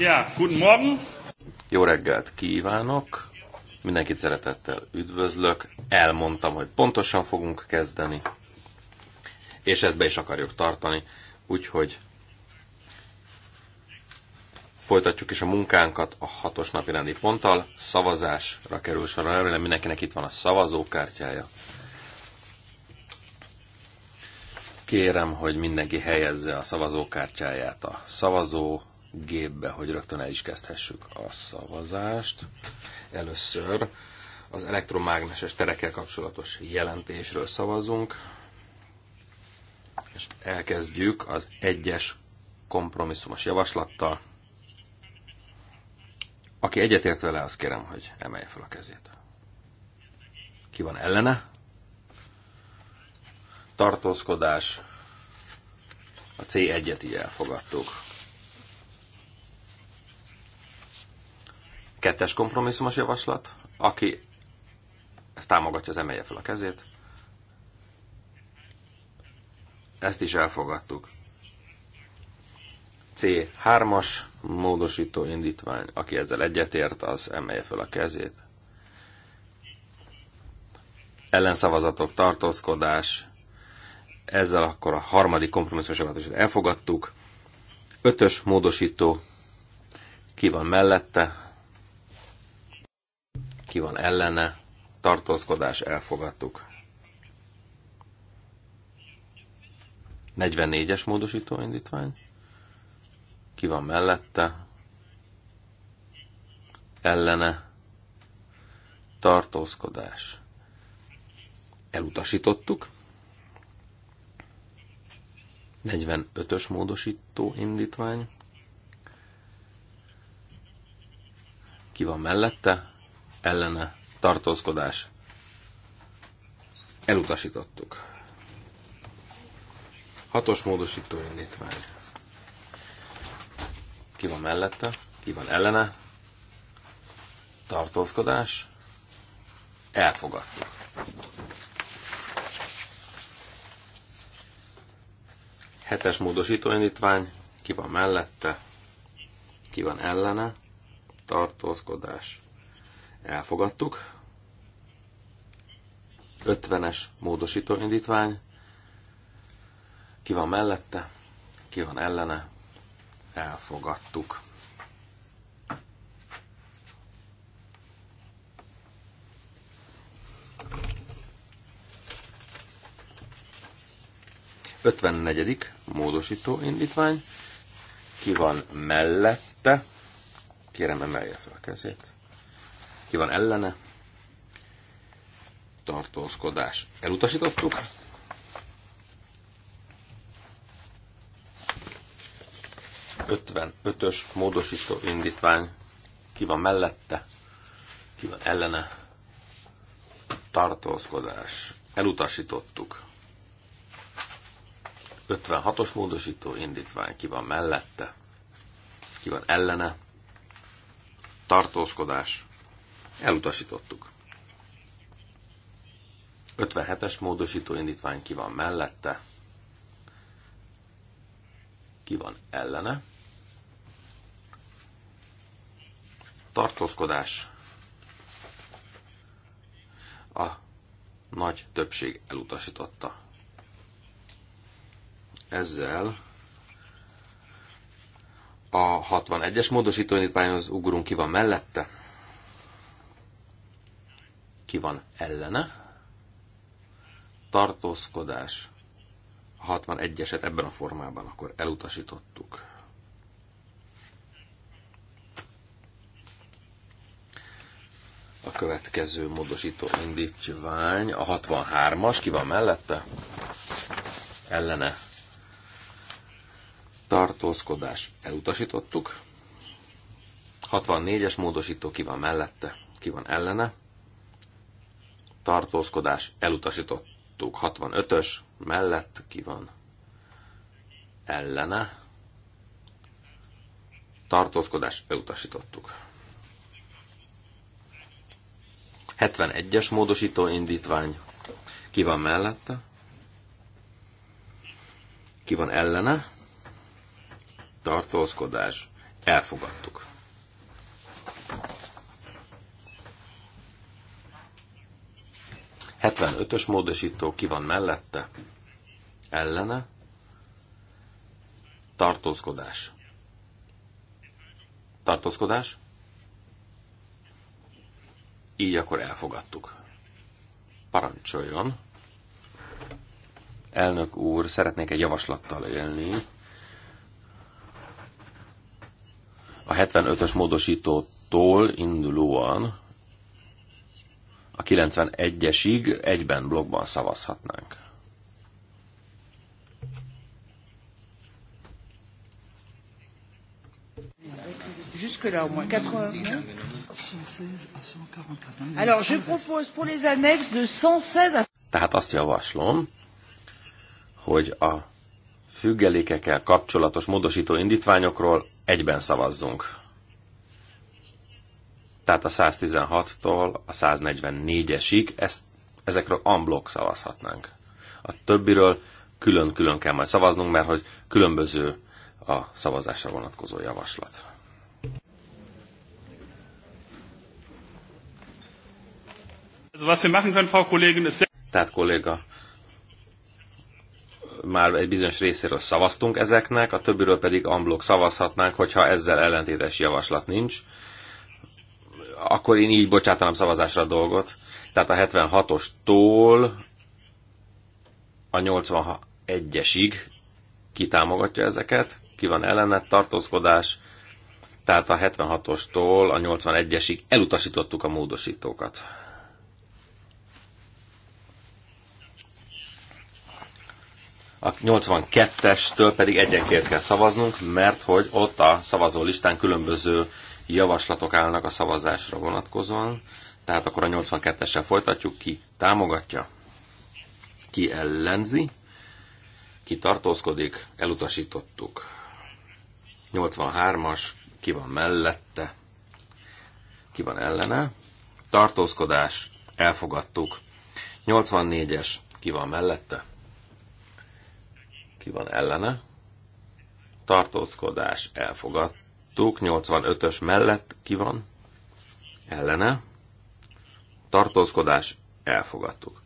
Ja, guten Morgen! Jó reggelt kívánok! Mindenkit szeretettel üdvözlök. Elmondtam, hogy pontosan fogunk kezdeni, és ezt be is akarjuk tartani, úgyhogy folytatjuk is a munkánkat a hatos napi rendi ponttal. Szavazásra kerül sor. Remélem mindenkinek itt van a szavazókártyája. kérem, hogy mindenki helyezze a szavazókártyáját a szavazó gépbe, hogy rögtön el is kezdhessük a szavazást. Először az elektromágneses terekkel kapcsolatos jelentésről szavazunk, és elkezdjük az egyes kompromisszumos javaslattal. Aki egyetért vele, azt kérem, hogy emelje fel a kezét. Ki van ellene? Tartózkodás. A C1-et így elfogadtuk. Kettes kompromisszumos javaslat, aki ezt támogatja, az emelje fel a kezét. Ezt is elfogadtuk. C3-as módosító indítvány, aki ezzel egyetért, az emelje fel a kezét. Ellenszavazatok, tartózkodás, ezzel akkor a harmadik kompromisszumos javaslatot elfogadtuk. Ötös módosító, ki van mellette, ki van ellene, tartózkodás elfogadtuk. 44-es módosító indítvány, ki van mellette, ellene, tartózkodás. Elutasítottuk. 45-ös módosító indítvány. Ki van mellette? ellene tartózkodás elutasítottuk. Hatos módosító indítvány. Ki van mellette? Ki van ellene? Tartózkodás. Elfogadtuk. Hetes módosító indítvány. Ki van mellette? Ki van ellene? Tartózkodás elfogadtuk. 50-es módosító indítvány. Ki van mellette, ki van ellene, elfogadtuk. Ötvennegyedik módosító indítvány. Ki van mellette? Kérem, emelje fel a kezét. Ki van ellene? Tartózkodás. Elutasítottuk? ös módosító indítvány. Ki van mellette? Ki van ellene? Tartózkodás. Elutasítottuk. 56-os módosító indítvány. Ki van mellette? Ki van ellene? Tartózkodás. Elutasítottuk. 57-es módosító indítvány ki van mellette, ki van ellene. Tartózkodás a nagy többség elutasította. Ezzel a 61-es módosító indítványhoz ugrunk ki van mellette, ki van ellene. Tartózkodás. A 61-eset ebben a formában akkor elutasítottuk. A következő módosító indítvány a 63-as, ki van mellette? Ellene tartózkodás elutasítottuk. 64-es módosító ki van mellette, ki van ellene tartózkodás elutasítottuk. 65-ös mellett ki van ellene. Tartózkodás elutasítottuk. 71-es módosító indítvány. Ki van mellette? Ki van ellene? Tartózkodás. Elfogadtuk. 75-ös módosító ki van mellette? Ellene? Tartózkodás. Tartózkodás? Így akkor elfogadtuk. Parancsoljon. Elnök úr, szeretnék egy javaslattal élni. A 75-ös módosítótól indulóan a 91-esig egyben blogban szavazhatnánk. Jusque-là, au moins 80. Alors, je propose pour les annexes de 116 à... Tehát azt javaslom, hogy a függelékekkel kapcsolatos módosító indítványokról egyben szavazzunk tehát a 116-tól a 144-esig, ezt, ezekről unblock szavazhatnánk. A többiről külön-külön kell majd szavaznunk, mert hogy különböző a szavazásra vonatkozó javaslat. Tehát kolléga, már egy bizonyos részéről szavaztunk ezeknek, a többiről pedig amblok szavazhatnánk, hogyha ezzel ellentétes javaslat nincs akkor én így bocsátanám szavazásra a dolgot. Tehát a 76-ostól a 81-esig kitámogatja ezeket, ki van ellene, tartózkodás, tehát a 76-ostól a 81-esig elutasítottuk a módosítókat. A 82-estől pedig egyenként kell szavaznunk, mert hogy ott a szavazó listán különböző javaslatok állnak a szavazásra vonatkozóan, tehát akkor a 82-essel folytatjuk, ki támogatja, ki ellenzi, ki tartózkodik, elutasítottuk. 83-as, ki van mellette, ki van ellene, tartózkodás, elfogadtuk. 84-es, ki van mellette, ki van ellene, tartózkodás, elfogadtuk elfogadtuk, 85-ös mellett ki van, ellene, tartózkodás, elfogadtuk.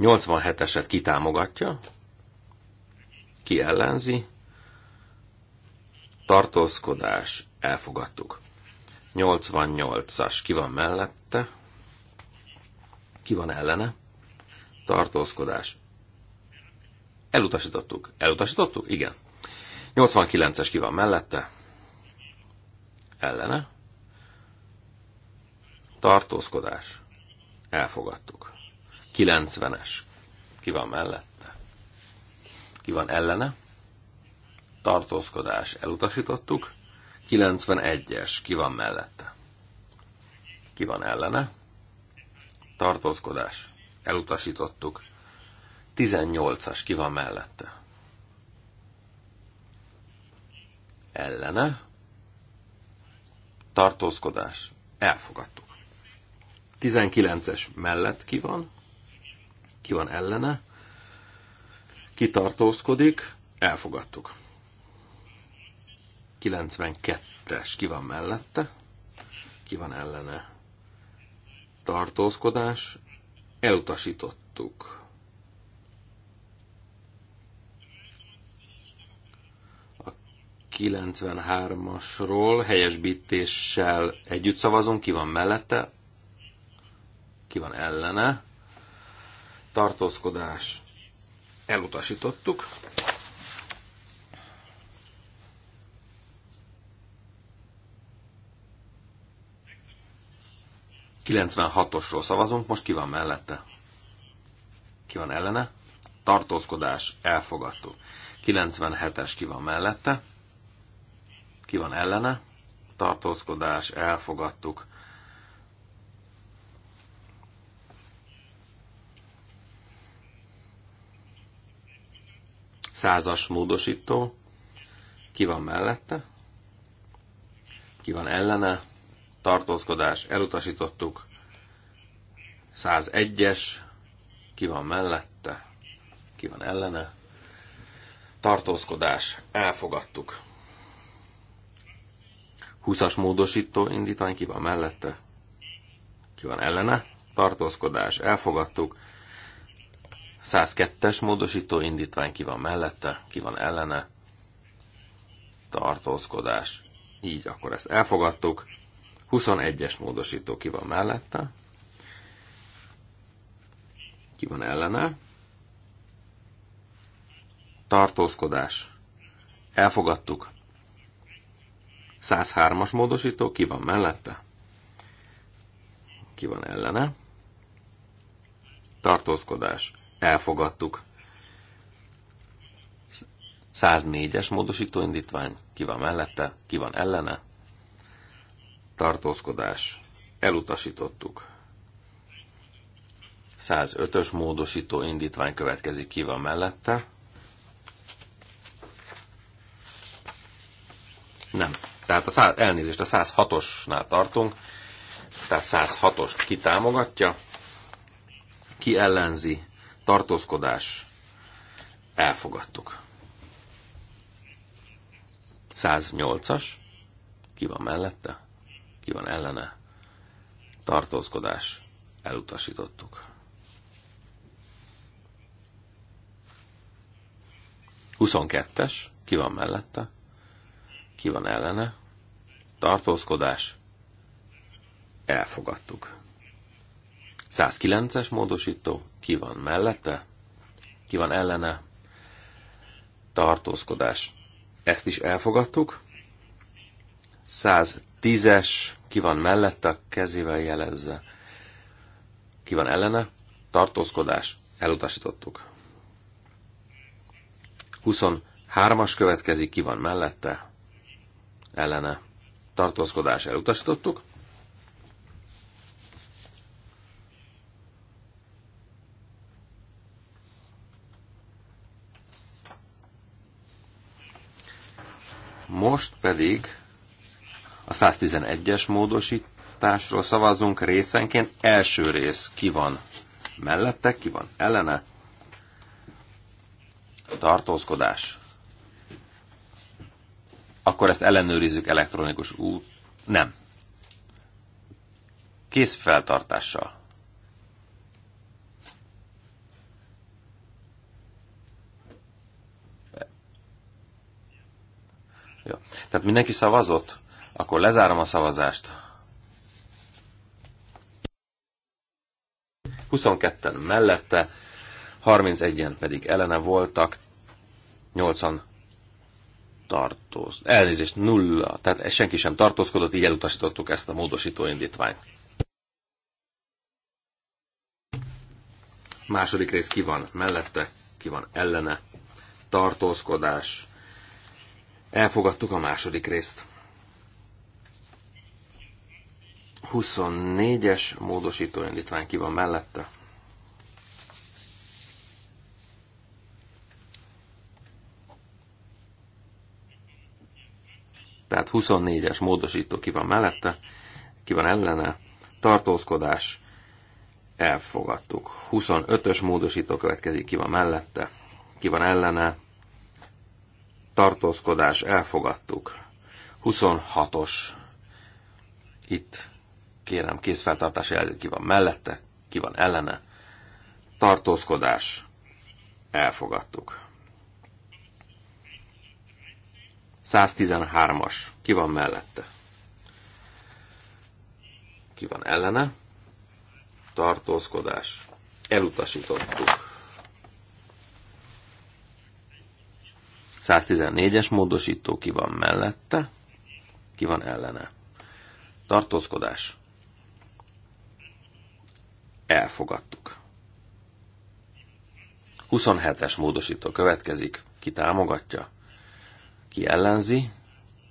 87-eset kitámogatja, ki ellenzi, tartózkodás, elfogadtuk. 88-as ki van mellette, ki van ellene, tartózkodás, elutasítottuk. Elutasítottuk? Igen. 89-es ki van mellette, ellene, tartózkodás, elfogadtuk. 90-es ki van mellette, ki van ellene, tartózkodás, elutasítottuk. 91-es ki van mellette, ki van ellene, tartózkodás, elutasítottuk. 18-as ki van mellette, ellene, tartózkodás, elfogadtuk. 19-es mellett ki van, ki van ellene, tartózkodik? elfogadtuk. 92-es ki van mellette, ki van ellene, tartózkodás, elutasítottuk. 93-asról helyesbítéssel együtt szavazunk, ki van mellette, ki van ellene. Tartózkodás elutasítottuk. ...96-osról szavazunk, most ki van mellette? Ki van ellene? Tartózkodás, elfogadtuk. 97-es ki van mellette? Ki van ellene? Tartózkodás, elfogadtuk. Százas módosító. Ki van mellette? Ki van ellene? Tartózkodás, elutasítottuk. 101-es. Ki van mellette? Ki van ellene? tartózkodás, elfogadtuk. 20-as módosító indítani, ki van mellette, ki van ellene, tartózkodás, elfogadtuk, 102-es módosító indítvány ki van mellette, ki van ellene, tartózkodás. Így akkor ezt elfogadtuk. 21-es módosító ki van mellette, ki van ellene, tartózkodás. Elfogadtuk. 103-as módosító, ki van mellette? Ki van ellene? Tartózkodás. Elfogadtuk. 104-es módosító indítvány. Ki van mellette? Ki van ellene? Tartózkodás. Elutasítottuk. 105-ös módosító indítvány következik. Ki van mellette? Nem. Tehát a szá, elnézést, a 106-osnál tartunk. Tehát 106-os ki támogatja, ki ellenzi, tartózkodás, elfogadtuk. 108-as, ki van mellette, ki van ellene, tartózkodás, elutasítottuk. Huszonkettes ki van mellette, ki van ellene, tartózkodás, elfogadtuk. 109-es módosító, ki van mellette, ki van ellene, tartózkodás. Ezt is elfogadtuk. 110-es, ki van mellette, kezével jelezze, ki van ellene, tartózkodás, elutasítottuk. 23-as következik, ki van mellette, ellene tartózkodás elutasítottuk. Most pedig a 111-es módosításról szavazunk részenként. Első rész ki van mellette, ki van ellene. Tartózkodás akkor ezt ellenőrizzük elektronikus út. Nem. Kész feltartással. Jó. Tehát mindenki szavazott? Akkor lezárom a szavazást. 22-en mellette, 31-en pedig ellene voltak, 80 tartóz, elnézést nulla, tehát senki sem tartózkodott, így elutasítottuk ezt a módosító indítványt. Második rész ki van mellette, ki van ellene, tartózkodás. Elfogadtuk a második részt. 24-es módosító indítvány ki van mellette, Tehát 24-es módosító ki van mellette, ki van ellene, tartózkodás, elfogadtuk. 25-ös módosító következik, ki van mellette, ki van ellene, tartózkodás, elfogadtuk. 26-os, itt kérem készfeltartás jelző, ki van mellette, ki van ellene, tartózkodás, elfogadtuk. 113-as. Ki van mellette? Ki van ellene? Tartózkodás. Elutasítottuk. 114-es módosító ki van mellette, ki van ellene. Tartózkodás. Elfogadtuk. 27-es módosító következik. Ki támogatja? Ki ellenzi?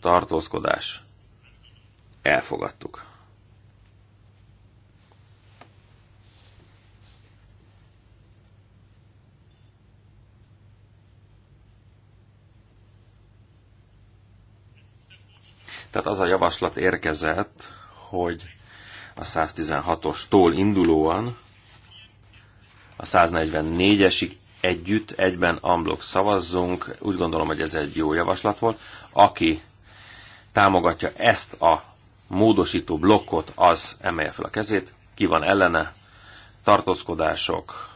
Tartózkodás. Elfogadtuk. Tehát az a javaslat érkezett, hogy a 116-ostól indulóan a 144-esig együtt, egyben amblok szavazzunk. Úgy gondolom, hogy ez egy jó javaslat volt. Aki támogatja ezt a módosító blokkot, az emelje fel a kezét. Ki van ellene? Tartózkodások.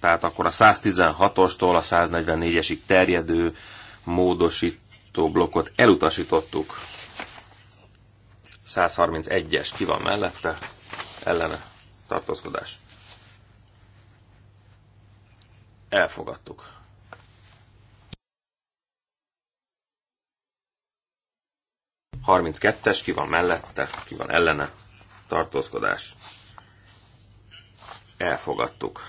Tehát akkor a 116-ostól a 144-esig terjedő módosító blokkot elutasítottuk. 131-es ki van mellette? Ellene. Tartózkodás Elfogadtuk. Harminckettes, ki van mellette, ki van ellene, tartózkodás. Elfogadtuk.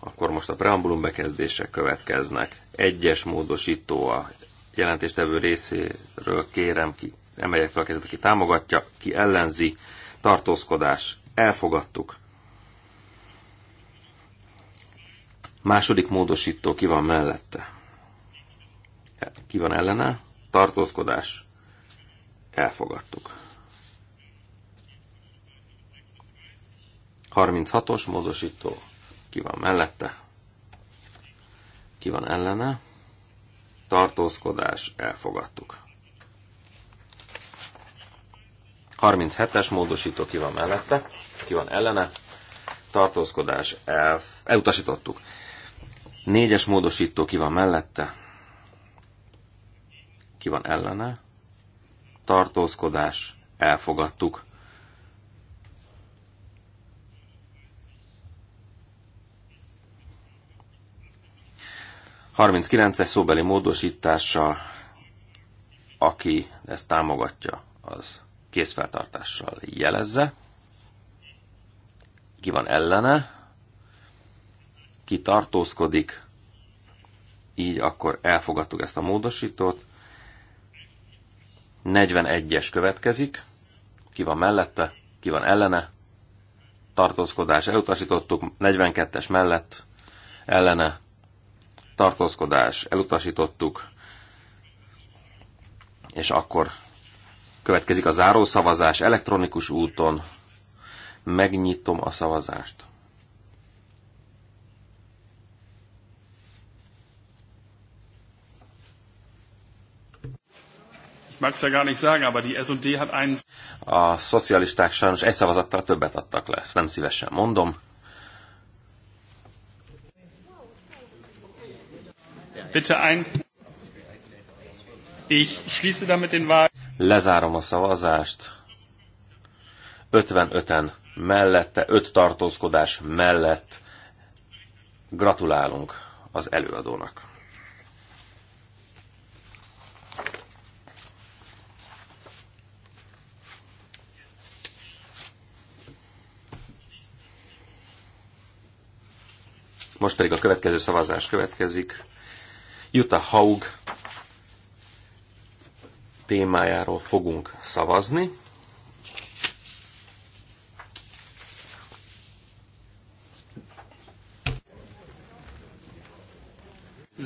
Akkor most a preambulum bekezdések következnek. Egyes módosító a jelentéstevő részéről kérem ki, emeljek fel a kezdet, aki támogatja, ki ellenzi, tartózkodás, elfogadtuk. Második módosító ki van mellette? Ki van ellene? Tartózkodás. Elfogadtuk. 36-os módosító ki van mellette? Ki van ellene? Tartózkodás. Elfogadtuk. 37-es módosító ki van mellette? Ki van ellene? Tartózkodás. Elf... Elutasítottuk. Négyes módosító ki van mellette? Ki van ellene? Tartózkodás. Elfogadtuk. kilences szóbeli módosítással, aki ezt támogatja, az készfeltartással jelezze. Ki van ellene? ki tartózkodik, így akkor elfogadtuk ezt a módosítót. 41-es következik, ki van mellette, ki van ellene, tartózkodás elutasítottuk, 42-es mellett, ellene, tartózkodás elutasítottuk, és akkor következik a zárószavazás elektronikus úton, megnyitom a szavazást. mag es ja gar nicht sagen, aber die SD hat einen... A szocialisták sajnos egy szavazattal többet adtak le, ezt nem szívesen mondom. Bitte ein... Ich schließe damit den Wahl... Lezárom a szavazást. 55-en mellette, 5 tartózkodás mellett gratulálunk az előadónak. Most pedig a következő szavazás következik. Jutta Haug témájáról fogunk szavazni.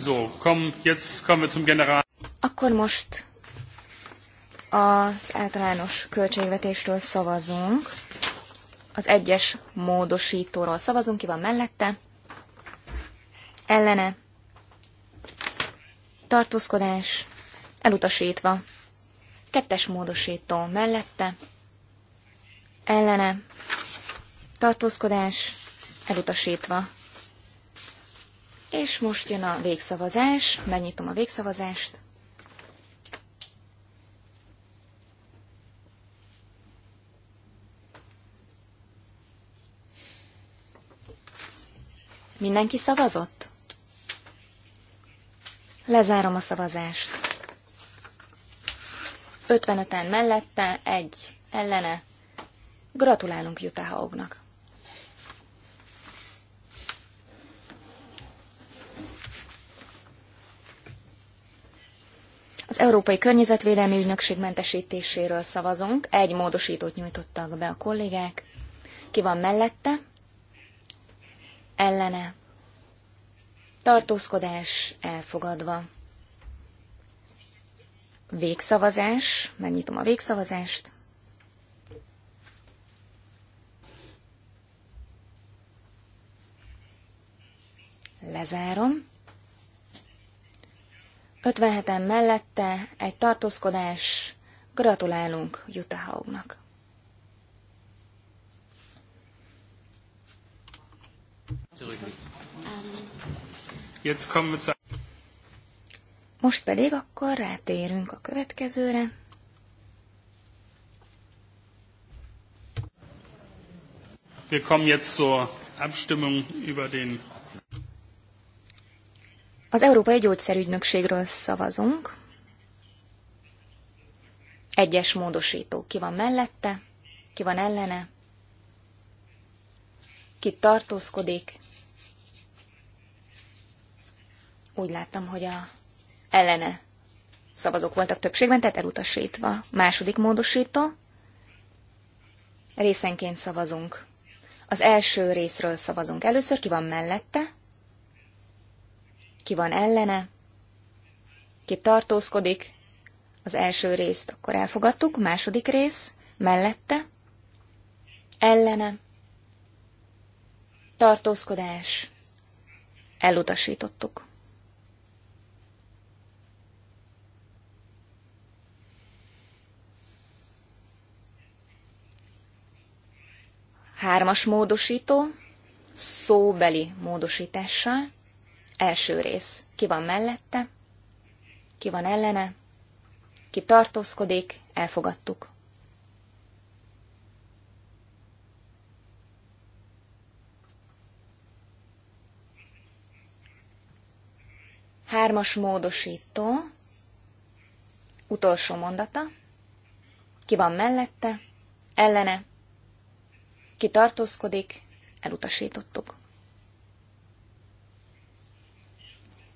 So, komm, jetzt kommen wir zum General. Akkor most az általános költségvetésről szavazunk. Az egyes módosítóról szavazunk, ki van mellette, ellene, tartózkodás, elutasítva, kettes módosító mellette, ellene, tartózkodás, elutasítva. És most jön a végszavazás, megnyitom a végszavazást. Mindenki szavazott? Lezárom a szavazást. 55-en mellette, egy ellene. Gratulálunk Jutta Haugnak. Az Európai Környezetvédelmi Ügynökség mentesítéséről szavazunk. Egy módosítót nyújtottak be a kollégák. Ki van mellette? Ellene tartózkodás elfogadva. Végszavazás, megnyitom a végszavazást. Lezárom. 57-en mellette egy tartózkodás. Gratulálunk Jutta Haugnak. Um. Most pedig akkor rátérünk a következőre. Wir kommen jetzt zur Abstimmung über den az Európai Gyógyszerügynökségről szavazunk. Egyes módosító. Ki van mellette? Ki van ellene? Ki tartózkodik? úgy láttam, hogy a ellene szavazók voltak többségben, tehát elutasítva. Második módosító. Részenként szavazunk. Az első részről szavazunk először, ki van mellette, ki van ellene, ki tartózkodik. Az első részt akkor elfogadtuk, második rész mellette, ellene, tartózkodás, elutasítottuk. Hármas módosító, szóbeli módosítással, első rész. Ki van mellette? Ki van ellene? Ki tartózkodik? Elfogadtuk. Hármas módosító, utolsó mondata, ki van mellette, ellene, ki tartózkodik, elutasítottuk.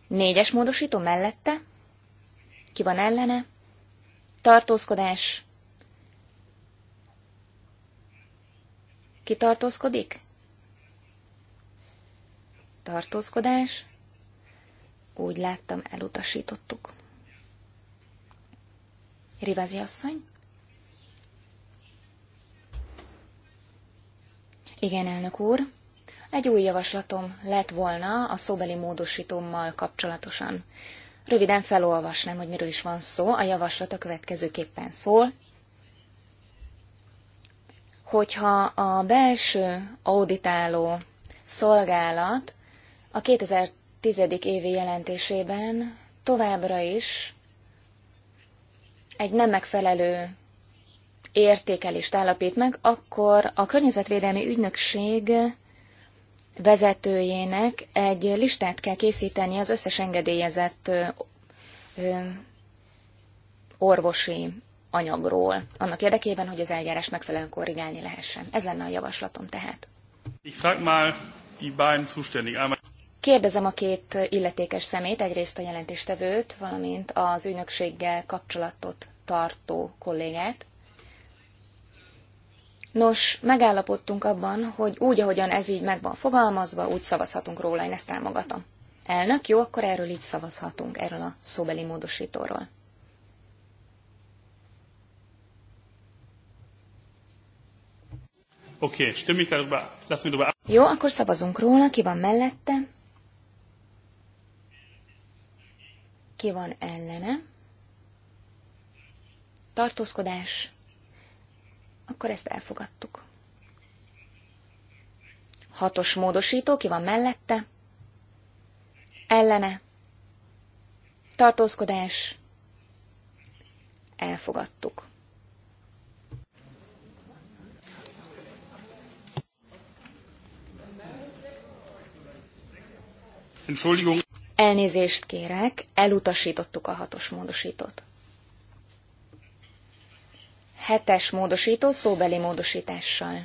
Négyes módosító mellette, ki van ellene, tartózkodás, ki tartózkodik? Tartózkodás, úgy láttam, elutasítottuk. Rivazi asszony? Igen, elnök úr. Egy új javaslatom lett volna a szóbeli módosítómmal kapcsolatosan. Röviden felolvasnám, hogy miről is van szó. A javaslat a következőképpen szól. Hogyha a belső auditáló szolgálat a 2010. évi jelentésében továbbra is egy nem megfelelő értékelést állapít meg, akkor a Környezetvédelmi Ügynökség vezetőjének egy listát kell készíteni az összes engedélyezett orvosi anyagról, annak érdekében, hogy az eljárás megfelelően korrigálni lehessen. Ez lenne a javaslatom tehát. Kérdezem a két illetékes szemét, egyrészt a jelentéstevőt, valamint az ügynökséggel kapcsolatot tartó kollégát, Nos, megállapodtunk abban, hogy úgy, ahogyan ez így meg van fogalmazva, úgy szavazhatunk róla, én ezt támogatom. Elnök, jó, akkor erről így szavazhatunk, erről a szóbeli módosítóról. Oké, okay, stimmig darüber. Lass Jó, akkor szavazunk róla, ki van mellette. Ki van ellene? Tartózkodás akkor ezt elfogadtuk. Hatos módosító, ki van mellette? Ellene. Tartózkodás. Elfogadtuk. Elnézést kérek, elutasítottuk a hatos módosítót hetes módosító szóbeli módosítással.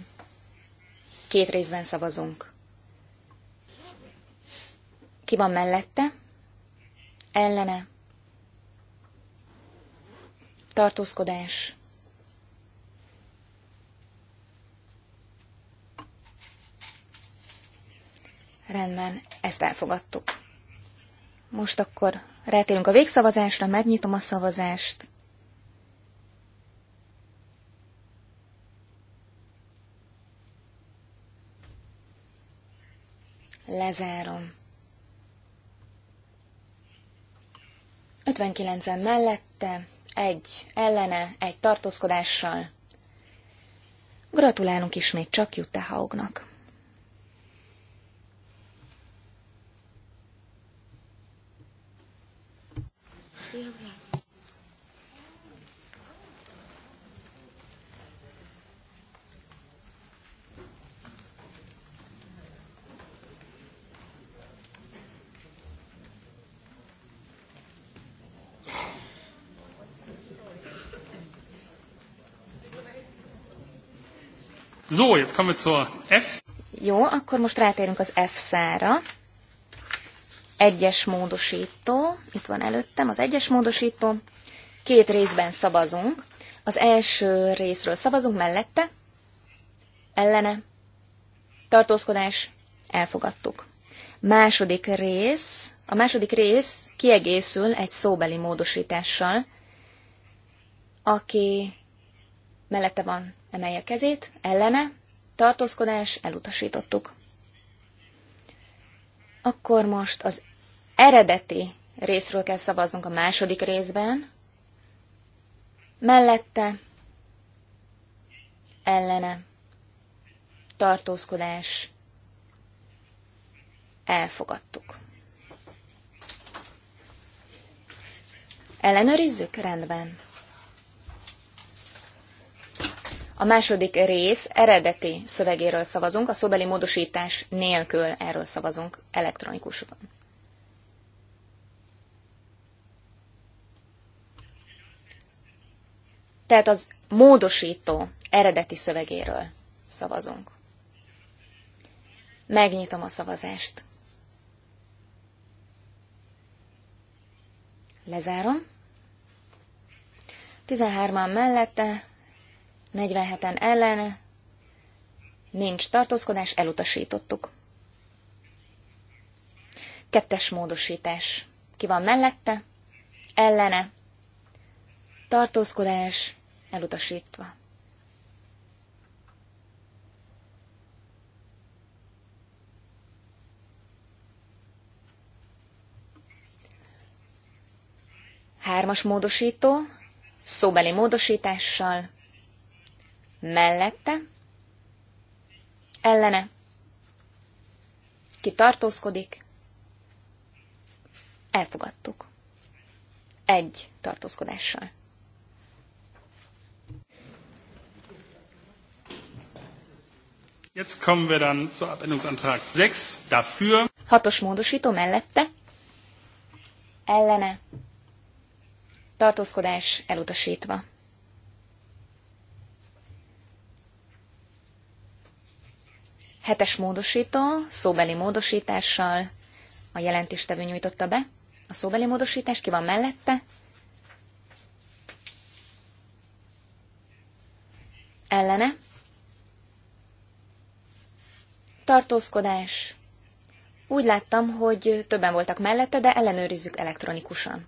Két részben szavazunk. Ki van mellette? Ellene. Tartózkodás. Rendben, ezt elfogadtuk. Most akkor rátérünk a végszavazásra, megnyitom a szavazást. lezárom. 59-en mellette, egy ellene, egy tartózkodással. Gratulálunk ismét csak Jutta Haugnak. So, jetzt kommen wir zur F. Jó, akkor most rátérünk az F-szára. Egyes módosító, itt van előttem az egyes módosító. Két részben szavazunk. Az első részről szavazunk mellette, ellene, tartózkodás, elfogadtuk. Második rész, a második rész kiegészül egy szóbeli módosítással, aki mellette van emelje kezét, ellene, tartózkodás, elutasítottuk. Akkor most az eredeti részről kell szavaznunk a második részben, mellette, ellene, tartózkodás, elfogadtuk. Ellenőrizzük? Rendben. A második rész eredeti szövegéről szavazunk, a szóbeli módosítás nélkül erről szavazunk elektronikusan. Tehát az módosító eredeti szövegéről szavazunk. Megnyitom a szavazást. Lezárom. 13-an mellette, 47-en ellen nincs tartózkodás, elutasítottuk. Kettes módosítás. Ki van mellette? Ellene. Tartózkodás, elutasítva. Hármas módosító, szóbeli módosítással, mellette, ellene, ki tartózkodik, elfogadtuk. Egy tartózkodással. Jetzt kommen wir dann zu Abänderungsantrag 6. Dafür. Hatos módosító mellette. Ellene. Tartózkodás elutasítva. Hetes módosító, szóbeli módosítással a jelentéstevő nyújtotta be. A szóbeli módosítás ki van mellette? Ellene? Tartózkodás. Úgy láttam, hogy többen voltak mellette, de ellenőrizzük elektronikusan.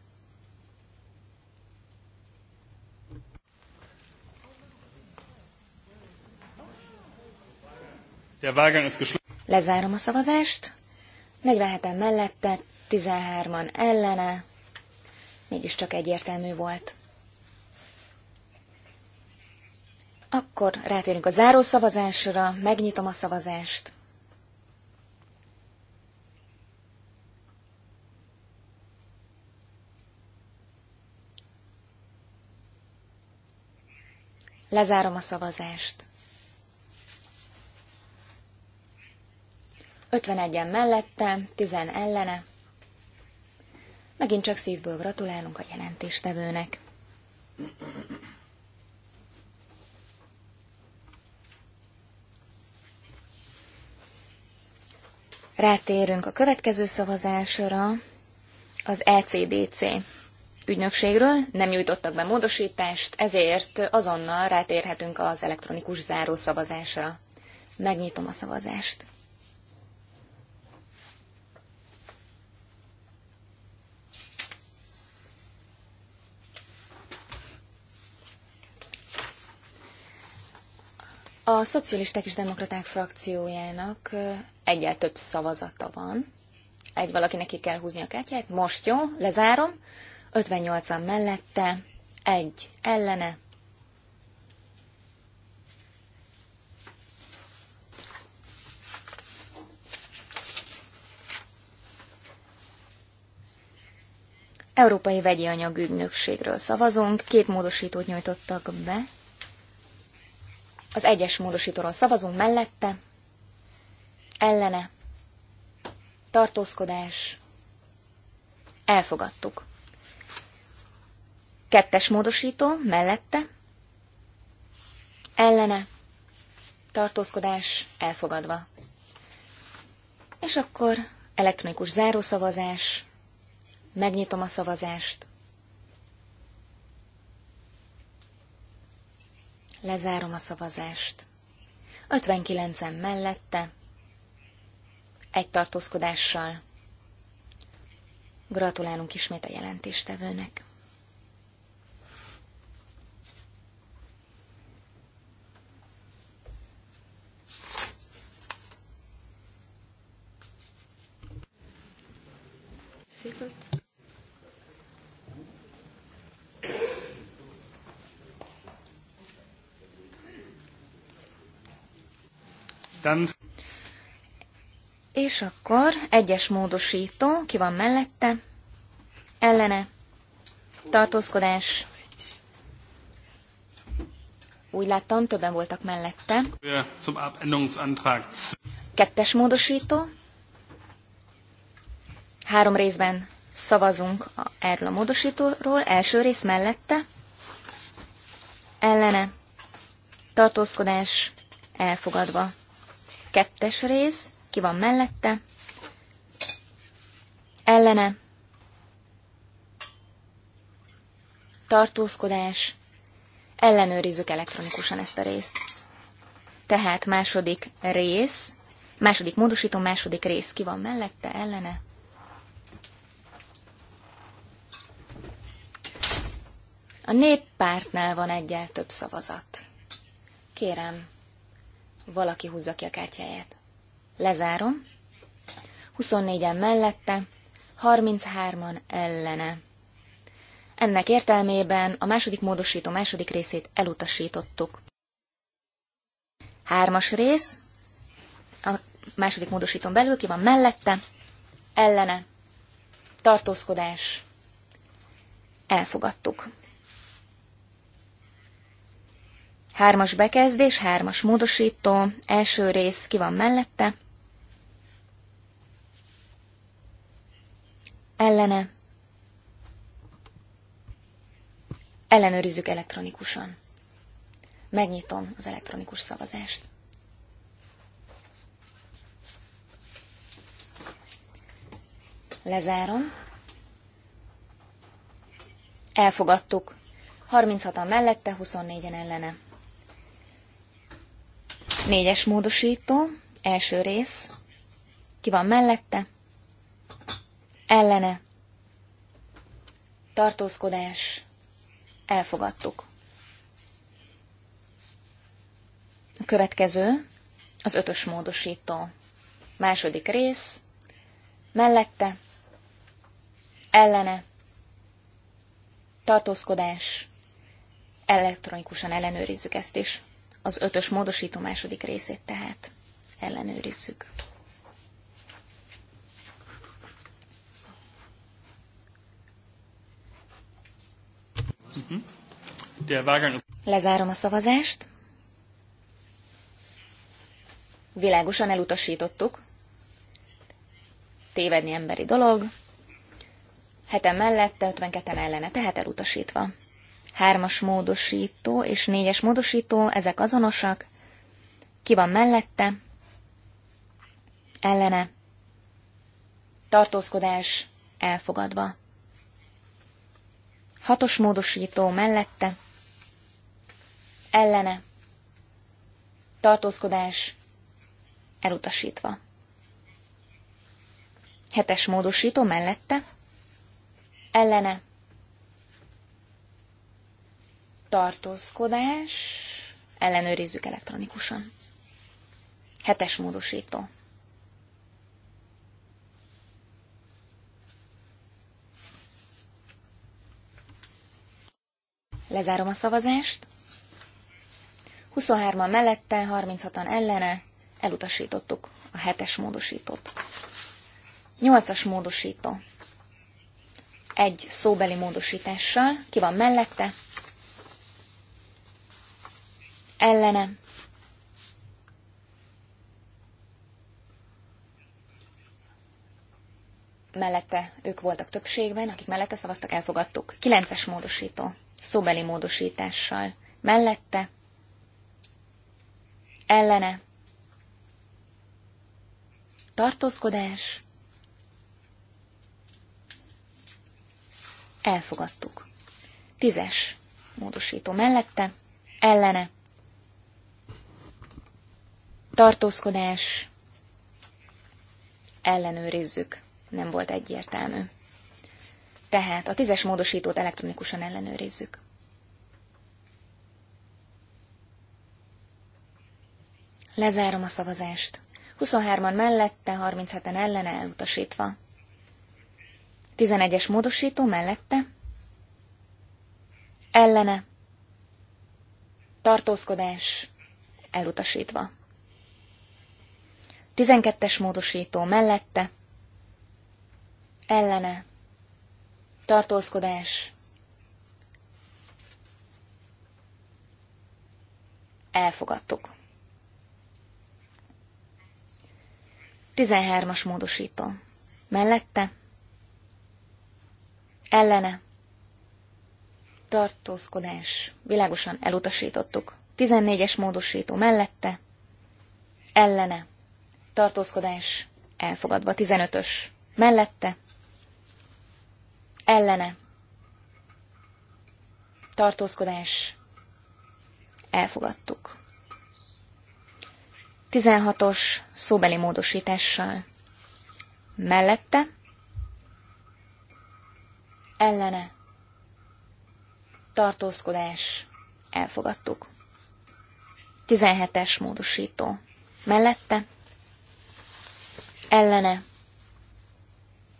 Lezárom a szavazást. 47-en mellette, 13-an ellene. Mégiscsak egyértelmű volt. Akkor rátérünk a záró szavazásra, megnyitom a szavazást. Lezárom a szavazást. 51-en mellette, 10 ellene. Megint csak szívből gratulálunk a jelentéstevőnek. Rátérünk a következő szavazásra, az ECDC ügynökségről, nem nyújtottak be módosítást, ezért azonnal rátérhetünk az elektronikus zárószavazásra. Megnyitom a szavazást. A szocialisták és demokraták frakciójának egyel több szavazata van. Egy valakinek ki kell húzni a kártyát. Most jó, lezárom. 58-an mellette, egy ellene. Európai Vegyi Ügynökségről szavazunk. Két módosítót nyújtottak be. Az egyes módosítóról szavazunk mellette, ellene, tartózkodás, elfogadtuk. Kettes módosító mellette, ellene, tartózkodás, elfogadva. És akkor elektronikus zárószavazás, megnyitom a szavazást. Lezárom a szavazást. 59-en mellette, egy tartózkodással. Gratulálunk ismét a jelentéstevőnek. Difficult. Isten. És akkor egyes módosító, ki van mellette, ellene, tartózkodás. Úgy láttam, többen voltak mellette. Kettes módosító. Három részben szavazunk erről a módosítóról. Első rész mellette, ellene, tartózkodás elfogadva. Kettes rész, ki van mellette? Ellene. Tartózkodás. Ellenőrizzük elektronikusan ezt a részt. Tehát második rész, második módosító, második rész ki van mellette, ellene. A néppártnál van egyel több szavazat. Kérem, valaki húzza ki a kártyáját. Lezárom. 24-en mellette, 33-an ellene. Ennek értelmében a második módosító második részét elutasítottuk. Hármas rész, a második módosítón belül ki van mellette, ellene, tartózkodás, elfogadtuk. Hármas bekezdés, hármas módosító, első rész ki van mellette. Ellene. Ellenőrizzük elektronikusan. Megnyitom az elektronikus szavazást. Lezárom. Elfogadtuk. 36-an mellette, 24-en ellene. Négyes módosító, első rész. Ki van mellette? Ellene. Tartózkodás. Elfogadtuk. A következő, az ötös módosító. Második rész. Mellette. Ellene. Tartózkodás. Elektronikusan ellenőrizzük ezt is az ötös módosító második részét tehát ellenőrizzük. Lezárom a szavazást. Világosan elutasítottuk. Tévedni emberi dolog. Heten mellette, 52-en ellene, tehát elutasítva hármas módosító és négyes módosító, ezek azonosak. Ki van mellette? Ellene. Tartózkodás elfogadva. Hatos módosító mellette. Ellene. Tartózkodás elutasítva. Hetes módosító mellette. Ellene tartózkodás, ellenőrizzük elektronikusan. Hetes módosító. Lezárom a szavazást. 23-an mellette, 36-an ellene, elutasítottuk a hetes módosítót. Nyolcas módosító. Egy szóbeli módosítással, ki van mellette, ellene. Mellette ők voltak többségben, akik mellette szavaztak, elfogadtuk. Kilences módosító, szóbeli módosítással. Mellette, ellene, tartózkodás, elfogadtuk. Tízes módosító mellette, ellene, tartózkodás, ellenőrizzük, nem volt egyértelmű. Tehát a tízes módosítót elektronikusan ellenőrizzük. Lezárom a szavazást. 23-an mellette, 37-en ellene elutasítva. 11-es módosító mellette. Ellene. Tartózkodás elutasítva. 12-es módosító mellette, ellene, tartózkodás, elfogadtuk. 13-as módosító. Mellette? Ellene. Tartózkodás. Világosan elutasítottuk. 14-es módosító mellette. Ellene tartózkodás elfogadva. 15-ös mellette, ellene, tartózkodás elfogadtuk. 16-os szóbeli módosítással mellette, ellene, tartózkodás elfogadtuk. 17-es módosító mellette, ellene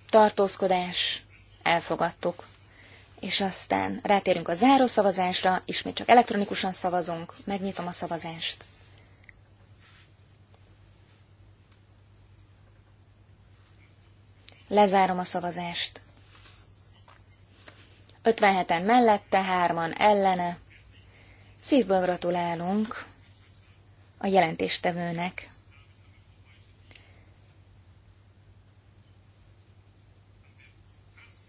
tartózkodás, elfogadtuk. És aztán rátérünk a záró szavazásra, ismét csak elektronikusan szavazunk, megnyitom a szavazást. Lezárom a szavazást. 57-en mellette, hárman ellene. Szívből gratulálunk a jelentéstevőnek.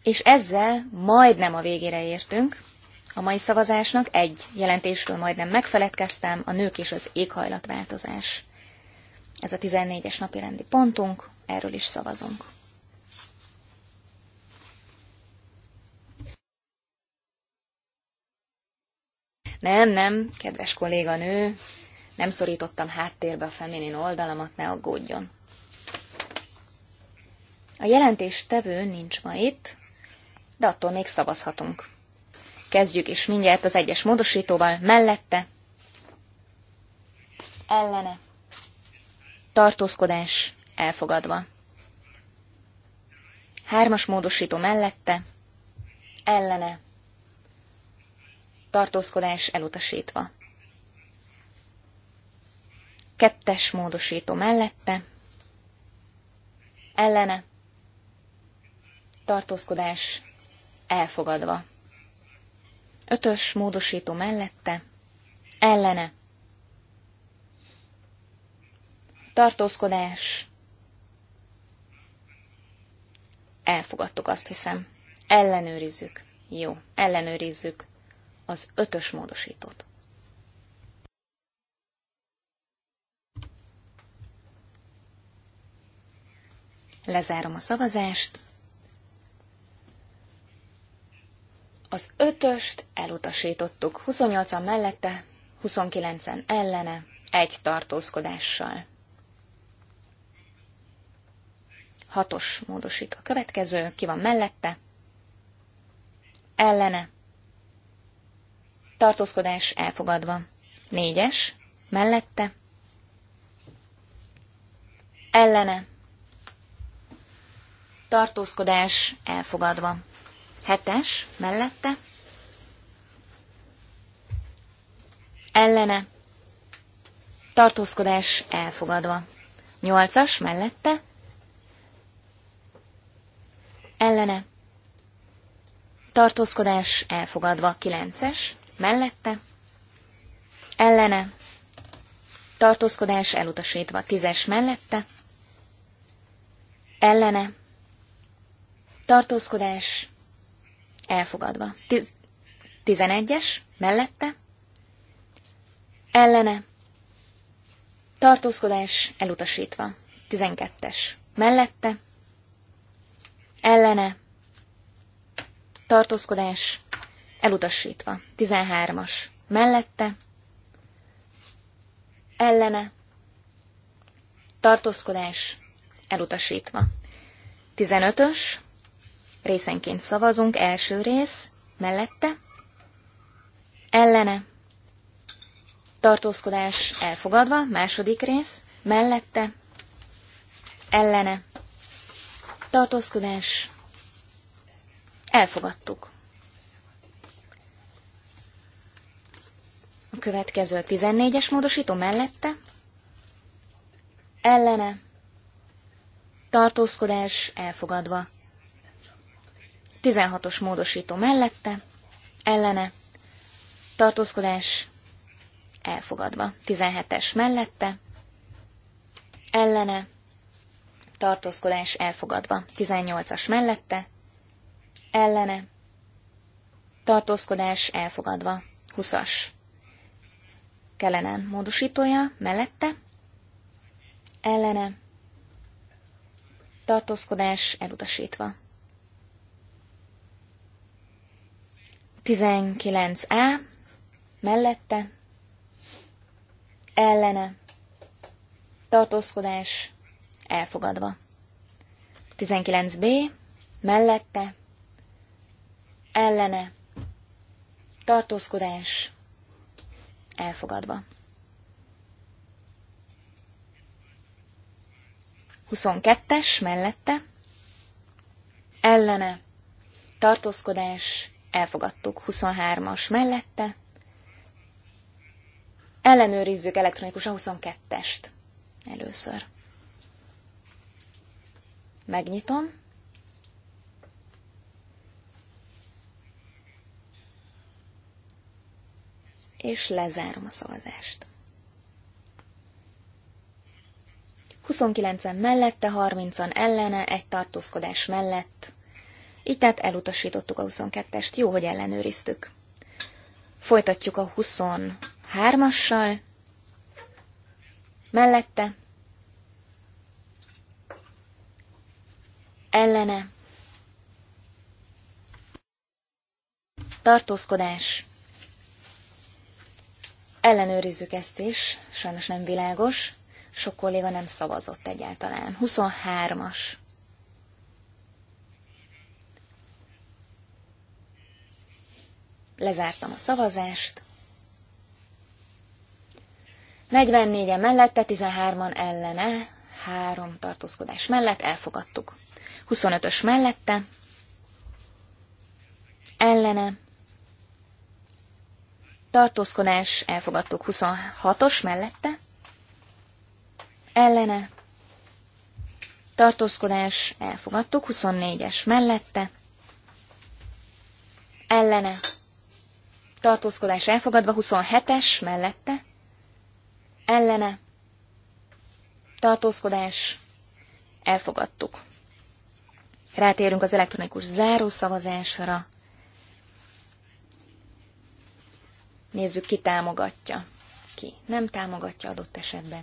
és ezzel majdnem a végére értünk a mai szavazásnak. Egy jelentésről majdnem megfeledkeztem, a nők és az éghajlatváltozás. Ez a 14-es napi rendi pontunk, erről is szavazunk. Nem, nem, kedves kolléganő, nem szorítottam háttérbe a feminin oldalamat, ne aggódjon. A jelentés tevő nincs ma itt, de attól még szavazhatunk. Kezdjük is mindjárt az egyes módosítóval, mellette, ellene, tartózkodás elfogadva. Hármas módosító mellette, ellene, tartózkodás elutasítva. Kettes módosító mellette, ellene, tartózkodás elfogadva. Ötös módosító mellette, ellene. Tartózkodás. Elfogadtuk, azt hiszem. Ellenőrizzük. Jó, ellenőrizzük az ötös módosítót. Lezárom a szavazást. Az ötöst elutasítottuk 28-an mellette, 29-en ellene, egy tartózkodással. Hatos módosít a következő, ki van mellette, ellene, tartózkodás elfogadva. Négyes, mellette, ellene, tartózkodás elfogadva. Hetes mellette. Ellene. Tartózkodás elfogadva. Nyolcas mellette. Ellene. Tartózkodás elfogadva. Kilences mellette. Ellene. Tartózkodás elutasítva. Tízes mellette. Ellene. Tartózkodás Elfogadva. Tiz- tizenegyes? mellette, ellene, tartózkodás elutasítva. Tizenkettes mellette, ellene, tartózkodás elutasítva. Tizenhármas. mellette, ellene, tartózkodás elutasítva. 15 Részenként szavazunk. Első rész. Mellette. Ellene. Tartózkodás elfogadva. Második rész. Mellette. Ellene. Tartózkodás. Elfogadtuk. A következő a 14-es módosító mellette. Ellene. Tartózkodás elfogadva. 16-os módosító mellette, ellene, tartózkodás elfogadva. 17-es mellette, ellene, tartózkodás elfogadva. 18-as mellette, ellene, tartózkodás elfogadva. 20-as. Kellenen módosítója mellette, ellene, tartózkodás elutasítva. 19A, mellette, ellene, tartózkodás, elfogadva. 19B, mellette, ellene, tartózkodás, elfogadva. 22-es mellette, ellene, tartózkodás, elfogadtuk. 23-as mellette. Ellenőrizzük elektronikusan 22-est először. Megnyitom. És lezárom a szavazást. 29-en mellette, 30-an ellene, egy tartózkodás mellett így tehát elutasítottuk a 22-est, jó, hogy ellenőriztük. Folytatjuk a 23-assal, mellette, ellene, tartózkodás, ellenőrizzük ezt is, sajnos nem világos, sok kolléga nem szavazott egyáltalán. 23-as. Lezártam a szavazást. 44-en mellette, 13-an ellene, 3 tartózkodás mellett elfogadtuk. 25-ös mellette, ellene, tartózkodás, elfogadtuk 26-os mellette, ellene, tartózkodás, elfogadtuk 24-es mellette, ellene, tartózkodás elfogadva, 27-es mellette, ellene, tartózkodás, elfogadtuk. Rátérünk az elektronikus zárószavazásra. Nézzük, ki támogatja, ki nem támogatja adott esetben.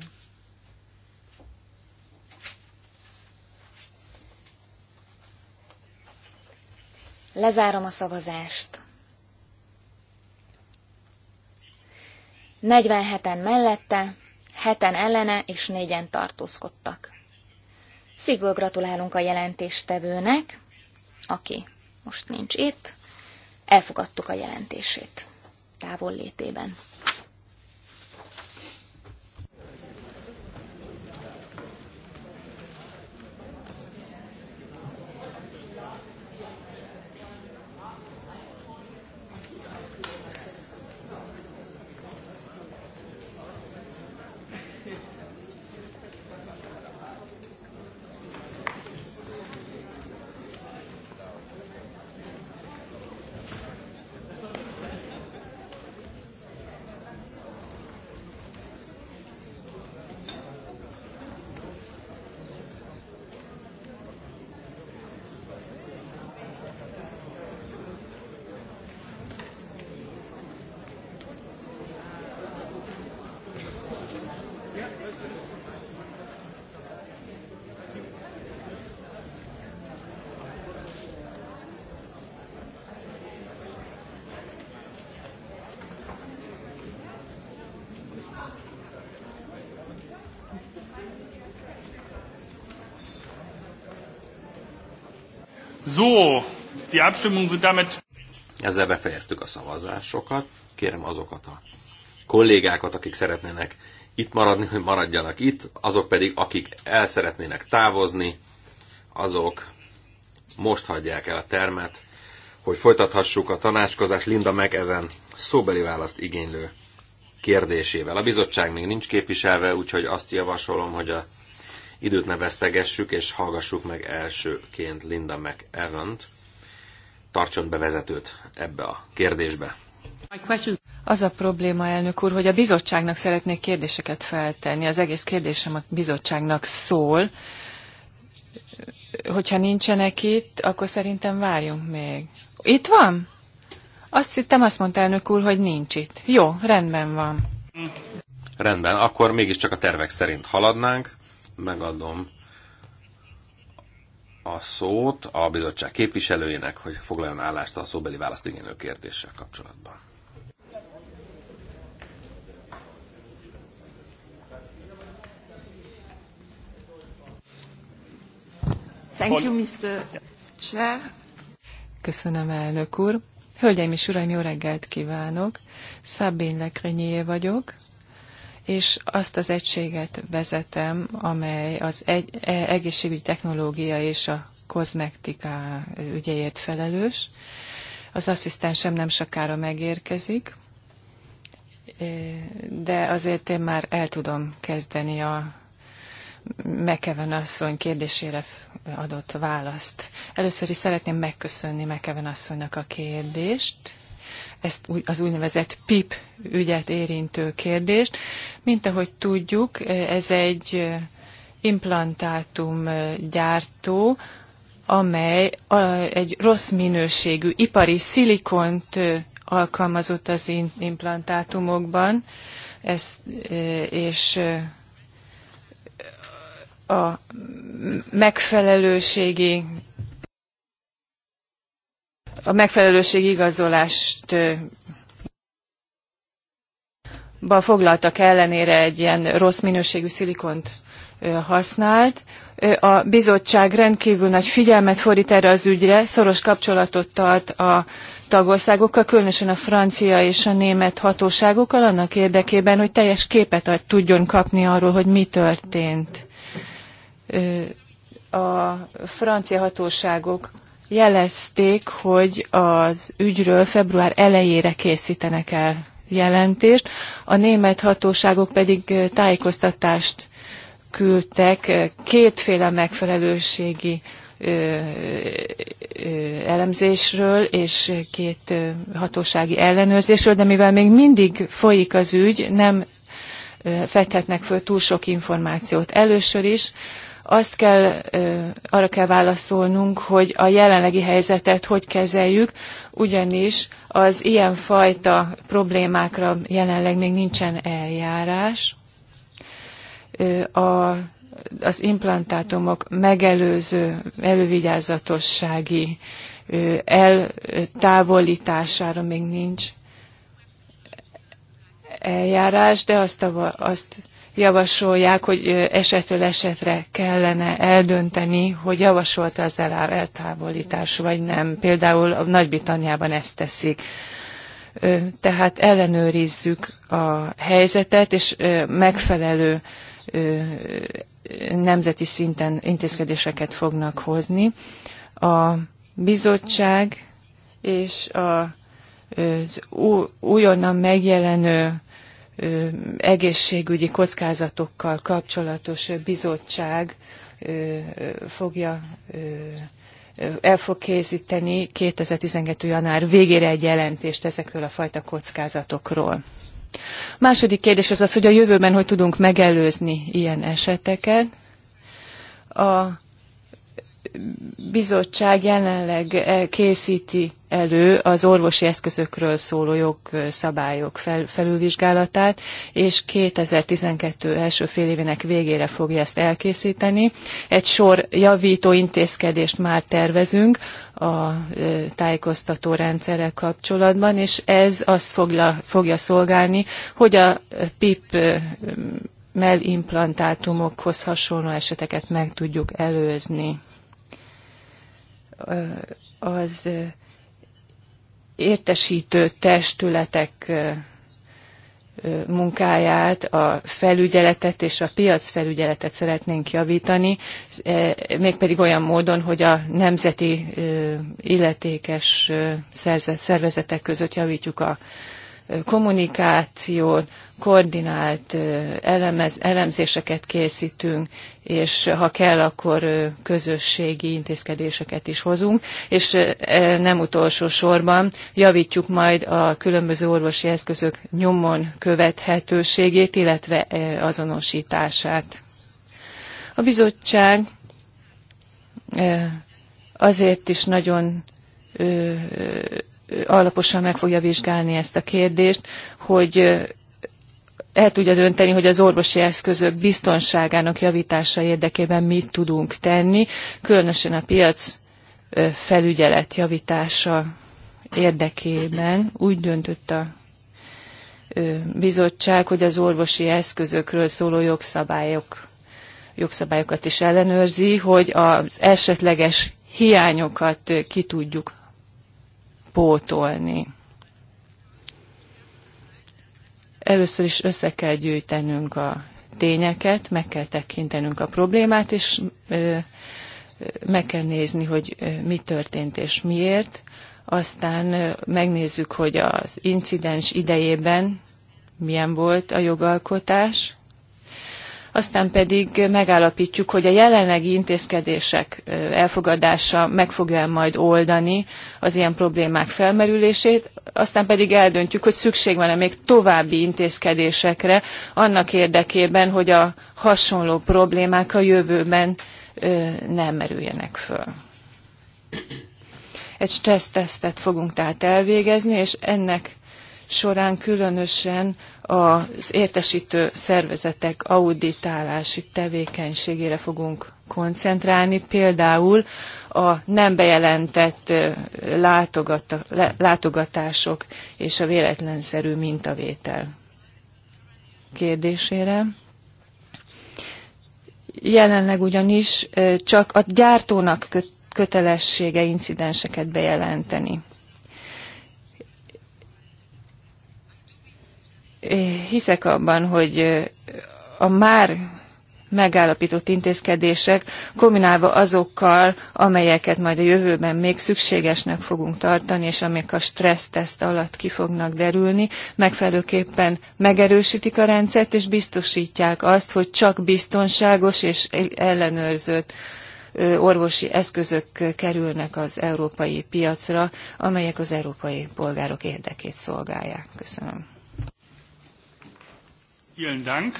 Lezárom a szavazást. 47-en mellette, heten ellene és négyen tartózkodtak. Szívből gratulálunk a jelentéstevőnek, aki most nincs itt, elfogadtuk a jelentését távol létében. So, die Abstimmungen sind damit... Ezzel befejeztük a szavazásokat. Kérem azokat a kollégákat, akik szeretnének itt maradni, hogy maradjanak itt, azok pedig, akik el szeretnének távozni, azok most hagyják el a termet, hogy folytathassuk a tanácskozás Linda McEwen szóbeli választ igénylő kérdésével. A bizottság még nincs képviselve, úgyhogy azt javasolom, hogy a Időt ne vesztegessük, és hallgassuk meg elsőként Linda McEvant. Tartson be vezetőt ebbe a kérdésbe. Az a probléma, elnök úr, hogy a bizottságnak szeretnék kérdéseket feltenni. Az egész kérdésem a bizottságnak szól. Hogyha nincsenek itt, akkor szerintem várjunk még. Itt van? Azt hittem, azt mondta elnök úr, hogy nincs itt. Jó, rendben van. Rendben, akkor mégiscsak a tervek szerint haladnánk megadom a szót a bizottság képviselőjének, hogy foglaljon állást a szóbeli választ igénylő kérdéssel kapcsolatban. Thank you, Mr. Chair. Köszönöm, elnök úr. Hölgyeim és uraim, jó reggelt kívánok! Szabin Lekrenyéje vagyok, és azt az egységet vezetem, amely az egy, e-, egészségügyi technológia és a kozmetika e, ügyeért felelős. Az asszisztensem nem sokára megérkezik, e, de azért én már el tudom kezdeni a Mekeven asszony kérdésére adott választ. Először is szeretném megköszönni Mekeven asszonynak a kérdést, ezt az úgynevezett PIP ügyet érintő kérdést. Mint ahogy tudjuk, ez egy implantátum gyártó, amely egy rossz minőségű ipari szilikont alkalmazott az implantátumokban, ez, és a megfelelőségi a megfelelőség igazolást ba foglaltak ellenére egy ilyen rossz minőségű szilikont használt. A bizottság rendkívül nagy figyelmet fordít erre az ügyre, szoros kapcsolatot tart a tagországokkal, különösen a francia és a német hatóságokkal, annak érdekében, hogy teljes képet tudjon kapni arról, hogy mi történt. A francia hatóságok jelezték, hogy az ügyről február elejére készítenek el jelentést, a német hatóságok pedig tájékoztatást küldtek kétféle megfelelőségi elemzésről és két hatósági ellenőrzésről, de mivel még mindig folyik az ügy, nem fedhetnek föl túl sok információt. Először is azt kell, arra kell válaszolnunk, hogy a jelenlegi helyzetet hogy kezeljük, ugyanis az ilyenfajta problémákra jelenleg még nincsen eljárás. A, az implantátumok megelőző elővigyázatossági eltávolítására még nincs eljárás, de azt, a, azt javasolják, hogy esetről esetre kellene eldönteni, hogy javasolta az eltávolítás vagy nem. Például Nagy-Britanniában ezt teszik tehát ellenőrizzük a helyzetet, és megfelelő nemzeti szinten intézkedéseket fognak hozni. A bizottság és az újonnan megjelenő egészségügyi kockázatokkal kapcsolatos bizottság fogja el fog készíteni 2012. január végére egy jelentést ezekről a fajta kockázatokról. Második kérdés az az, hogy a jövőben hogy tudunk megelőzni ilyen eseteket. A bizottság jelenleg készíti elő az orvosi eszközökről szóló jogszabályok fel, felülvizsgálatát, és 2012 első fél évének végére fogja ezt elkészíteni. Egy sor javító intézkedést már tervezünk a e, tájékoztató rendszerrel kapcsolatban, és ez azt fogja, fogja szolgálni, hogy a PIP e, mellimplantátumokhoz hasonló eseteket meg tudjuk előzni az értesítő testületek munkáját, a felügyeletet és a piacfelügyeletet szeretnénk javítani, e, mégpedig olyan módon, hogy a nemzeti illetékes szervezetek között javítjuk a kommunikációt, koordinált elemez, elemzéseket készítünk, és ha kell, akkor közösségi intézkedéseket is hozunk, és e, nem utolsó sorban javítjuk majd a különböző orvosi eszközök nyomon követhetőségét, illetve e, azonosítását. A bizottság e, azért is nagyon alaposan meg fogja vizsgálni ezt a kérdést, hogy el tudja dönteni, hogy az orvosi eszközök biztonságának javítása érdekében mit tudunk tenni, különösen a piac felügyelet javítása érdekében. Úgy döntött a bizottság, hogy az orvosi eszközökről szóló jogszabályok, jogszabályokat is ellenőrzi, hogy az esetleges hiányokat ki tudjuk pótolni. Először is össze kell gyűjtenünk a tényeket, meg kell tekintenünk a problémát, és meg kell nézni, hogy mi történt és miért. Aztán megnézzük, hogy az incidens idejében milyen volt a jogalkotás, aztán pedig megállapítjuk, hogy a jelenlegi intézkedések elfogadása meg fogja -e majd oldani az ilyen problémák felmerülését, aztán pedig eldöntjük, hogy szükség van-e még további intézkedésekre annak érdekében, hogy a hasonló problémák a jövőben nem merüljenek föl. Egy stressztesztet fogunk tehát elvégezni, és ennek során különösen az értesítő szervezetek auditálási tevékenységére fogunk koncentrálni, például a nem bejelentett látogatások és a véletlenszerű mintavétel kérdésére. Jelenleg ugyanis csak a gyártónak kötelessége incidenseket bejelenteni. hiszek abban, hogy a már megállapított intézkedések, kombinálva azokkal, amelyeket majd a jövőben még szükségesnek fogunk tartani, és amik a stresszteszt alatt ki fognak derülni, megfelelőképpen megerősítik a rendszert, és biztosítják azt, hogy csak biztonságos és ellenőrzött orvosi eszközök kerülnek az európai piacra, amelyek az európai polgárok érdekét szolgálják. Köszönöm. Vielen Dank.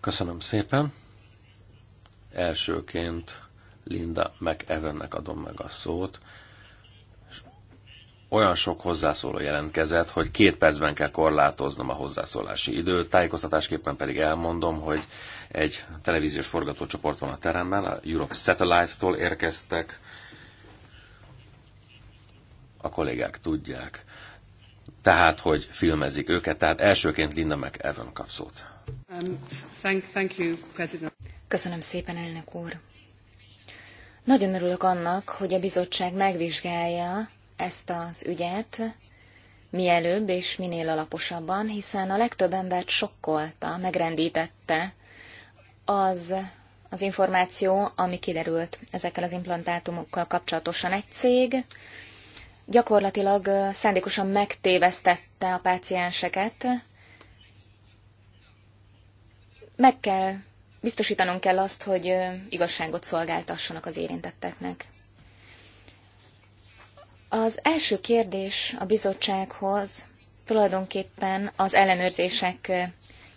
Köszönöm szépen. Elsőként Linda McEvennek adom meg a szót. Olyan sok hozzászóló jelentkezett, hogy két percben kell korlátoznom a hozzászólási időt. Tájékoztatásképpen pedig elmondom, hogy egy televíziós forgatócsoport van a teremben, a Europe Satellite-tól érkeztek. A kollégák tudják, tehát, hogy filmezik őket. Tehát elsőként Linda McEwan kap szót. Um, thank, thank you, President. Köszönöm szépen, elnök úr. Nagyon örülök annak, hogy a bizottság megvizsgálja ezt az ügyet, mielőbb és minél alaposabban, hiszen a legtöbb embert sokkolta, megrendítette az az információ, ami kiderült ezekkel az implantátumokkal kapcsolatosan. Egy cég gyakorlatilag szándékosan megtévesztette a pácienseket. Meg kell, biztosítanunk kell azt, hogy igazságot szolgáltassanak az érintetteknek. Az első kérdés a bizottsághoz tulajdonképpen az ellenőrzések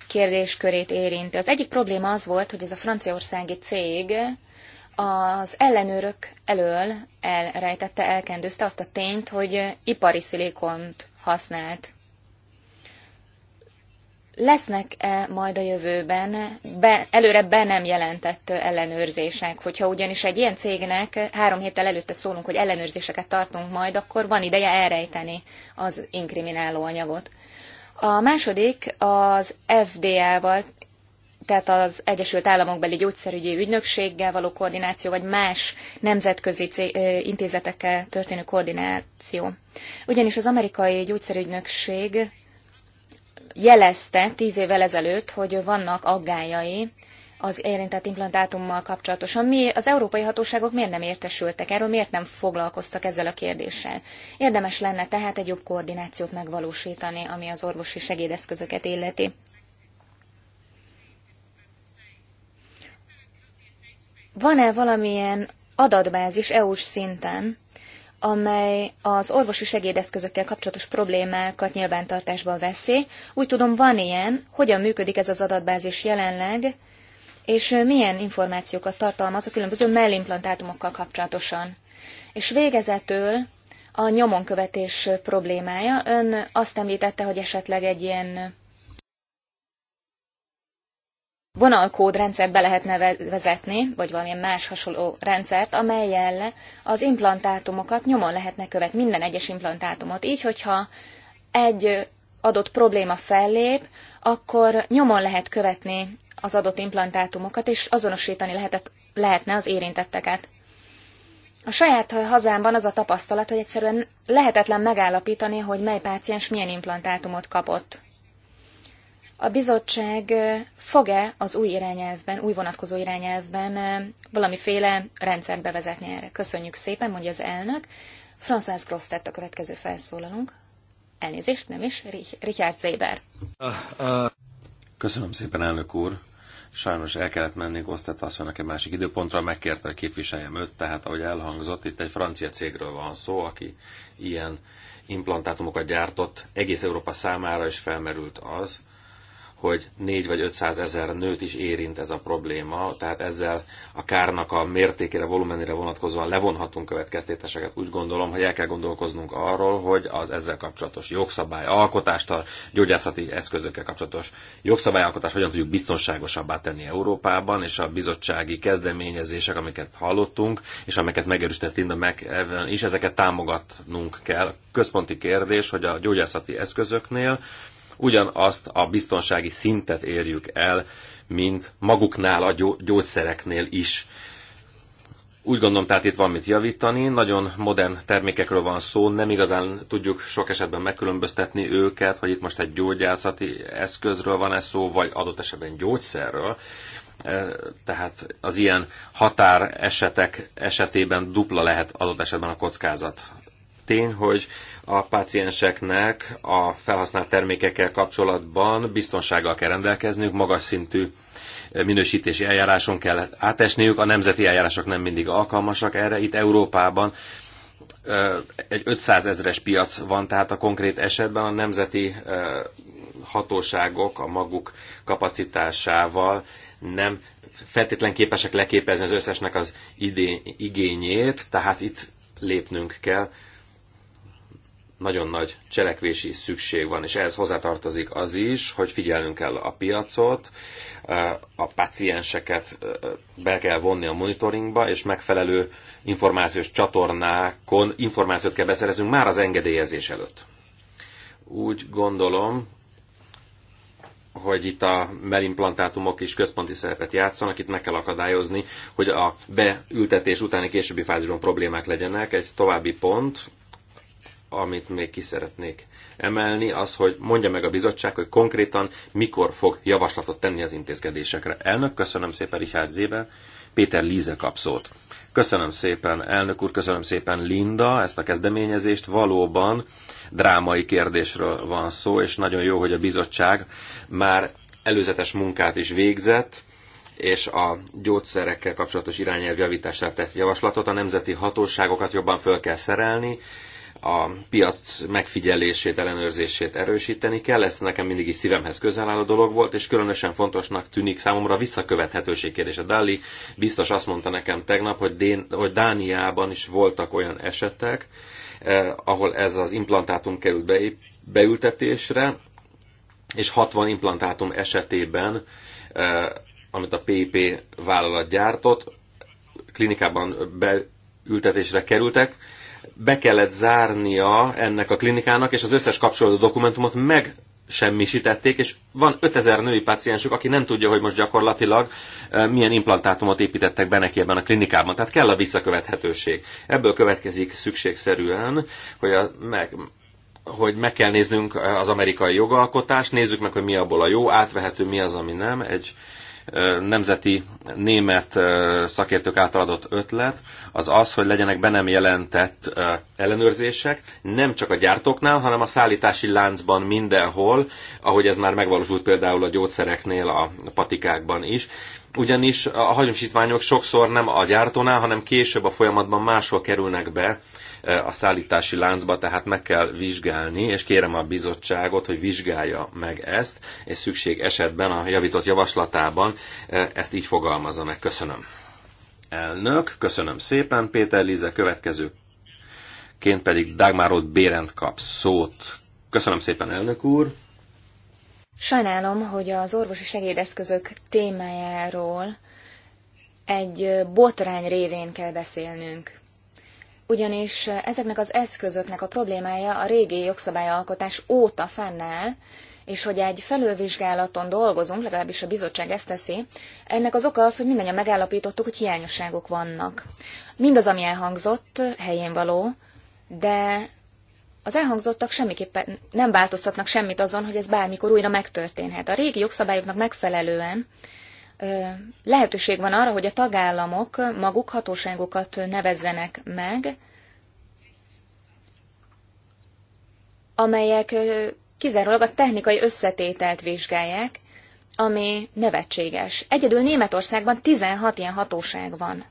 kérdéskörét érinti. Az egyik probléma az volt, hogy ez a franciaországi cég az ellenőrök elől elrejtette, elkendőzte azt a tényt, hogy ipari szilikont használt. Lesznek-e majd a jövőben be, előre be nem jelentett ellenőrzések? Hogyha ugyanis egy ilyen cégnek három héttel előtte szólunk, hogy ellenőrzéseket tartunk majd, akkor van ideje elrejteni az inkrimináló anyagot. A második az FDA-val tehát az Egyesült Államokbeli Gyógyszerügyi Ügynökséggel való koordináció, vagy más nemzetközi intézetekkel történő koordináció. Ugyanis az amerikai gyógyszerügynökség jelezte tíz évvel ezelőtt, hogy vannak aggályai az érintett implantátummal kapcsolatosan. Mi, az európai hatóságok miért nem értesültek erről, miért nem foglalkoztak ezzel a kérdéssel? Érdemes lenne tehát egy jobb koordinációt megvalósítani, ami az orvosi segédeszközöket illeti. Van-e valamilyen adatbázis EU-s szinten, amely az orvosi segédeszközökkel kapcsolatos problémákat nyilvántartásba veszi. Úgy tudom, van ilyen, hogyan működik ez az adatbázis jelenleg, és milyen információkat tartalmaz a különböző mellimplantátumokkal kapcsolatosan. És végezetül a nyomonkövetés problémája. Ön azt említette, hogy esetleg egy ilyen vonalkódrendszert be lehetne vezetni, vagy valamilyen más hasonló rendszert, amelyel az implantátumokat nyomon lehetne követni, minden egyes implantátumot. Így, hogyha egy adott probléma fellép, akkor nyomon lehet követni az adott implantátumokat, és azonosítani lehetett, lehetne az érintetteket. A saját hazámban az a tapasztalat, hogy egyszerűen lehetetlen megállapítani, hogy mely páciens milyen implantátumot kapott a bizottság fog-e az új irányelvben, új vonatkozó irányelvben valamiféle rendszert bevezetni erre? Köszönjük szépen, mondja az elnök. François Gross tett a következő felszólalunk. Elnézést, nem is, Richard Zéber. Köszönöm szépen, elnök úr. Sajnos el kellett menni Gosztett azt mondja, egy másik időpontra, megkérte, hogy képviseljem őt, tehát ahogy elhangzott, itt egy francia cégről van szó, aki ilyen implantátumokat gyártott. Egész Európa számára és felmerült az, hogy 4 vagy 500 ezer nőt is érint ez a probléma, tehát ezzel a kárnak a mértékére, volumenére vonatkozóan levonhatunk következtéteseket. Úgy gondolom, hogy el kell gondolkoznunk arról, hogy az ezzel kapcsolatos jogszabály alkotást, a gyógyászati eszközökkel kapcsolatos jogszabályalkotást hogyan tudjuk biztonságosabbá tenni Európában, és a bizottsági kezdeményezések, amiket hallottunk, és amiket megerősített Linda meg is, ezeket támogatnunk kell. Központi kérdés, hogy a gyógyászati eszközöknél ugyanazt a biztonsági szintet érjük el, mint maguknál a gyógyszereknél is. Úgy gondolom, tehát itt van mit javítani. Nagyon modern termékekről van szó, nem igazán tudjuk sok esetben megkülönböztetni őket, hogy itt most egy gyógyászati eszközről van ez szó, vagy adott esetben gyógyszerről. E, tehát az ilyen határ esetek esetében dupla lehet adott esetben a kockázat. Tény, hogy a pácienseknek a felhasznált termékekkel kapcsolatban biztonsággal kell rendelkezniük, magas szintű minősítési eljáráson kell átesniük, a nemzeti eljárások nem mindig alkalmasak erre. Itt Európában egy 500 ezres piac van, tehát a konkrét esetben a nemzeti hatóságok a maguk kapacitásával nem feltétlen képesek leképezni az összesnek az idé, igényét, tehát itt lépnünk kell nagyon nagy cselekvési szükség van, és ehhez hozzátartozik az is, hogy figyelnünk kell a piacot, eh, a pacienseket eh, be kell vonni a monitoringba, és megfelelő információs csatornákon információt kell beszereznünk már az engedélyezés előtt. Úgy gondolom, hogy itt a melimplantátumok is központi szerepet játszanak, itt meg kell akadályozni, hogy a beültetés utáni későbbi fázisban problémák legyenek. Egy további pont, amit még ki szeretnék emelni, az, hogy mondja meg a bizottság, hogy konkrétan mikor fog javaslatot tenni az intézkedésekre. Elnök, köszönöm szépen Richard Zébe, Péter Líze kap szót. Köszönöm szépen, elnök úr, köszönöm szépen Linda ezt a kezdeményezést. Valóban drámai kérdésről van szó, és nagyon jó, hogy a bizottság már előzetes munkát is végzett, és a gyógyszerekkel kapcsolatos irányelv javítását tett javaslatot. A nemzeti hatóságokat jobban föl kell szerelni, a piac megfigyelését, ellenőrzését erősíteni kell. Ez nekem mindig is szívemhez közel a dolog volt, és különösen fontosnak tűnik számomra a visszakövethetőség kérdése. Dali biztos azt mondta nekem tegnap, hogy, Dén, hogy Dániában is voltak olyan esetek, eh, ahol ez az implantátum került be, beültetésre, és 60 implantátum esetében, eh, amit a PIP vállalat gyártott, klinikában beültetésre kerültek, be kellett zárnia ennek a klinikának, és az összes kapcsolódó dokumentumot meg semmisítették, és van 5000 női paciensük, aki nem tudja, hogy most gyakorlatilag milyen implantátumot építettek be neki ebben a klinikában. Tehát kell a visszakövethetőség. Ebből következik szükségszerűen, hogy a, meg, hogy meg kell néznünk az amerikai jogalkotást, nézzük meg, hogy mi abból a jó, átvehető, mi az, ami nem. Egy nemzeti német szakértők által adott ötlet, az az, hogy legyenek be nem jelentett ellenőrzések, nem csak a gyártóknál, hanem a szállítási láncban mindenhol, ahogy ez már megvalósult például a gyógyszereknél, a patikákban is ugyanis a hagyomsítványok sokszor nem a gyártónál, hanem később a folyamatban máshol kerülnek be, a szállítási láncba, tehát meg kell vizsgálni, és kérem a bizottságot, hogy vizsgálja meg ezt, és szükség esetben a javított javaslatában e, ezt így fogalmazza meg. Köszönöm. Elnök, köszönöm szépen, Péter Lize, következőként pedig Dagmárod Bérend kap szót. Köszönöm szépen, elnök úr. Sajnálom, hogy az orvosi segédeszközök témájáról egy botrány révén kell beszélnünk ugyanis ezeknek az eszközöknek a problémája a régi jogszabályalkotás óta fennáll, és hogy egy felülvizsgálaton dolgozunk, legalábbis a bizottság ezt teszi, ennek az oka az, hogy mindannyian megállapítottuk, hogy hiányosságok vannak. Mindaz, ami elhangzott, helyén való, de az elhangzottak semmiképpen nem változtatnak semmit azon, hogy ez bármikor újra megtörténhet. A régi jogszabályoknak megfelelően lehetőség van arra, hogy a tagállamok maguk hatóságokat nevezzenek meg, amelyek kizárólag a technikai összetételt vizsgálják, ami nevetséges. Egyedül Németországban 16 ilyen hatóság van.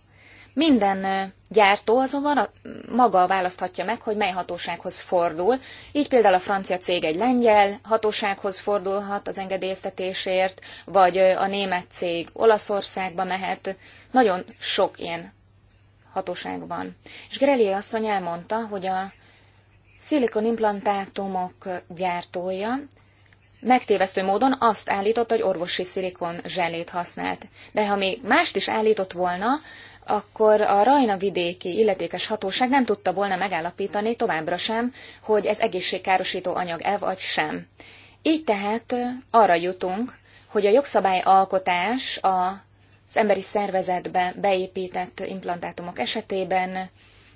Minden gyártó azonban a, maga választhatja meg, hogy mely hatósághoz fordul. Így például a francia cég egy lengyel hatósághoz fordulhat az engedélyeztetésért, vagy a német cég Olaszországba mehet. Nagyon sok ilyen hatóság van. És Grelier asszony elmondta, hogy a szilikonimplantátumok gyártója megtévesztő módon azt állította, hogy orvosi szilikon zselét használt. De ha még mást is állított volna, akkor a Rajna vidéki illetékes hatóság nem tudta volna megállapítani továbbra sem, hogy ez egészségkárosító anyag-e vagy sem. Így tehát arra jutunk, hogy a alkotás az emberi szervezetbe beépített implantátumok esetében,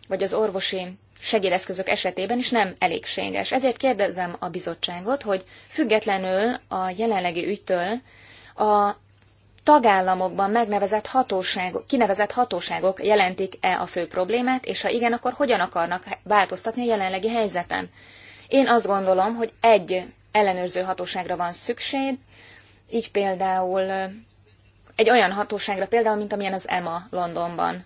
vagy az orvosi segédeszközök esetében is nem elégséges. Ezért kérdezem a bizottságot, hogy függetlenül a jelenlegi ügytől a tagállamokban megnevezett hatóságok, kinevezett hatóságok jelentik-e a fő problémát, és ha igen, akkor hogyan akarnak változtatni a jelenlegi helyzeten? Én azt gondolom, hogy egy ellenőrző hatóságra van szükség, így például egy olyan hatóságra például, mint amilyen az EMA Londonban.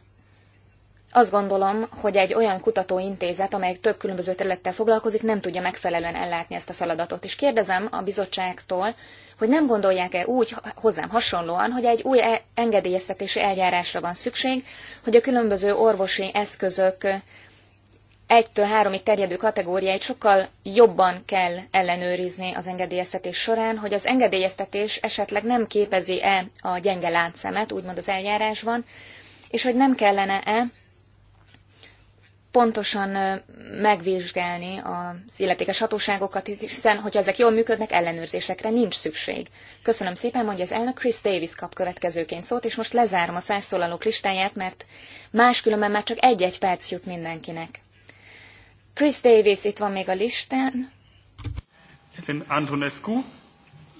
Azt gondolom, hogy egy olyan kutatóintézet, amely több különböző területtel foglalkozik, nem tudja megfelelően ellátni ezt a feladatot. És kérdezem a bizottságtól, hogy nem gondolják-e úgy hozzám hasonlóan, hogy egy új e- engedélyeztetési eljárásra van szükség, hogy a különböző orvosi eszközök egy től három ig terjedő kategóriáit sokkal jobban kell ellenőrizni az engedélyeztetés során, hogy az engedélyeztetés esetleg nem képezi-e a gyenge láncszemet, úgymond az eljárásban, és hogy nem kellene-e pontosan megvizsgálni az illetékes hatóságokat, hiszen, hogyha ezek jól működnek, ellenőrzésekre nincs szükség. Köszönöm szépen, mondja az elnök, Chris Davis kap következőként szót, és most lezárom a felszólalók listáját, mert máskülönben már csak egy-egy perc jut mindenkinek. Chris Davis itt van még a listán. Én Antonescu,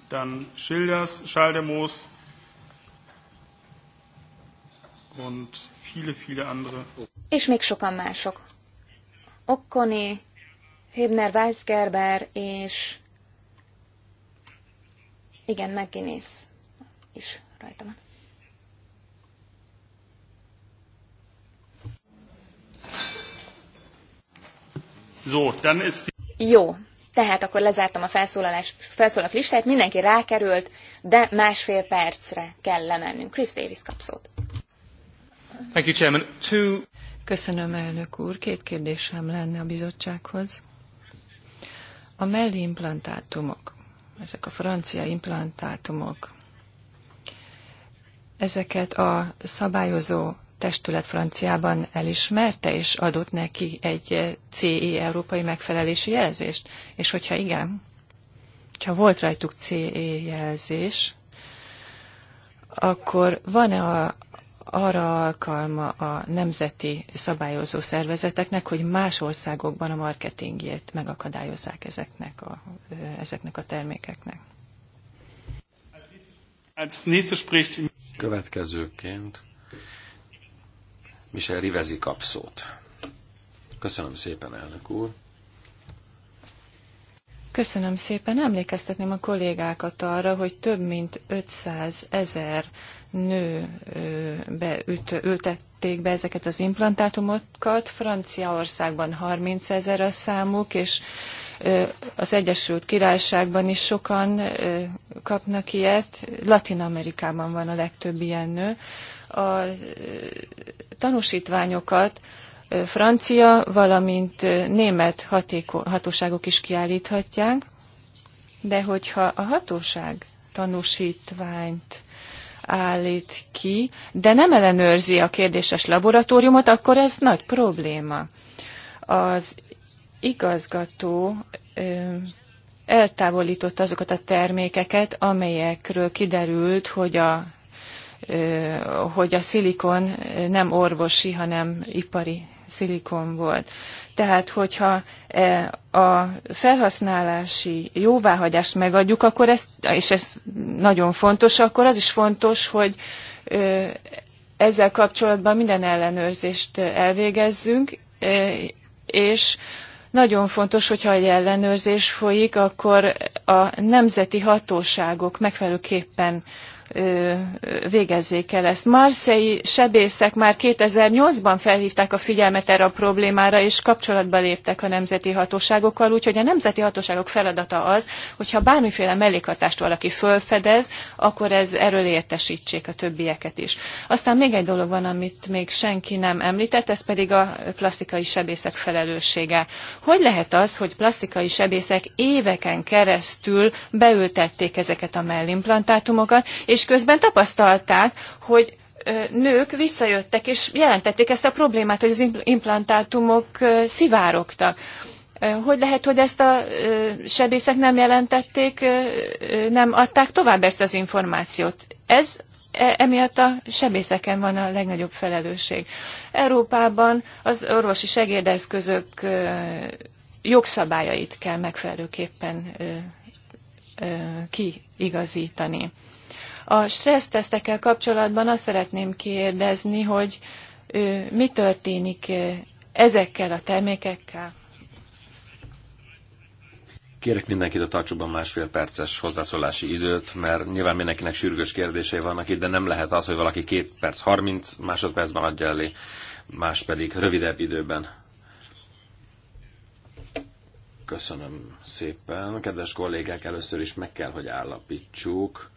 dann Schilders, Schaldemos und viele, viele andere. És még sokan mások. Okkoni, Hébner, Weisgerber és igen, McGuinness is rajta van. So, dann ist die... Jó, tehát akkor lezártam a felszólalás, felszólalók listáját, mindenki rákerült, de másfél percre kell lemennünk. Chris Davis kap szót. Thank you, Chairman. Two... Köszönöm, elnök úr. Két kérdésem lenne a bizottsághoz. A implantátumok, ezek a francia implantátumok, ezeket a szabályozó testület Franciában elismerte, és adott neki egy CE európai megfelelési jelzést? És hogyha igen, ha volt rajtuk CE jelzés, akkor van-e a, arra alkalma a nemzeti szabályozó szervezeteknek, hogy más országokban a marketingjét megakadályozzák ezeknek a, ezeknek a termékeknek. Következőként Michel Rivezi kap szót. Köszönöm szépen, elnök úr. Köszönöm szépen. Emlékeztetném a kollégákat arra, hogy több mint 500 ezer nő beüt, ültették be ezeket az implantátumokat. Franciaországban 30 ezer a számuk, és az Egyesült Királyságban is sokan kapnak ilyet. Latin Amerikában van a legtöbb ilyen nő. A tanúsítványokat francia, valamint német hatéko, hatóságok is kiállíthatják, de hogyha a hatóság tanúsítványt állít ki, de nem ellenőrzi a kérdéses laboratóriumot, akkor ez nagy probléma. Az igazgató eltávolította azokat a termékeket, amelyekről kiderült, hogy a, hogy a szilikon nem orvosi, hanem ipari szilikon volt. Tehát, hogyha e, a felhasználási jóváhagyást megadjuk, akkor ez és ez nagyon fontos, akkor az is fontos, hogy ezzel kapcsolatban minden ellenőrzést elvégezzünk, és nagyon fontos, hogyha egy ellenőrzés folyik, akkor a nemzeti hatóságok megfelelőképpen végezzék el ezt. Marseille sebészek már 2008-ban felhívták a figyelmet erre a problémára, és kapcsolatba léptek a nemzeti hatóságokkal, úgyhogy a nemzeti hatóságok feladata az, hogyha bármiféle mellékhatást valaki fölfedez, akkor ez erről értesítsék a többieket is. Aztán még egy dolog van, amit még senki nem említett, ez pedig a plastikai sebészek felelőssége. Hogy lehet az, hogy plastikai sebészek éveken keresztül beültették ezeket a mellimplantátumokat, és és közben tapasztalták, hogy nők visszajöttek és jelentették ezt a problémát, hogy az implantátumok szivárogtak. Hogy lehet, hogy ezt a sebészek nem jelentették, nem adták tovább ezt az információt? Ez e, emiatt a sebészeken van a legnagyobb felelősség. Európában az orvosi segédeszközök jogszabályait kell megfelelőképpen kiigazítani. A stressztesztekkel kapcsolatban azt szeretném kérdezni, hogy mi történik ezekkel a termékekkel? Kérek mindenkit a tartsóban másfél perces hozzászólási időt, mert nyilván mindenkinek sürgős kérdései vannak itt, de nem lehet az, hogy valaki két perc, 30 másodpercben adja elé, más pedig rövidebb időben. Köszönöm szépen. Kedves kollégák, először is meg kell, hogy állapítsuk,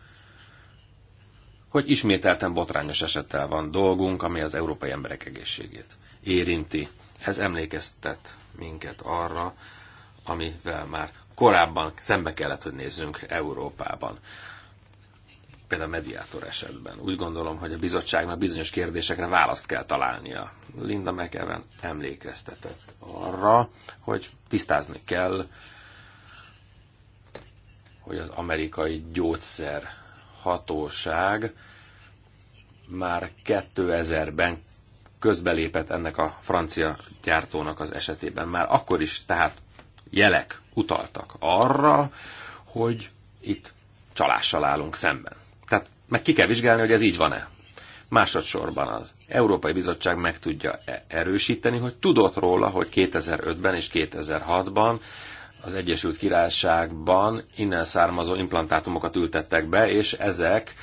hogy ismételten botrányos esettel van dolgunk, ami az európai emberek egészségét érinti. Ez emlékeztet minket arra, amivel már korábban szembe kellett, hogy nézzünk Európában. Például a mediátor esetben. Úgy gondolom, hogy a bizottságnak bizonyos kérdésekre választ kell találnia. Linda McEwen emlékeztetett arra, hogy tisztázni kell, hogy az amerikai gyógyszer hatóság már 2000-ben közbelépett ennek a francia gyártónak az esetében. Már akkor is tehát jelek utaltak arra, hogy itt csalással állunk szemben. Tehát meg ki kell vizsgálni, hogy ez így van-e. Másodszorban az Európai Bizottság meg tudja erősíteni, hogy tudott róla, hogy 2005-ben és 2006-ban az Egyesült Királyságban innen származó implantátumokat ültettek be, és ezek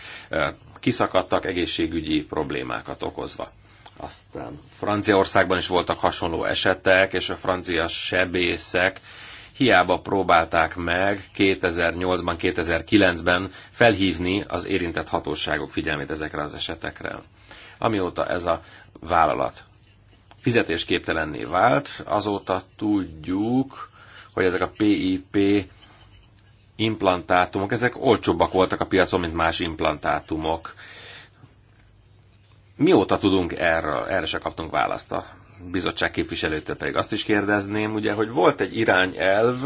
kiszakadtak egészségügyi problémákat okozva. Aztán Franciaországban is voltak hasonló esetek, és a francia sebészek hiába próbálták meg 2008-ban, 2009-ben felhívni az érintett hatóságok figyelmét ezekre az esetekre. Amióta ez a vállalat fizetésképtelenné vált, azóta tudjuk, hogy ezek a PIP implantátumok, ezek olcsóbbak voltak a piacon, mint más implantátumok. Mióta tudunk erről? Erre se kaptunk választ a bizottság képviselőtől pedig azt is kérdezném, ugye, hogy volt egy irányelv,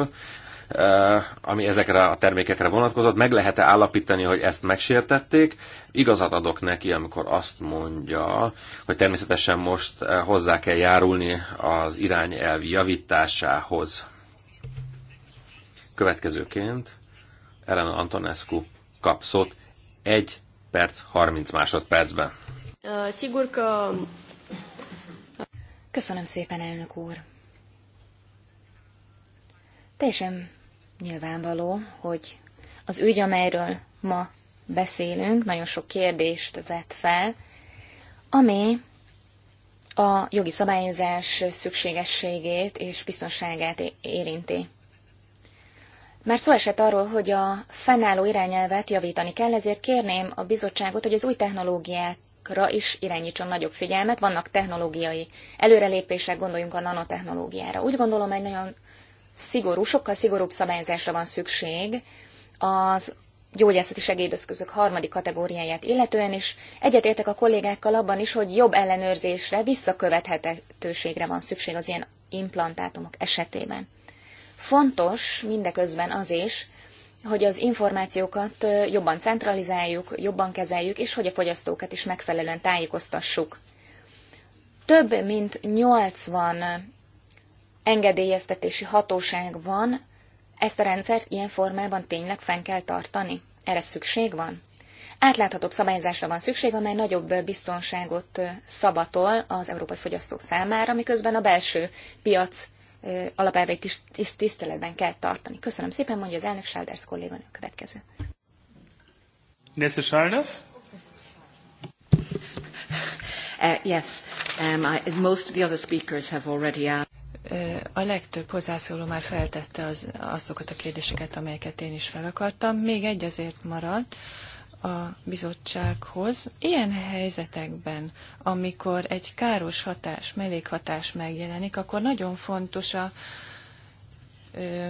eh, ami ezekre a termékekre vonatkozott, meg lehet-e állapítani, hogy ezt megsértették. Igazat adok neki, amikor azt mondja, hogy természetesen most eh, hozzá kell járulni az irányelv javításához. Következőként Elena Antonescu kap szót 1 perc 30 másodpercben. Szigorka... Köszönöm szépen, elnök úr. Teljesen nyilvánvaló, hogy az ügy, amelyről ma beszélünk, nagyon sok kérdést vet fel, ami a jogi szabályozás szükségességét és biztonságát érinti. Már szó esett arról, hogy a fennálló irányelvet javítani kell, ezért kérném a bizottságot, hogy az új technológiákra is irányítson nagyobb figyelmet. Vannak technológiai előrelépések, gondoljunk a nanotechnológiára. Úgy gondolom, egy nagyon szigorú, sokkal szigorúbb szabályozásra van szükség az gyógyászati segédeszközök harmadik kategóriáját illetően, és egyetértek a kollégákkal abban is, hogy jobb ellenőrzésre, visszakövethetőségre van szükség az ilyen implantátumok esetében. Fontos mindeközben az is, hogy az információkat jobban centralizáljuk, jobban kezeljük, és hogy a fogyasztókat is megfelelően tájékoztassuk. Több mint 80 engedélyeztetési hatóság van, ezt a rendszert ilyen formában tényleg fenn kell tartani? Erre szükség van? Átláthatóbb szabályozásra van szükség, amely nagyobb biztonságot szabatol az európai fogyasztók számára, miközben a belső piac alapelveit is tiszteletben kell tartani. Köszönöm szépen, mondja az elnök Sálders kolléganő következő. Nesse Sálders? Uh, yes, um, I, most of the other speakers have already asked. A legtöbb hozzászóló már feltette az, azokat a kérdéseket, amelyeket én is fel akartam. Még egy azért maradt, a bizottsághoz. Ilyen helyzetekben, amikor egy káros hatás, mellékhatás megjelenik, akkor nagyon fontos a ö,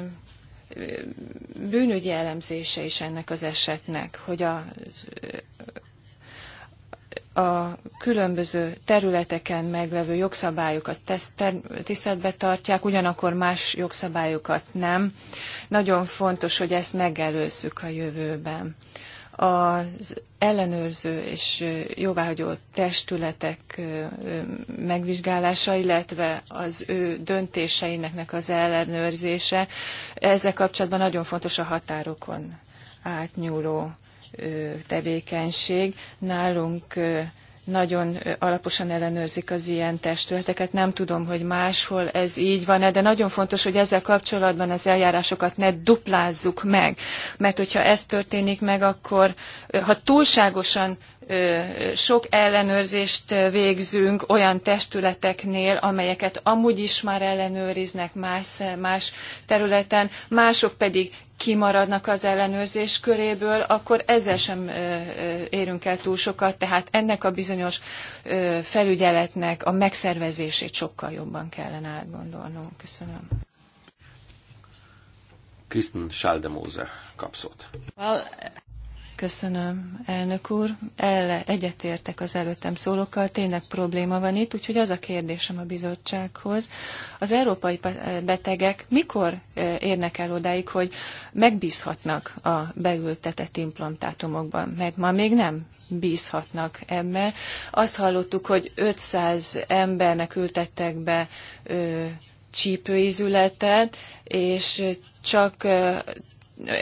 bűnügyi elemzése is ennek az esetnek, hogy a, a különböző területeken meglevő jogszabályokat tiszteletbe tartják, ugyanakkor más jogszabályokat nem. Nagyon fontos, hogy ezt megelőzzük a jövőben az ellenőrző és jóváhagyó testületek megvizsgálása, illetve az ő döntéseineknek az ellenőrzése. Ezzel kapcsolatban nagyon fontos a határokon átnyúló tevékenység. Nálunk nagyon alaposan ellenőrzik az ilyen testületeket. Nem tudom, hogy máshol ez így van-e, de nagyon fontos, hogy ezzel kapcsolatban az eljárásokat ne duplázzuk meg. Mert hogyha ez történik meg, akkor ha túlságosan sok ellenőrzést végzünk olyan testületeknél, amelyeket amúgy is már ellenőriznek más, más területen, mások pedig kimaradnak az ellenőrzés köréből, akkor ezzel sem érünk el túl sokat, tehát ennek a bizonyos felügyeletnek a megszervezését sokkal jobban kellene átgondolnunk. Köszönöm. Kristen Schaldemose kapszott. Well, Köszönöm, elnök úr. El, egyetértek az előttem szólókkal, tényleg probléma van itt, úgyhogy az a kérdésem a bizottsághoz. Az európai betegek mikor e, érnek el odáig, hogy megbízhatnak a beültetett implantátumokban? Mert ma még nem bízhatnak ebben. Azt hallottuk, hogy 500 embernek ültettek be ö, csípőizületet, és csak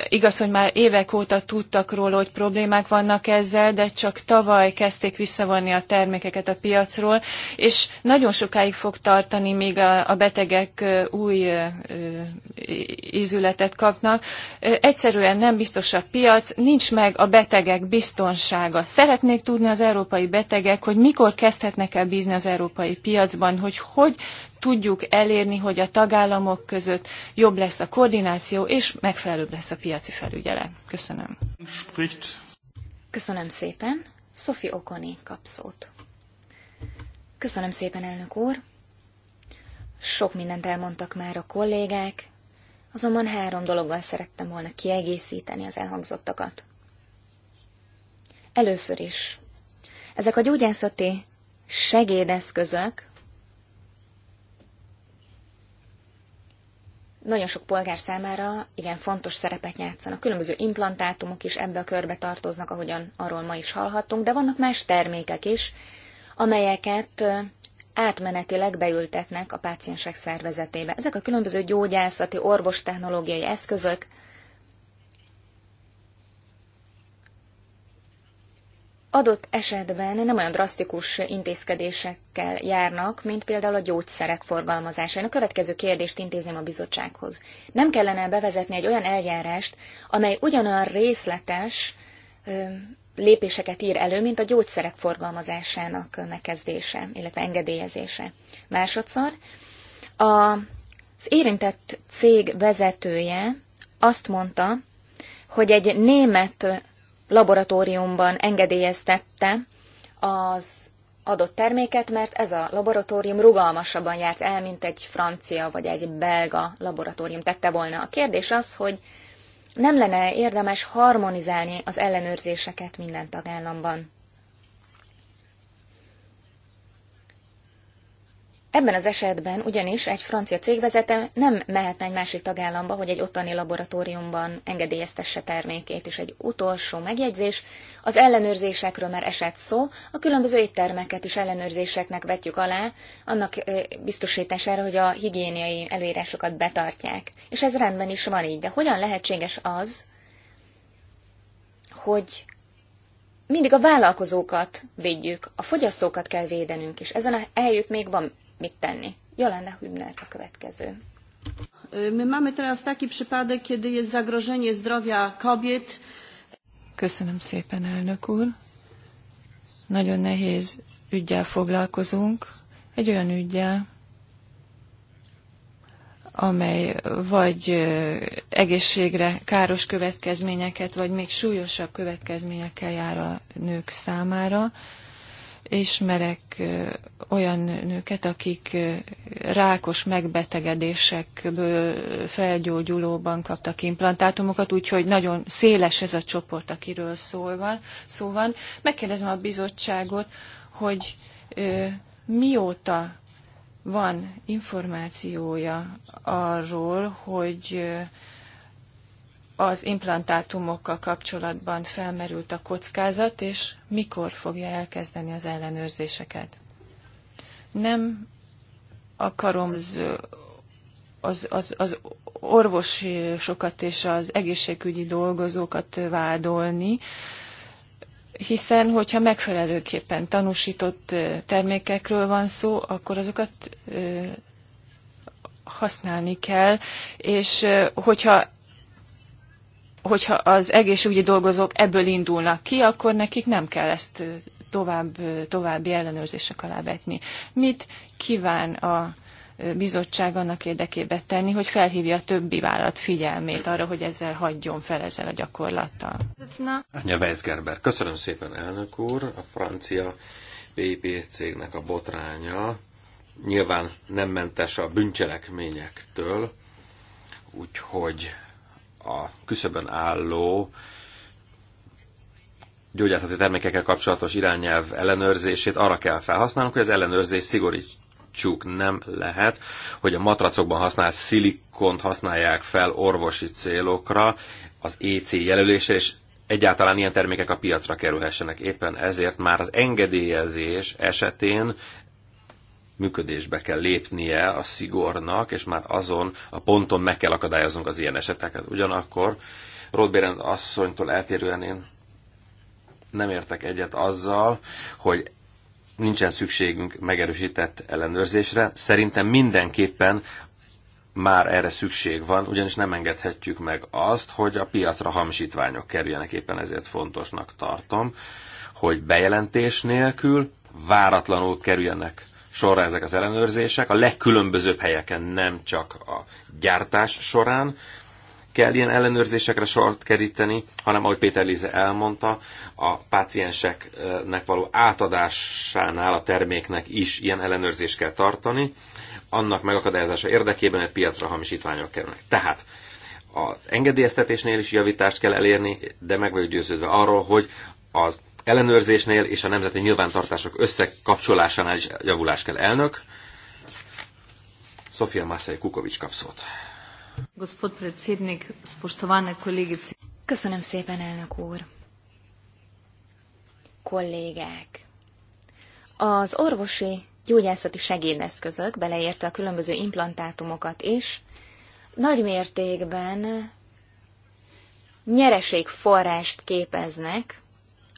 igaz, hogy már évek óta tudtak róla, hogy problémák vannak ezzel, de csak tavaly kezdték visszavonni a termékeket a piacról, és nagyon sokáig fog tartani, míg a, betegek új ízületet kapnak. Egyszerűen nem biztos a piac, nincs meg a betegek biztonsága. Szeretnék tudni az európai betegek, hogy mikor kezdhetnek el bízni az európai piacban, hogy hogy tudjuk elérni, hogy a tagállamok között jobb lesz a koordináció, és megfelelőbb lesz a piaci felügyelet. Köszönöm. Köszönöm szépen. Sofi Okoni kap szót. Köszönöm szépen, elnök úr. Sok mindent elmondtak már a kollégák, azonban három dologgal szerettem volna kiegészíteni az elhangzottakat. Először is. Ezek a gyógyászati segédeszközök nagyon sok polgár számára igen fontos szerepet játszanak. Különböző implantátumok is ebbe a körbe tartoznak, ahogyan arról ma is hallhattunk, de vannak más termékek is, amelyeket átmenetileg beültetnek a páciensek szervezetébe. Ezek a különböző gyógyászati, orvostechnológiai eszközök adott esetben nem olyan drasztikus intézkedésekkel járnak, mint például a gyógyszerek Én A következő kérdést intézném a bizottsághoz. Nem kellene bevezetni egy olyan eljárást, amely ugyanolyan részletes ö, lépéseket ír elő, mint a gyógyszerek forgalmazásának megkezdése, illetve engedélyezése. Másodszor, a, az érintett cég vezetője azt mondta, hogy egy német laboratóriumban engedélyeztette az adott terméket, mert ez a laboratórium rugalmasabban járt el, mint egy francia vagy egy belga laboratórium tette volna. A kérdés az, hogy nem lenne érdemes harmonizálni az ellenőrzéseket minden tagállamban. Ebben az esetben ugyanis egy francia cégvezete nem mehetne egy másik tagállamba, hogy egy ottani laboratóriumban engedélyeztesse termékét. És egy utolsó megjegyzés, az ellenőrzésekről már esett szó, a különböző éttermeket is ellenőrzéseknek vetjük alá, annak biztosítására, hogy a higiéniai előírásokat betartják. És ez rendben is van így, de hogyan lehetséges az, hogy mindig a vállalkozókat védjük, a fogyasztókat kell védenünk, és ezen a helyük még van mit tenni. Jolanda Hübner a következő. My mamy teraz taki przypadek, kiedy jest zagrożenie zdrowia kobiet. Köszönöm szépen, elnök úr. Nagyon nehéz ügyel foglalkozunk, egy olyan ügyel, amely vagy egészségre káros következményeket, vagy még súlyosabb következményekkel jár a nők számára. Ismerek olyan nőket, akik rákos megbetegedésekből felgyógyulóban kaptak implantátumokat, úgyhogy nagyon széles ez a csoport, akiről szól van. Szó van. Megkérdezem a bizottságot, hogy mióta van információja arról, hogy az implantátumokkal kapcsolatban felmerült a kockázat, és mikor fogja elkezdeni az ellenőrzéseket. Nem akarom az, az, az, az orvosokat és az egészségügyi dolgozókat vádolni, hiszen hogyha megfelelőképpen tanúsított termékekről van szó, akkor azokat használni kell, és hogyha hogyha az egészségügyi dolgozók ebből indulnak ki, akkor nekik nem kell ezt tovább, további ellenőrzések alá vetni. Mit kíván a bizottság annak érdekében tenni, hogy felhívja a többi vállalat figyelmét arra, hogy ezzel hagyjon fel ezzel a gyakorlattal. Anya Weisgerber, köszönöm szépen elnök úr, a francia PP cégnek a botránya nyilván nem mentes a bűncselekményektől, úgyhogy a küszöbön álló gyógyászati termékekkel kapcsolatos irányelv ellenőrzését arra kell felhasználnunk, hogy az ellenőrzés szigorítsuk. Nem lehet, hogy a matracokban használt szilikont használják fel orvosi célokra az EC jelölése és egyáltalán ilyen termékek a piacra kerülhessenek. Éppen ezért már az engedélyezés esetén működésbe kell lépnie a szigornak, és már azon a ponton meg kell akadályoznunk az ilyen eseteket. Ugyanakkor Rodbérend asszonytól eltérően én nem értek egyet azzal, hogy nincsen szükségünk megerősített ellenőrzésre. Szerintem mindenképpen már erre szükség van, ugyanis nem engedhetjük meg azt, hogy a piacra hamisítványok kerüljenek, éppen ezért fontosnak tartom, hogy bejelentés nélkül váratlanul kerüljenek sorra ezek az ellenőrzések. A legkülönbözőbb helyeken nem csak a gyártás során kell ilyen ellenőrzésekre sort keríteni, hanem ahogy Péter Lize elmondta, a pácienseknek való átadásánál a terméknek is ilyen ellenőrzést kell tartani, annak megakadályozása érdekében, hogy piacra hamisítványok kerülnek. Tehát az engedélyeztetésnél is javítást kell elérni, de meg vagyok győződve arról, hogy az ellenőrzésnél és a nemzeti nyilvántartások összekapcsolásánál is javulás kell elnök. Sofia Masai Kukovics kap szót. Köszönöm szépen, elnök úr. Kollégák. Az orvosi gyógyászati segédeszközök, beleértve a különböző implantátumokat is, nagy mértékben nyereség forrást képeznek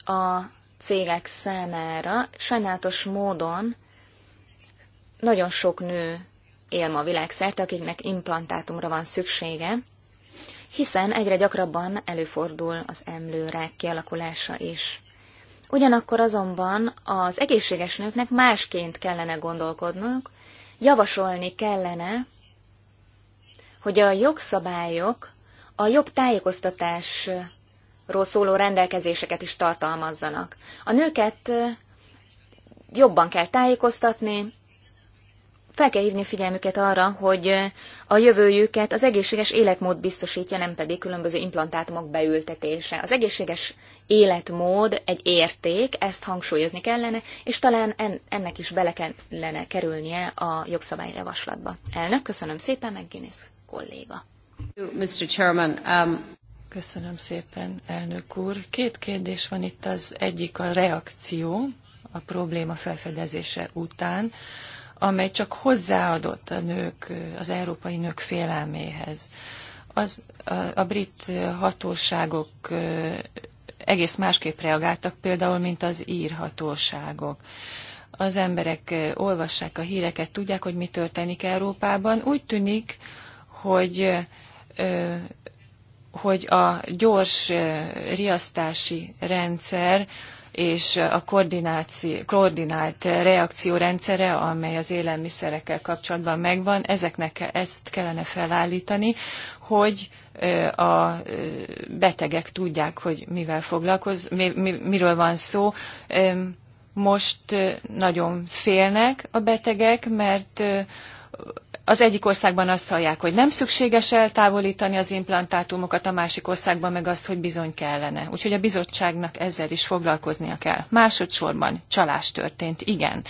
a cégek számára. Sajnálatos módon nagyon sok nő él ma világszerte, akiknek implantátumra van szüksége, hiszen egyre gyakrabban előfordul az emlőrák kialakulása is. Ugyanakkor azonban az egészséges nőknek másként kellene gondolkodnunk, javasolni kellene, hogy a jogszabályok a jobb tájékoztatás ról szóló rendelkezéseket is tartalmazzanak. A nőket jobban kell tájékoztatni, fel kell hívni figyelmüket arra, hogy a jövőjüket az egészséges életmód biztosítja, nem pedig különböző implantátumok beültetése. Az egészséges életmód egy érték, ezt hangsúlyozni kellene, és talán ennek is bele kellene kerülnie a jogszabályjavaslatba. Elnök, köszönöm szépen, meg Guinness kolléga. Mr. Chairman, um... Köszönöm szépen, elnök úr. Két kérdés van itt, az egyik a reakció a probléma felfedezése után, amely csak hozzáadott a nők, az európai nők félelméhez. Az, a, a brit hatóságok egész másképp reagáltak, például, mint az ír hatóságok az emberek olvassák a híreket, tudják, hogy mi történik Európában. Úgy tűnik, hogy hogy a gyors riasztási rendszer és a koordinált reakciórendszere, amely az élelmiszerekkel kapcsolatban megvan, ezeknek ezt kellene felállítani, hogy a betegek tudják, hogy mivel foglalkoz, mi, mi, miről van szó. Most nagyon félnek a betegek, mert az egyik országban azt hallják, hogy nem szükséges eltávolítani az implantátumokat, a másik országban meg azt, hogy bizony kellene. Úgyhogy a bizottságnak ezzel is foglalkoznia kell. Másodszorban csalás történt, igen.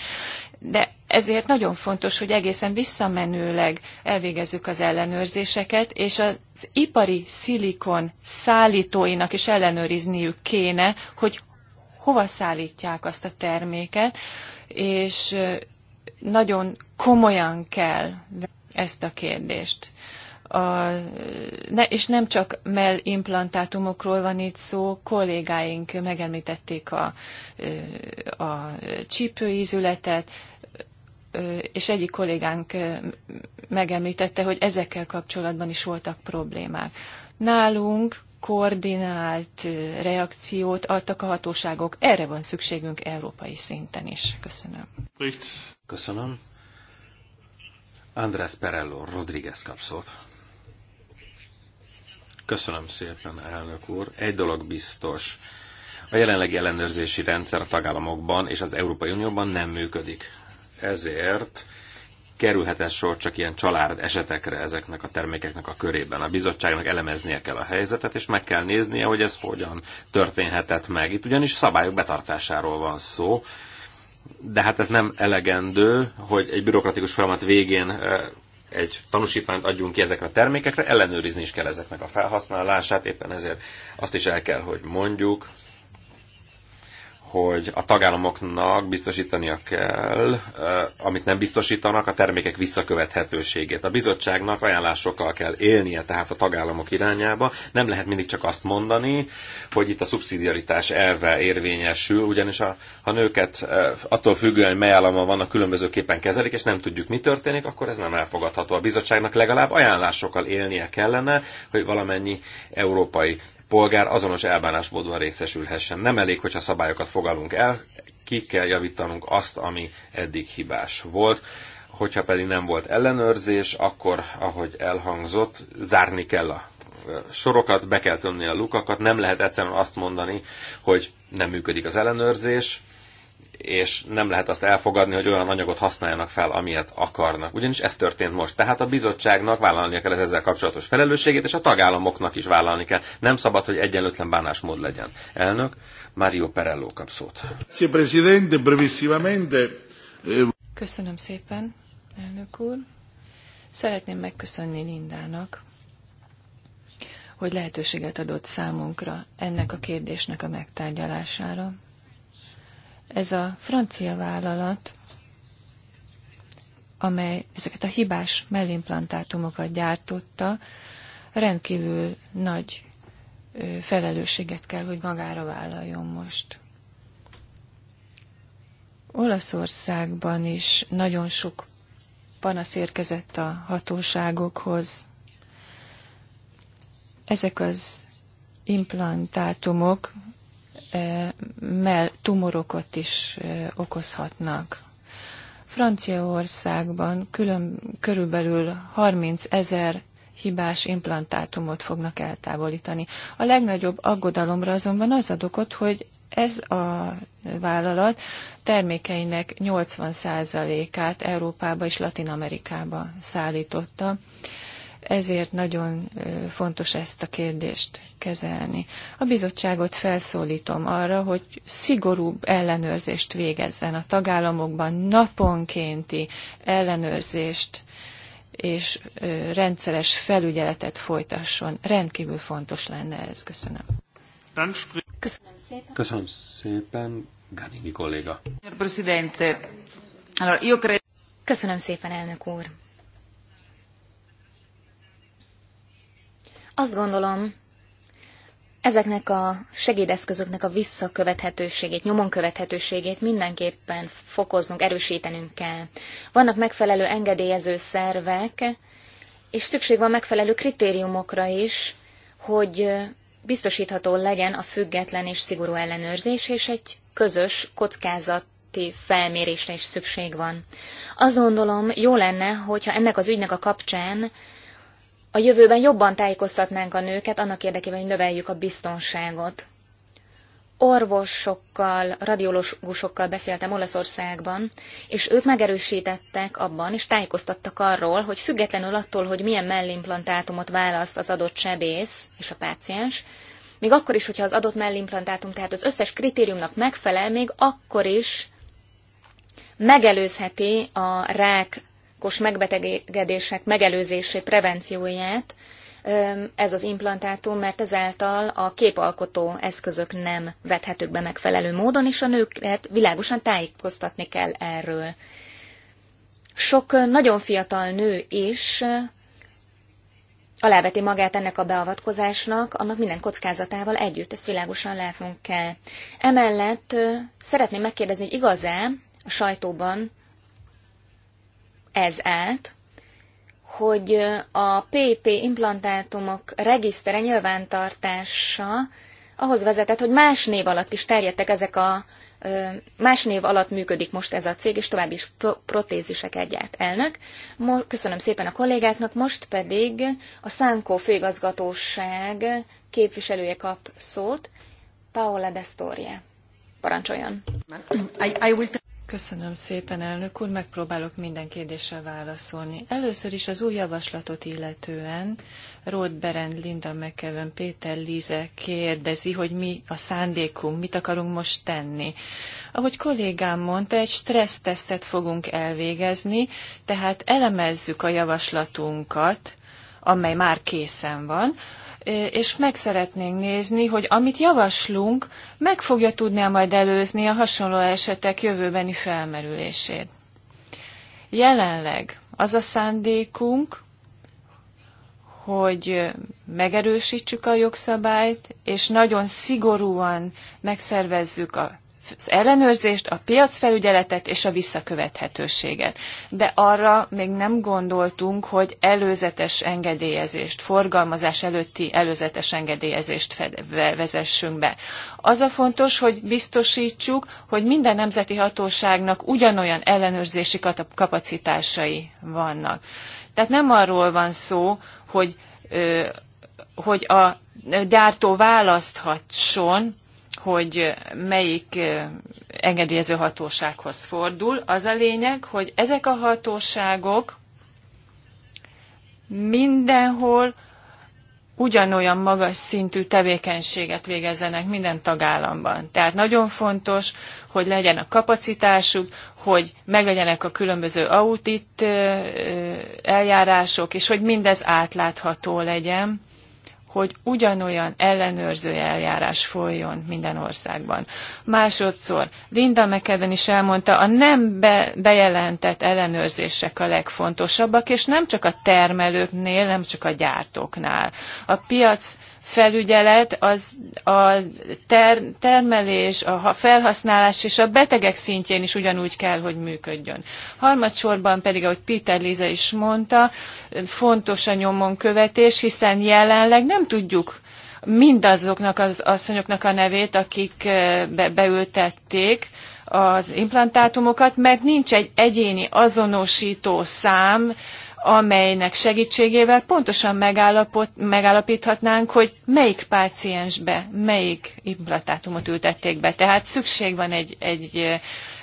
De ezért nagyon fontos, hogy egészen visszamenőleg elvégezzük az ellenőrzéseket, és az ipari szilikon szállítóinak is ellenőrizniük kéne, hogy hova szállítják azt a terméket, és nagyon komolyan kell ezt a kérdést. A, ne, és nem csak mellimplantátumokról van itt szó, kollégáink megemlítették a, a csípőízületet, és egyik kollégánk megemlítette, hogy ezekkel kapcsolatban is voltak problémák. Nálunk koordinált reakciót adtak a hatóságok. Erre van szükségünk európai szinten is. Köszönöm. Köszönöm. András Perello Rodriguez kapszott. Köszönöm szépen, elnök úr. Egy dolog biztos. A jelenlegi ellenőrzési rendszer a tagállamokban és az Európai Unióban nem működik. Ezért kerülhet sor csak ilyen család esetekre ezeknek a termékeknek a körében. A bizottságnak elemeznie kell a helyzetet, és meg kell néznie, hogy ez hogyan történhetett meg. Itt ugyanis szabályok betartásáról van szó, de hát ez nem elegendő, hogy egy bürokratikus folyamat végén eh, egy tanúsítványt adjunk ki ezekre a termékekre, ellenőrizni is kell ezeknek a felhasználását, éppen ezért azt is el kell, hogy mondjuk, hogy a tagállamoknak biztosítania kell, eh, amit nem biztosítanak, a termékek visszakövethetőségét. A bizottságnak ajánlásokkal kell élnie tehát a tagállamok irányába. Nem lehet mindig csak azt mondani, hogy itt a szubszidiaritás elve érvényesül, ugyanis a, ha nőket eh, attól függően, hogy mely államban vannak, különbözőképpen kezelik, és nem tudjuk, mi történik, akkor ez nem elfogadható. A bizottságnak legalább ajánlásokkal élnie kellene, hogy valamennyi európai polgár azonos elbánásmódban részesülhessen. Nem elég, hogyha szabályokat fogalunk el, ki kell javítanunk azt, ami eddig hibás volt. Hogyha pedig nem volt ellenőrzés, akkor, ahogy elhangzott, zárni kell a sorokat, be kell tömni a lukakat, nem lehet egyszerűen azt mondani, hogy nem működik az ellenőrzés, és nem lehet azt elfogadni, hogy olyan anyagot használjanak fel, amilyet akarnak. Ugyanis ez történt most. Tehát a bizottságnak vállalnia kell ezzel kapcsolatos felelősségét, és a tagállamoknak is vállalni kell. Nem szabad, hogy egyenlőtlen bánásmód legyen. Elnök, Mario Perello kap szót. Köszönöm szépen, elnök úr. Szeretném megköszönni Lindának, hogy lehetőséget adott számunkra ennek a kérdésnek a megtárgyalására, ez a francia vállalat, amely ezeket a hibás mellimplantátumokat gyártotta, rendkívül nagy felelősséget kell, hogy magára vállaljon most. Olaszországban is nagyon sok panasz érkezett a hatóságokhoz. Ezek az implantátumok mell tumorokat is okozhatnak. Franciaországban külön, körülbelül 30 ezer hibás implantátumot fognak eltávolítani. A legnagyobb aggodalomra azonban az ad okot, hogy ez a vállalat termékeinek 80%-át Európába és Latin Amerikába szállította ezért nagyon fontos ezt a kérdést kezelni. A bizottságot felszólítom arra, hogy szigorúbb ellenőrzést végezzen a tagállamokban, naponkénti ellenőrzést és rendszeres felügyeletet folytasson. Rendkívül fontos lenne ez. Köszönöm. Köszönöm szépen. Köszönöm Ganini kolléga. Köszönöm szépen, elnök úr. Azt gondolom, ezeknek a segédeszközöknek a visszakövethetőségét, nyomon követhetőségét mindenképpen fokoznunk, erősítenünk kell. Vannak megfelelő engedélyező szervek, és szükség van megfelelő kritériumokra is, hogy biztosítható legyen a független és szigorú ellenőrzés, és egy közös kockázati felmérésre is szükség van. Azt gondolom, jó lenne, hogyha ennek az ügynek a kapcsán a jövőben jobban tájékoztatnánk a nőket annak érdekében, hogy növeljük a biztonságot. Orvosokkal, radiológusokkal beszéltem Olaszországban, és ők megerősítettek abban, és tájékoztattak arról, hogy függetlenül attól, hogy milyen mellimplantátumot választ az adott sebész és a páciens, még akkor is, hogyha az adott mellimplantátum, tehát az összes kritériumnak megfelel, még akkor is megelőzheti a rák rákos megbetegedések megelőzését, prevencióját, ez az implantátum, mert ezáltal a képalkotó eszközök nem vethetők be megfelelő módon, és a nőket világosan tájékoztatni kell erről. Sok nagyon fiatal nő is aláveti magát ennek a beavatkozásnak, annak minden kockázatával együtt, ezt világosan látnunk kell. Emellett szeretném megkérdezni, hogy igaz-e a sajtóban ez állt, hogy a PP implantátumok regisztere nyilvántartása ahhoz vezetett, hogy más név alatt is terjedtek ezek a más név alatt működik most ez a cég, és további is pro- protézisek egyált elnök. köszönöm szépen a kollégáknak, most pedig a Szánkó főigazgatóság képviselője kap szót, Paola Destoria. Parancsoljon! I, I will... Köszönöm szépen, elnök úr. Megpróbálok minden kérdésre válaszolni. Először is az új javaslatot illetően Rod Berend, Linda McKeven, Péter Líze kérdezi, hogy mi a szándékunk, mit akarunk most tenni. Ahogy kollégám mondta, egy stressztesztet fogunk elvégezni, tehát elemezzük a javaslatunkat, amely már készen van, és meg szeretnénk nézni, hogy amit javaslunk, meg fogja tudni majd előzni a hasonló esetek jövőbeni felmerülését. Jelenleg az a szándékunk, hogy megerősítsük a jogszabályt, és nagyon szigorúan megszervezzük a az ellenőrzést, a piacfelügyeletet és a visszakövethetőséget. De arra még nem gondoltunk, hogy előzetes engedélyezést, forgalmazás előtti előzetes engedélyezést vezessünk be. Az a fontos, hogy biztosítsuk, hogy minden nemzeti hatóságnak ugyanolyan ellenőrzési kapacitásai vannak. Tehát nem arról van szó, hogy, hogy a gyártó választhasson, hogy melyik engedélyező hatósághoz fordul. Az a lényeg, hogy ezek a hatóságok mindenhol ugyanolyan magas szintű tevékenységet végezzenek minden tagállamban. Tehát nagyon fontos, hogy legyen a kapacitásuk, hogy meglegyenek a különböző audit eljárások, és hogy mindez átlátható legyen hogy ugyanolyan ellenőrző eljárás folyjon minden országban. Másodszor, Linda McEwen is elmondta, a nem be, bejelentett ellenőrzések a legfontosabbak, és nem csak a termelőknél, nem csak a gyártóknál. A piac felügyelet az a ter termelés, a felhasználás és a betegek szintjén is ugyanúgy kell, hogy működjön. Harmadsorban pedig, ahogy Péter Lize is mondta, fontos a nyomon követés, hiszen jelenleg nem tudjuk mindazoknak az asszonyoknak a nevét, akik eh, be beültették, az implantátumokat, mert nincs egy egyéni azonosító szám, amelynek segítségével pontosan megállapot, megállapíthatnánk, hogy melyik páciensbe, melyik implantátumot ültették be. Tehát szükség van egy, egy eh,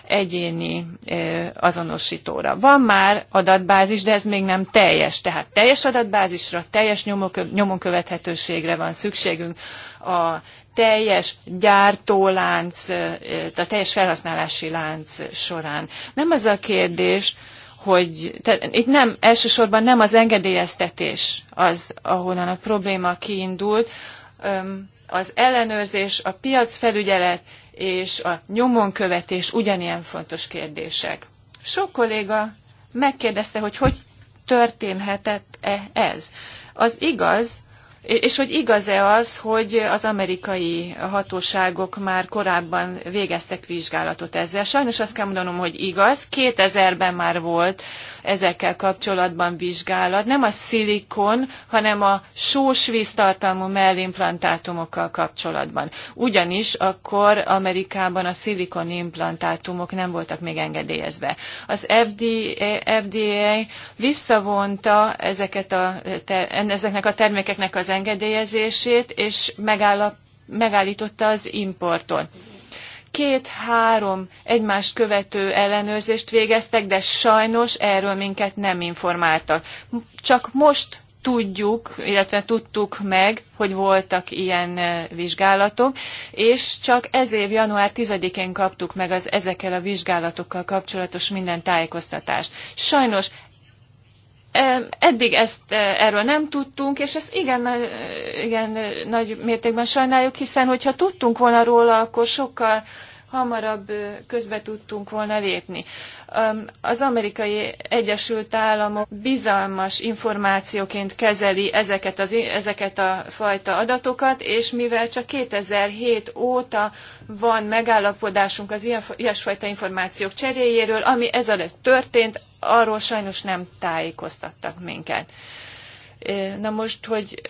egyéni eh, azonosítóra. Van már adatbázis, de ez még nem teljes. Tehát teljes adatbázisra, teljes nyomon követhetőségre van szükségünk. A teljes gyártólánc, eh, a teljes felhasználási lánc során. Nem az a kérdés, hogy te, itt nem, elsősorban nem az engedélyeztetés az, ahonnan a probléma kiindult, az ellenőrzés, a piacfelügyelet és a nyomonkövetés ugyanilyen fontos kérdések. Sok kolléga megkérdezte, hogy hogy történhetett-e ez. Az igaz, és hogy igaz-e az, hogy az amerikai hatóságok már korábban végeztek vizsgálatot ezzel? Sajnos azt kell mondanom, hogy igaz. 2000-ben már volt ezekkel kapcsolatban vizsgálat. Nem a szilikon, hanem a sós víztartalmú mellimplantátumokkal kapcsolatban. Ugyanis akkor Amerikában a szilikon implantátumok nem voltak még engedélyezve. Az FDA, FDA visszavonta ezeket a, ezeknek a termékeknek az engedélyezését, és megállította az importot. Két-három egymást követő ellenőrzést végeztek, de sajnos erről minket nem informáltak. Csak most tudjuk, illetve tudtuk meg, hogy voltak ilyen vizsgálatok, és csak ez év január 10-én kaptuk meg az ezekkel a vizsgálatokkal kapcsolatos minden tájékoztatást. Sajnos Eddig ezt e, erről nem tudtunk, és ezt igen, igen e, nagy mértékben sajnáljuk, hiszen hogyha tudtunk volna róla, akkor sokkal hamarabb közbe tudtunk volna lépni. Az amerikai Egyesült Államok bizalmas információként kezeli ezeket, az, ezeket a fajta adatokat, és mivel csak 2007 óta van megállapodásunk az ilyen, ilyesfajta információk cseréjéről, ami ezelőtt történt, arról sajnos nem tájékoztattak minket. Na most, hogy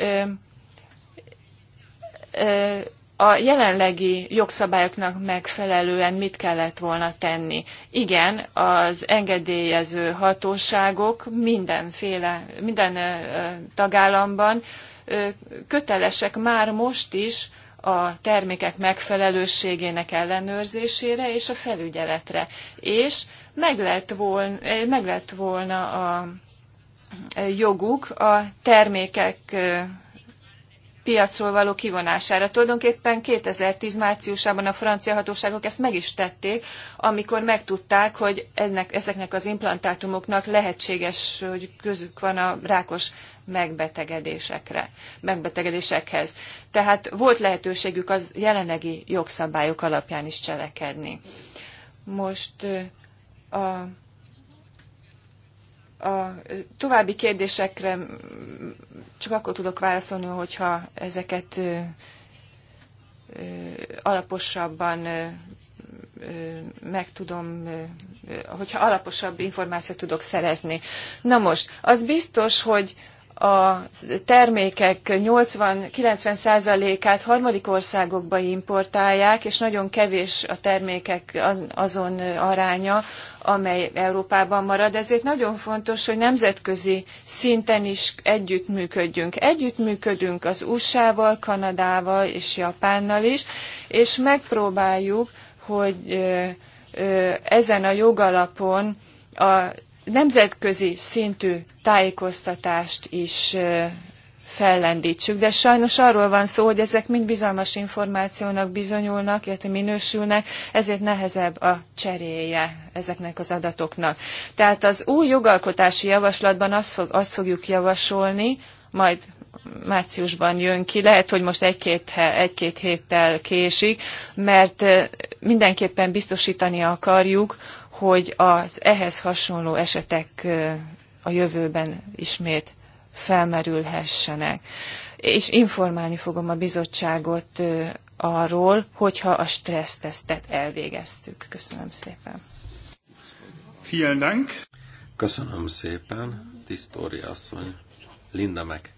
a jelenlegi jogszabályoknak megfelelően mit kellett volna tenni? Igen, az engedélyező hatóságok mindenféle, minden tagállamban kötelesek már most is a termékek megfelelőségének ellenőrzésére és a felügyeletre. És meg lett volna, meg lett volna a joguk a termékek piacról való kivonására. Tulajdonképpen 2010 márciusában a francia hatóságok ezt meg is tették, amikor megtudták, hogy ennek, ezeknek az implantátumoknak lehetséges, hogy közük van a rákos megbetegedésekre, megbetegedésekhez. Tehát volt lehetőségük az jelenlegi jogszabályok alapján is cselekedni. Most a a további kérdésekre csak akkor tudok válaszolni, hogyha ezeket alaposabban meg tudom, hogyha alaposabb információt tudok szerezni. Na most, az biztos, hogy a termékek 80-90%-át harmadik országokba importálják, és nagyon kevés a termékek azon aránya, amely Európában marad. Ezért nagyon fontos, hogy nemzetközi szinten is együttműködjünk. Együttműködünk az USA-val, Kanadával és Japánnal is, és megpróbáljuk, hogy ezen a jogalapon a nemzetközi szintű tájékoztatást is fellendítsük. De sajnos arról van szó, hogy ezek mind bizalmas információnak bizonyulnak, illetve minősülnek, ezért nehezebb a cseréje ezeknek az adatoknak. Tehát az új jogalkotási javaslatban azt, fog, azt fogjuk javasolni, majd márciusban jön ki, lehet, hogy most egy-két, egy-két héttel késik, mert mindenképpen biztosítani akarjuk, hogy az ehhez hasonló esetek a jövőben ismét felmerülhessenek. És informálni fogom a bizottságot arról, hogyha a stressztesztet elvégeztük. Köszönöm szépen. Vielen Dank. Köszönöm szépen, tisztóri asszony. Linda meg.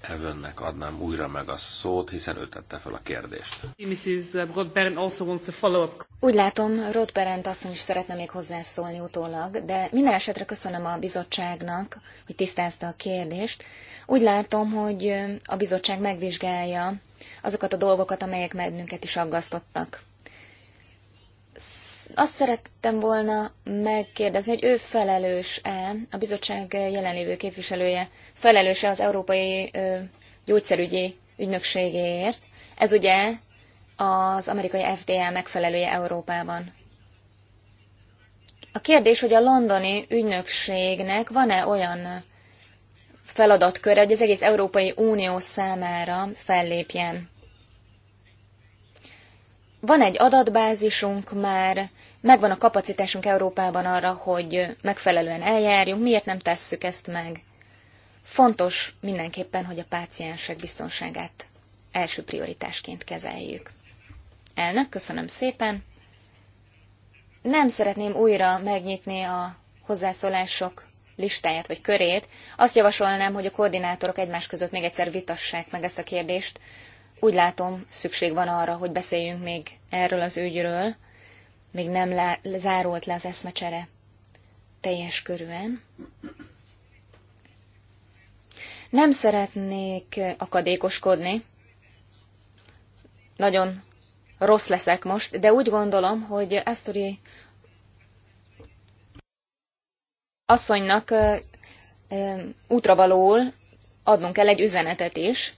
Evelnek adnám újra meg a szót, hiszen ő tette fel a kérdést. Úgy látom, Rod Berend asszony is szeretne még hozzászólni utólag, de minden esetre köszönöm a bizottságnak, hogy tisztázta a kérdést. Úgy látom, hogy a bizottság megvizsgálja azokat a dolgokat, amelyek bennünket is aggasztottak azt szerettem volna megkérdezni, hogy ő felelős-e, a bizottság jelenlévő képviselője, felelős-e az Európai Gyógyszerügyi Ügynökségéért. Ez ugye az amerikai FDA megfelelője Európában. A kérdés, hogy a londoni ügynökségnek van-e olyan feladatköre, hogy az egész Európai Unió számára fellépjen. Van egy adatbázisunk már, megvan a kapacitásunk Európában arra, hogy megfelelően eljárjunk, miért nem tesszük ezt meg? Fontos mindenképpen, hogy a páciensek biztonságát első prioritásként kezeljük. Elnök, köszönöm szépen. Nem szeretném újra megnyitni a hozzászólások listáját vagy körét. Azt javasolnám, hogy a koordinátorok egymás között még egyszer vitassák meg ezt a kérdést, úgy látom, szükség van arra, hogy beszéljünk még erről az ügyről, még nem le, zárult le az eszmecsere teljes körűen. Nem szeretnék akadékoskodni, nagyon rossz leszek most, de úgy gondolom, hogy Asztori asszonynak valóul adnunk kell egy üzenetet is,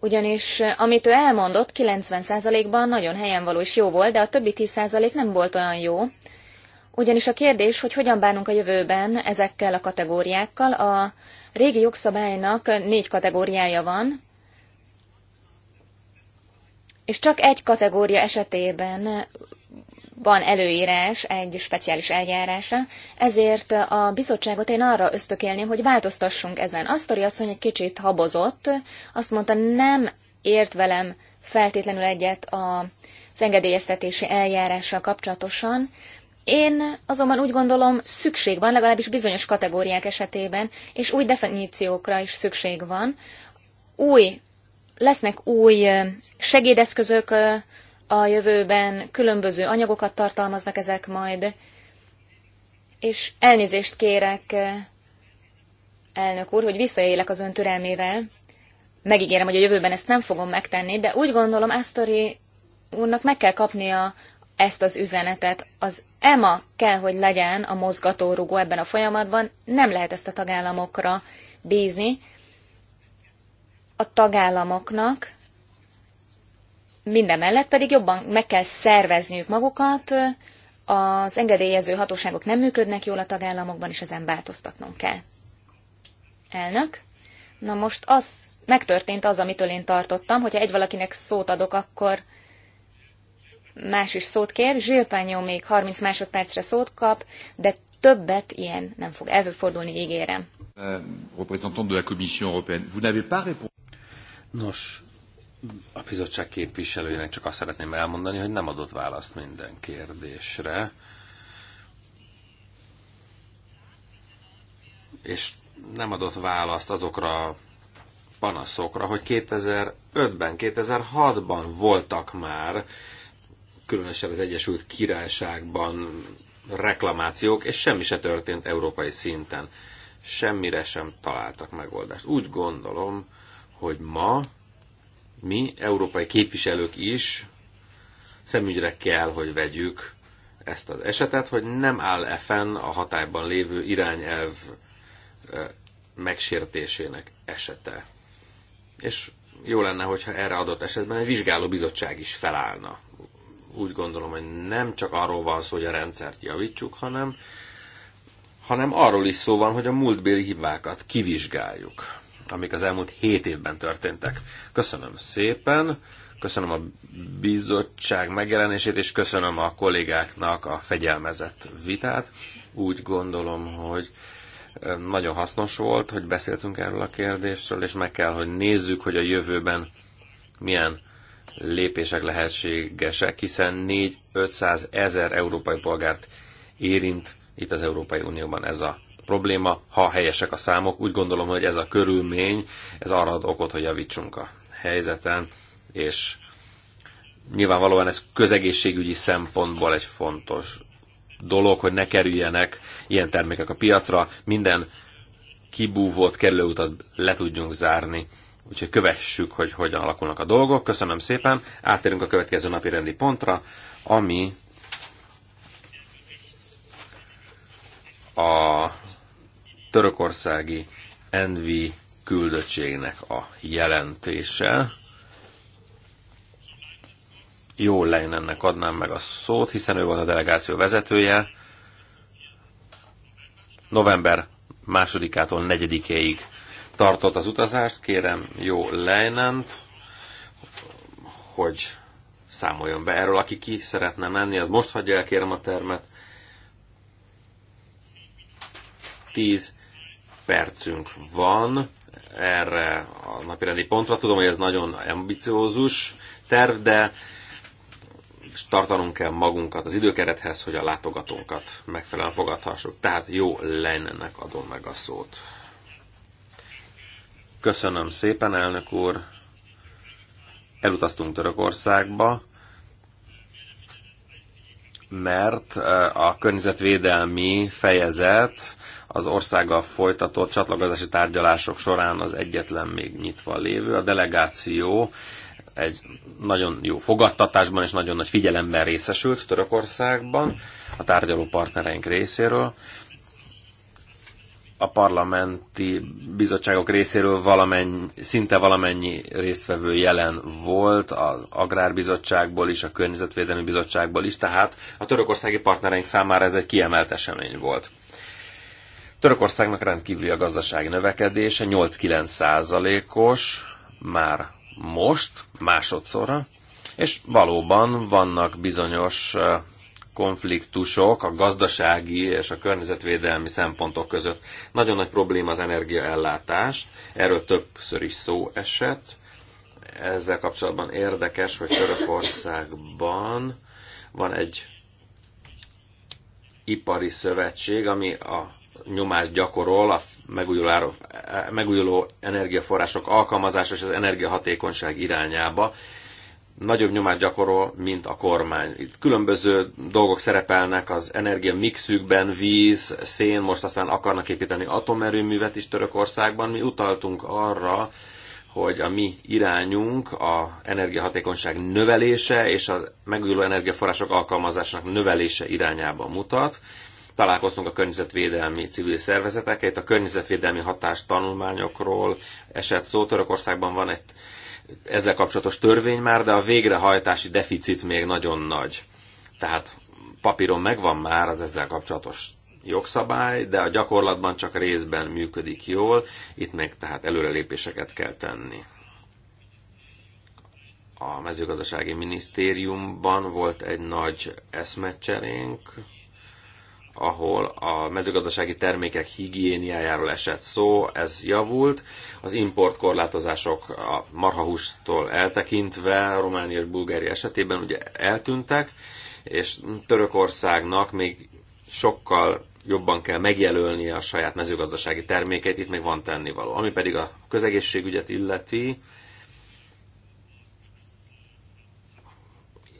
ugyanis eh, amit ő elmondott, 90%-ban nagyon helyen való és jó volt, de a többi 10% nem volt olyan jó. Ugyanis a kérdés, hogy hogyan bánunk a jövőben ezekkel a kategóriákkal, a régi jogszabálynak négy kategóriája van, és csak egy kategória esetében van előírás egy speciális eljárása, ezért a bizottságot én arra ösztökélném, hogy változtassunk ezen. Azt asszony egy kicsit habozott, azt mondta, nem ért velem feltétlenül egyet az engedélyeztetési eljárással kapcsolatosan, én azonban úgy gondolom, szükség van, legalábbis bizonyos kategóriák esetében, és új definíciókra is szükség van. Új, lesznek új segédeszközök, a jövőben különböző anyagokat tartalmaznak ezek majd, és elnézést kérek, elnök úr, hogy visszaélek az ön türelmével. Megígérem, hogy a jövőben ezt nem fogom megtenni, de úgy gondolom, Astori úrnak meg kell kapnia ezt az üzenetet. Az EMA kell, hogy legyen a mozgatórugó ebben a folyamatban, nem lehet ezt a tagállamokra bízni. A tagállamoknak Mindemellett pedig jobban meg kell szervezniük magukat, az engedélyező hatóságok nem működnek jól a tagállamokban, és ezen változtatnunk kell. Elnök, na most az megtörtént az, amitől én tartottam, hogyha egy valakinek szót adok, akkor más is szót kér. Zsilpányó még 30 másodpercre szót kap, de többet ilyen nem fog előfordulni, ígérem. Euh, Nos, a bizottság képviselőjének csak azt szeretném elmondani, hogy nem adott választ minden kérdésre. És nem adott választ azokra panaszokra, hogy 2005-ben, 2006-ban voltak már, különösen az Egyesült Királyságban reklamációk, és semmi se történt európai szinten. Semmire sem találtak megoldást. Úgy gondolom, hogy ma mi, európai képviselők is szemügyre kell, hogy vegyük ezt az esetet, hogy nem áll-e fenn a hatályban lévő irányelv megsértésének esete. És jó lenne, hogyha erre adott esetben egy vizsgáló bizottság is felállna. Úgy gondolom, hogy nem csak arról van szó, hogy a rendszert javítsuk, hanem, hanem arról is szó van, hogy a múltbéli hibákat kivizsgáljuk amik az elmúlt hét évben történtek. Köszönöm szépen, köszönöm a bizottság megjelenését, és köszönöm a kollégáknak a fegyelmezett vitát. Úgy gondolom, hogy nagyon hasznos volt, hogy beszéltünk erről a kérdésről, és meg kell, hogy nézzük, hogy a jövőben milyen lépések lehetségesek, hiszen 4-500 ezer európai polgárt érint itt az Európai Unióban ez a probléma, ha helyesek a számok. Úgy gondolom, hogy ez a körülmény, ez arra ad okot, hogy javítsunk a helyzeten, és nyilvánvalóan ez közegészségügyi szempontból egy fontos dolog, hogy ne kerüljenek ilyen termékek a piacra, minden kibúvót, kerülőutat le tudjunk zárni. Úgyhogy kövessük, hogy hogyan alakulnak a dolgok. Köszönöm szépen. Átérünk a következő napi rendi pontra, ami a törökországi envi küldöttségnek a jelentése. Jó Leinennek adnám meg a szót, hiszen ő volt a delegáció vezetője. November másodikától negyedikéig tartott az utazást. Kérem Jó Leinent, hogy számoljon be erről. Aki ki szeretne menni, az most hagyja el, kérem a termet. 10 percünk van erre a napirendi pontra. Tudom, hogy ez nagyon ambiciózus terv, de tartanunk kell magunkat az időkerethez, hogy a látogatónkat megfelelően fogadhassuk. Tehát jó lennek adom meg a szót. Köszönöm szépen, elnök úr. Elutaztunk Törökországba, mert eh, a környezetvédelmi fejezet az országgal folytatott csatlakozási tárgyalások során az egyetlen még nyitva lévő. A delegáció egy nagyon jó fogadtatásban és nagyon nagy figyelemben részesült Törökországban a tárgyaló partnereink részéről. A parlamenti bizottságok részéről valamennyi, szinte valamennyi résztvevő jelen volt, az Agrárbizottságból is, a Környezetvédelmi Bizottságból is, tehát a törökországi partnereink számára ez egy kiemelt esemény volt. Törökországnak rendkívüli a gazdasági növekedése, 8-9 százalékos már most, másodszorra, és valóban vannak bizonyos konfliktusok a gazdasági és a környezetvédelmi szempontok között. Nagyon nagy probléma az energiaellátást, erről többször is szó esett. Ezzel kapcsolatban érdekes, hogy Törökországban van egy ipari szövetség, ami a nyomást gyakorol a megújuló, megújuló energiaforrások alkalmazása és az energiahatékonyság irányába. Nagyobb nyomást gyakorol, mint a kormány. Itt különböző dolgok szerepelnek az energia mixükben, víz, szén, most aztán akarnak építeni atomerőművet is Törökországban. Mi utaltunk arra, hogy a mi irányunk a energiahatékonyság növelése és a megújuló energiaforrások alkalmazásának növelése irányába mutat találkoztunk a környezetvédelmi civil szervezetekkel, itt a környezetvédelmi hatás tanulmányokról esett szó. Törökországban van egy ezzel kapcsolatos törvény már, de a végrehajtási deficit még nagyon nagy. Tehát papíron megvan már az ezzel kapcsolatos jogszabály, de a gyakorlatban csak részben működik jól, itt meg tehát előrelépéseket kell tenni. A mezőgazdasági minisztériumban volt egy nagy eszmecserénk, ahol a mezőgazdasági termékek higiéniájáról esett szó, ez javult. Az importkorlátozások a marhahústól eltekintve Románia és Bulgária esetében ugye eltűntek, és Törökországnak még sokkal jobban kell megjelölnie a saját mezőgazdasági termékeit, itt még van tennivaló. Ami pedig a közegészségügyet illeti,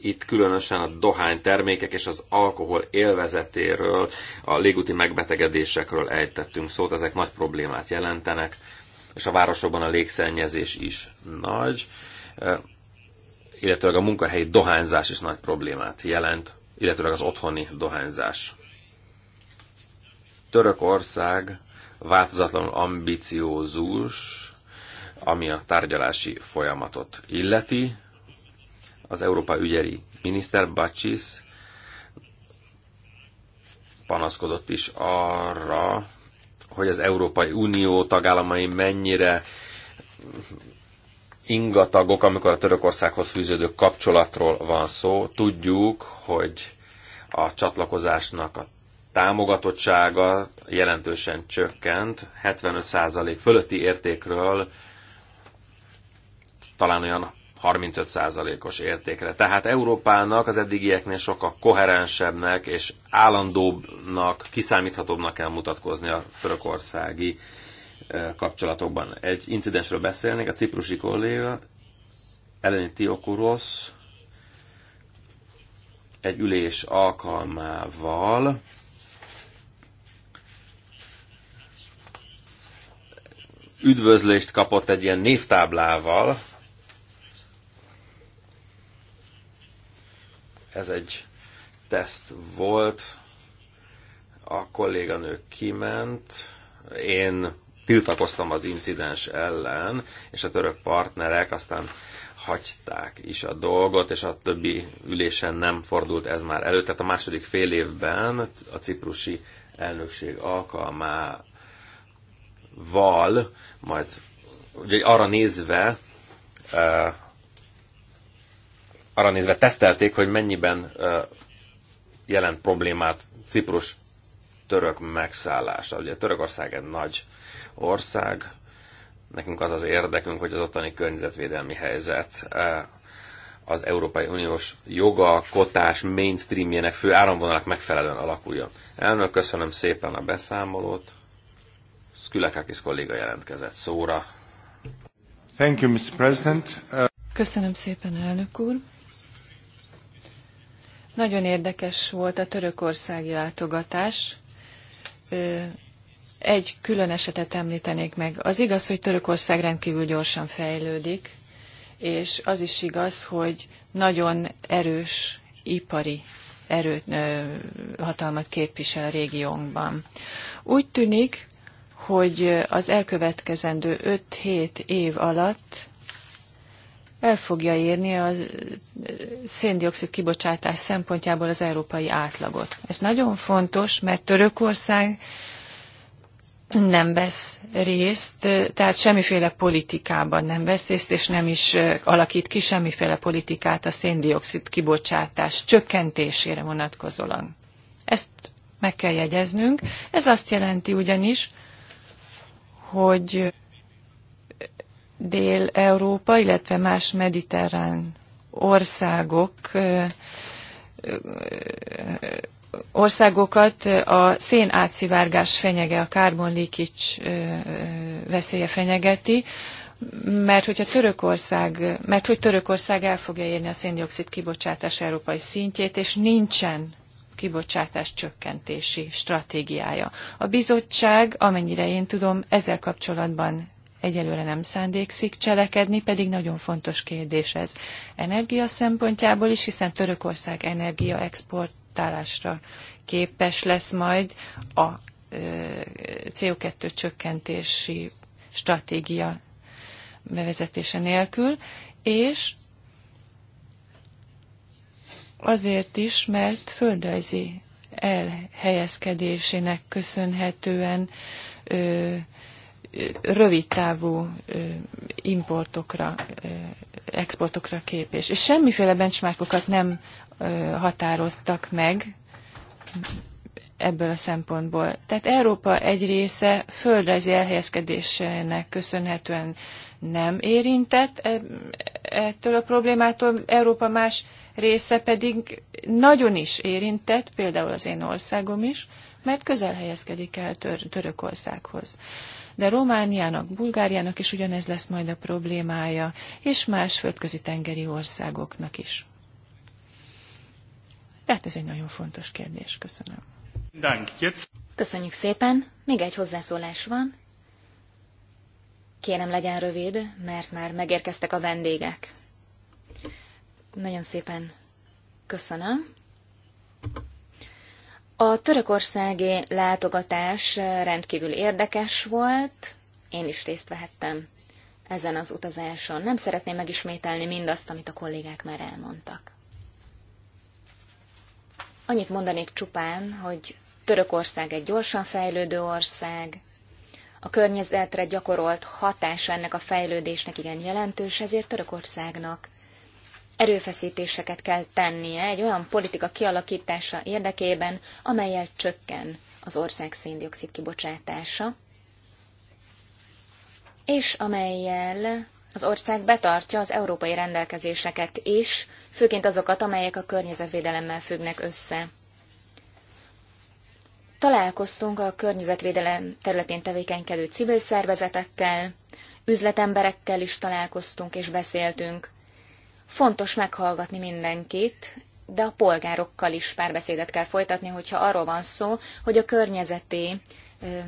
itt különösen a dohány termékek és az alkohol élvezetéről, a légúti megbetegedésekről ejtettünk szót, ezek nagy problémát jelentenek, és a városokban a légszennyezés is nagy, eh, illetőleg a munkahelyi dohányzás is nagy problémát jelent, illetőleg az otthoni dohányzás. Törökország változatlanul ambiciózus, ami a tárgyalási folyamatot illeti, az Európa ügyeri miniszter Bacsis panaszkodott is arra, hogy az Európai Unió tagállamai mennyire ingatagok, amikor a Törökországhoz fűződő kapcsolatról van szó. Tudjuk, hogy a csatlakozásnak a támogatottsága jelentősen csökkent, 75% fölötti értékről talán olyan 35%-os értékre. Tehát Európának az eddigieknél sokkal koherensebbnek és állandóbbnak, kiszámíthatóbbnak kell mutatkozni a törökországi kapcsolatokban. Egy incidensről beszélnék, a ciprusi kolléga Eleni Tiokurosz egy ülés alkalmával üdvözlést kapott egy ilyen névtáblával, Ez egy teszt volt, a kolléganő kiment, én tiltakoztam az incidens ellen, és a török partnerek aztán hagyták is a dolgot, és a többi ülésen nem fordult ez már elő. Tehát a második fél évben a ciprusi elnökség alkalmával, majd ugye arra nézve eh, arra nézve tesztelték, hogy mennyiben jelent problémát Ciprus török megszállása. Ugye Törökország egy nagy ország, nekünk az az érdekünk, hogy az ottani környezetvédelmi helyzet az Európai Uniós joga, kotás mainstreamjének fő áramvonalak megfelelően alakuljon. Elnök, köszönöm szépen a beszámolót. Skülekakis kolléga jelentkezett szóra. Thank you, Mr. President. Köszönöm szépen, elnök úr. Nagyon érdekes volt a törökországi látogatás. Egy külön esetet említenék meg. Az igaz, hogy Törökország rendkívül gyorsan fejlődik, és az is igaz, hogy nagyon erős ipari erőt, hatalmat képvisel a régiónkban. Úgy tűnik, hogy az elkövetkezendő 5-7 év alatt el fogja érni a széndiokszid kibocsátás szempontjából az európai átlagot. Ez nagyon fontos, mert Törökország nem vesz részt, tehát semmiféle politikában nem vesz részt, és nem is alakít ki semmiféle politikát a széndiokszid kibocsátás csökkentésére vonatkozóan. Ezt meg kell jegyeznünk. Ez azt jelenti ugyanis, hogy Dél-Európa, illetve más mediterrán országok országokat a szén átszivárgás fenyege, a leakage veszélye fenyegeti, mert hogyha Törökország, mert hogy Törökország el fogja érni a széndiokszid kibocsátás európai szintjét, és nincsen kibocsátás csökkentési stratégiája. A bizottság, amennyire én tudom, ezzel kapcsolatban egyelőre nem szándékszik cselekedni, pedig nagyon fontos kérdés ez energia szempontjából is, hiszen Törökország energia exportálásra képes lesz majd a CO2 csökkentési stratégia bevezetése nélkül, és azért is, mert földrajzi elhelyezkedésének köszönhetően rövid távú importokra, exportokra képes. És semmiféle benchmarkokat nem határoztak meg ebből a szempontból. Tehát Európa egy része földrajzi elhelyezkedésének köszönhetően nem érintett e, ettől a problémától, Európa más része pedig nagyon is érintett, például az én országom is, mert közel helyezkedik el Tör- Törökországhoz de Romániának, Bulgáriának is ugyanez lesz majd a problémája, és más földközi tengeri országoknak is. Tehát ez egy nagyon fontos kérdés. Köszönöm. Köszönjük szépen. Még egy hozzászólás van. Kérem, legyen rövid, mert már megérkeztek a vendégek. Nagyon szépen köszönöm. A törökországi látogatás rendkívül érdekes volt, én is részt vehettem ezen az utazáson. Nem szeretném megismételni mindazt, amit a kollégák már elmondtak. Annyit mondanék csupán, hogy Törökország egy gyorsan fejlődő ország, a környezetre gyakorolt hatása ennek a fejlődésnek igen jelentős, ezért Törökországnak erőfeszítéseket kell tennie egy olyan politika kialakítása érdekében, amelyel csökken az ország széndiokszid kibocsátása, és amelyel az ország betartja az európai rendelkezéseket is, főként azokat, amelyek a környezetvédelemmel függnek össze. Találkoztunk a környezetvédelem területén tevékenykedő civil szervezetekkel, üzletemberekkel is találkoztunk és beszéltünk. Fontos meghallgatni mindenkit, de a polgárokkal is párbeszédet kell folytatni, hogyha arról van szó, hogy a környezeti ö,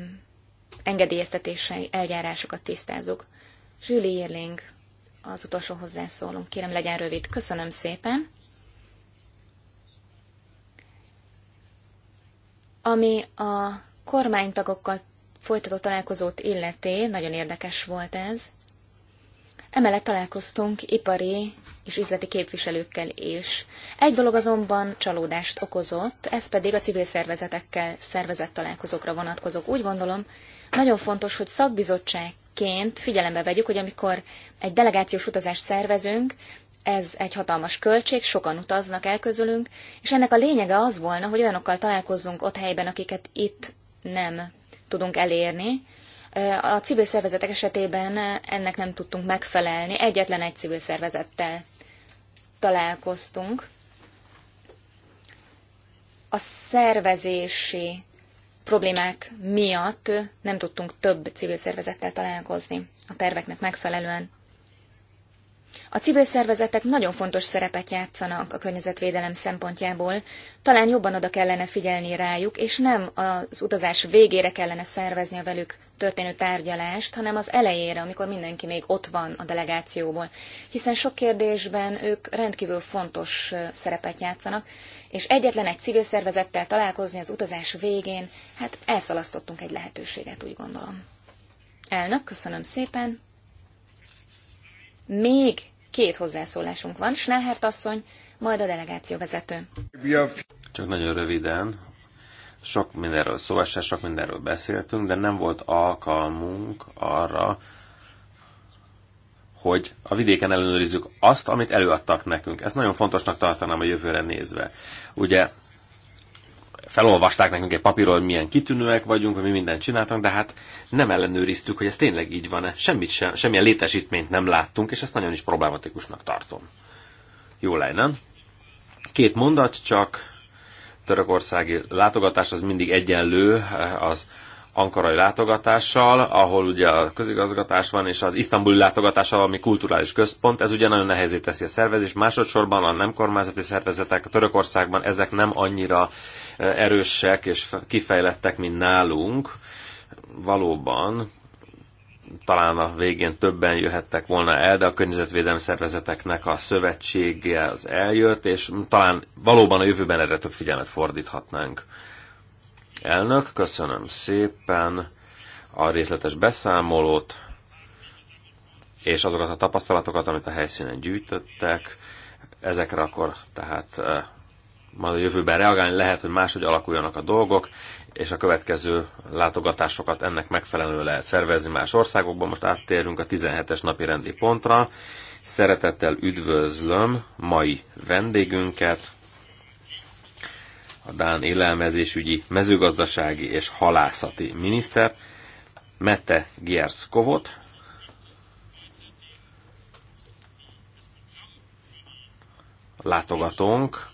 engedélyeztetési eljárásokat tisztázunk. Zsüli Irling, az utolsó hozzászólunk. Kérem, legyen rövid. Köszönöm szépen. Ami a kormánytagokkal folytatott találkozót illeti, nagyon érdekes volt ez. Emellett találkoztunk ipari és üzleti képviselőkkel is. Egy dolog azonban csalódást okozott, ez pedig a civil szervezetekkel szervezett találkozókra vonatkozók. Úgy gondolom, nagyon fontos, hogy szakbizottságként figyelembe vegyük, hogy amikor egy delegációs utazást szervezünk, ez egy hatalmas költség, sokan utaznak el közülünk, és ennek a lényege az volna, hogy olyanokkal találkozzunk ott helyben, akiket itt nem tudunk elérni, a civil szervezetek esetében ennek nem tudtunk megfelelni, egyetlen egy civil szervezettel találkoztunk. A szervezési problémák miatt nem tudtunk több civil szervezettel találkozni a terveknek megfelelően. A civil szervezetek nagyon fontos szerepet játszanak a környezetvédelem szempontjából, talán jobban oda kellene figyelni rájuk, és nem az utazás végére kellene szervezni a velük történő tárgyalást, hanem az elejére, amikor mindenki még ott van a delegációból. Hiszen sok kérdésben ők rendkívül fontos szerepet játszanak, és egyetlen egy civil szervezettel találkozni az utazás végén, hát elszalasztottunk egy lehetőséget, úgy gondolom. Elnök, köszönöm szépen! Még két hozzászólásunk van, Schnellhert asszony, majd a delegáció vezető. Csak nagyon röviden, sok mindenről szóval sok mindenről beszéltünk, de nem volt alkalmunk arra, hogy a vidéken ellenőrizzük azt, amit előadtak nekünk. Ezt nagyon fontosnak tartanám a jövőre nézve. Ugye felolvasták nekünk egy papíról, hogy milyen kitűnőek vagyunk, hogy mi mindent csináltunk, de hát nem ellenőriztük, hogy ez tényleg így van-e. Semmit sem, semmilyen létesítményt nem láttunk, és ezt nagyon is problematikusnak tartom. Jó lenne. Két mondat csak. Törökországi látogatás az mindig egyenlő eh, az ankarai látogatással, ahol ugye a közigazgatás van, és az isztambuli látogatással, ami kulturális központ, ez ugye nagyon nehezé teszi a szervezés. Másodszorban a nem kormányzati szervezetek Törökországban ezek nem annyira erősek és kifejlettek, mint nálunk. Valóban talán a végén többen jöhettek volna el, de a környezetvédelmi szervezeteknek a szövetsége az eljött, és talán valóban a jövőben erre több figyelmet fordíthatnánk. Elnök, köszönöm szépen a részletes beszámolót, és azokat a tapasztalatokat, amit a helyszínen gyűjtöttek. Ezekre akkor tehát eh, majd a jövőben reagálni, lehet, hogy máshogy alakuljanak a dolgok, és a következő látogatásokat ennek megfelelően lehet szervezni más országokban. Most áttérünk a 17-es napi rendi pontra. Szeretettel üdvözlöm mai vendégünket, a Dán élelmezésügyi, mezőgazdasági és halászati miniszter, Mette Gierskovot. Látogatónk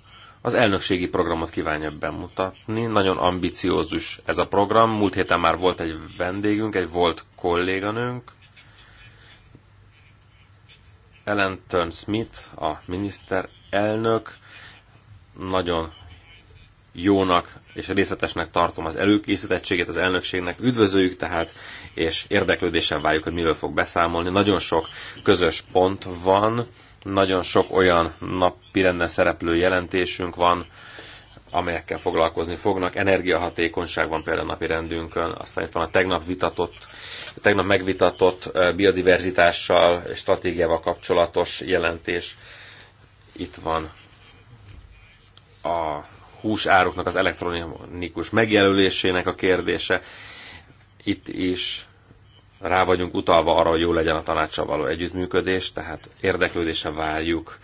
az elnökségi programot kívánja bemutatni. Nagyon ambiciózus ez a program. Múlt héten már volt egy vendégünk, egy volt kolléganőnk, Ellen Turn Smith, a miniszterelnök. Nagyon jónak és részletesnek tartom az előkészítettségét az elnökségnek. Üdvözöljük tehát, és érdeklődéssel várjuk, hogy miről fog beszámolni. Nagyon sok közös pont van nagyon sok olyan napi lenne szereplő jelentésünk van, amelyekkel foglalkozni fognak. Energiahatékonyság van például a napi rendünkön, aztán itt van a tegnap vitatott, tegnap megvitatott biodiverzitással, stratégiával kapcsolatos jelentés. Itt van a húsáruknak az elektronikus megjelölésének a kérdése. Itt is rá vagyunk utalva arra, hogy jó legyen a tanácssal való együttműködés, tehát érdeklődésen várjuk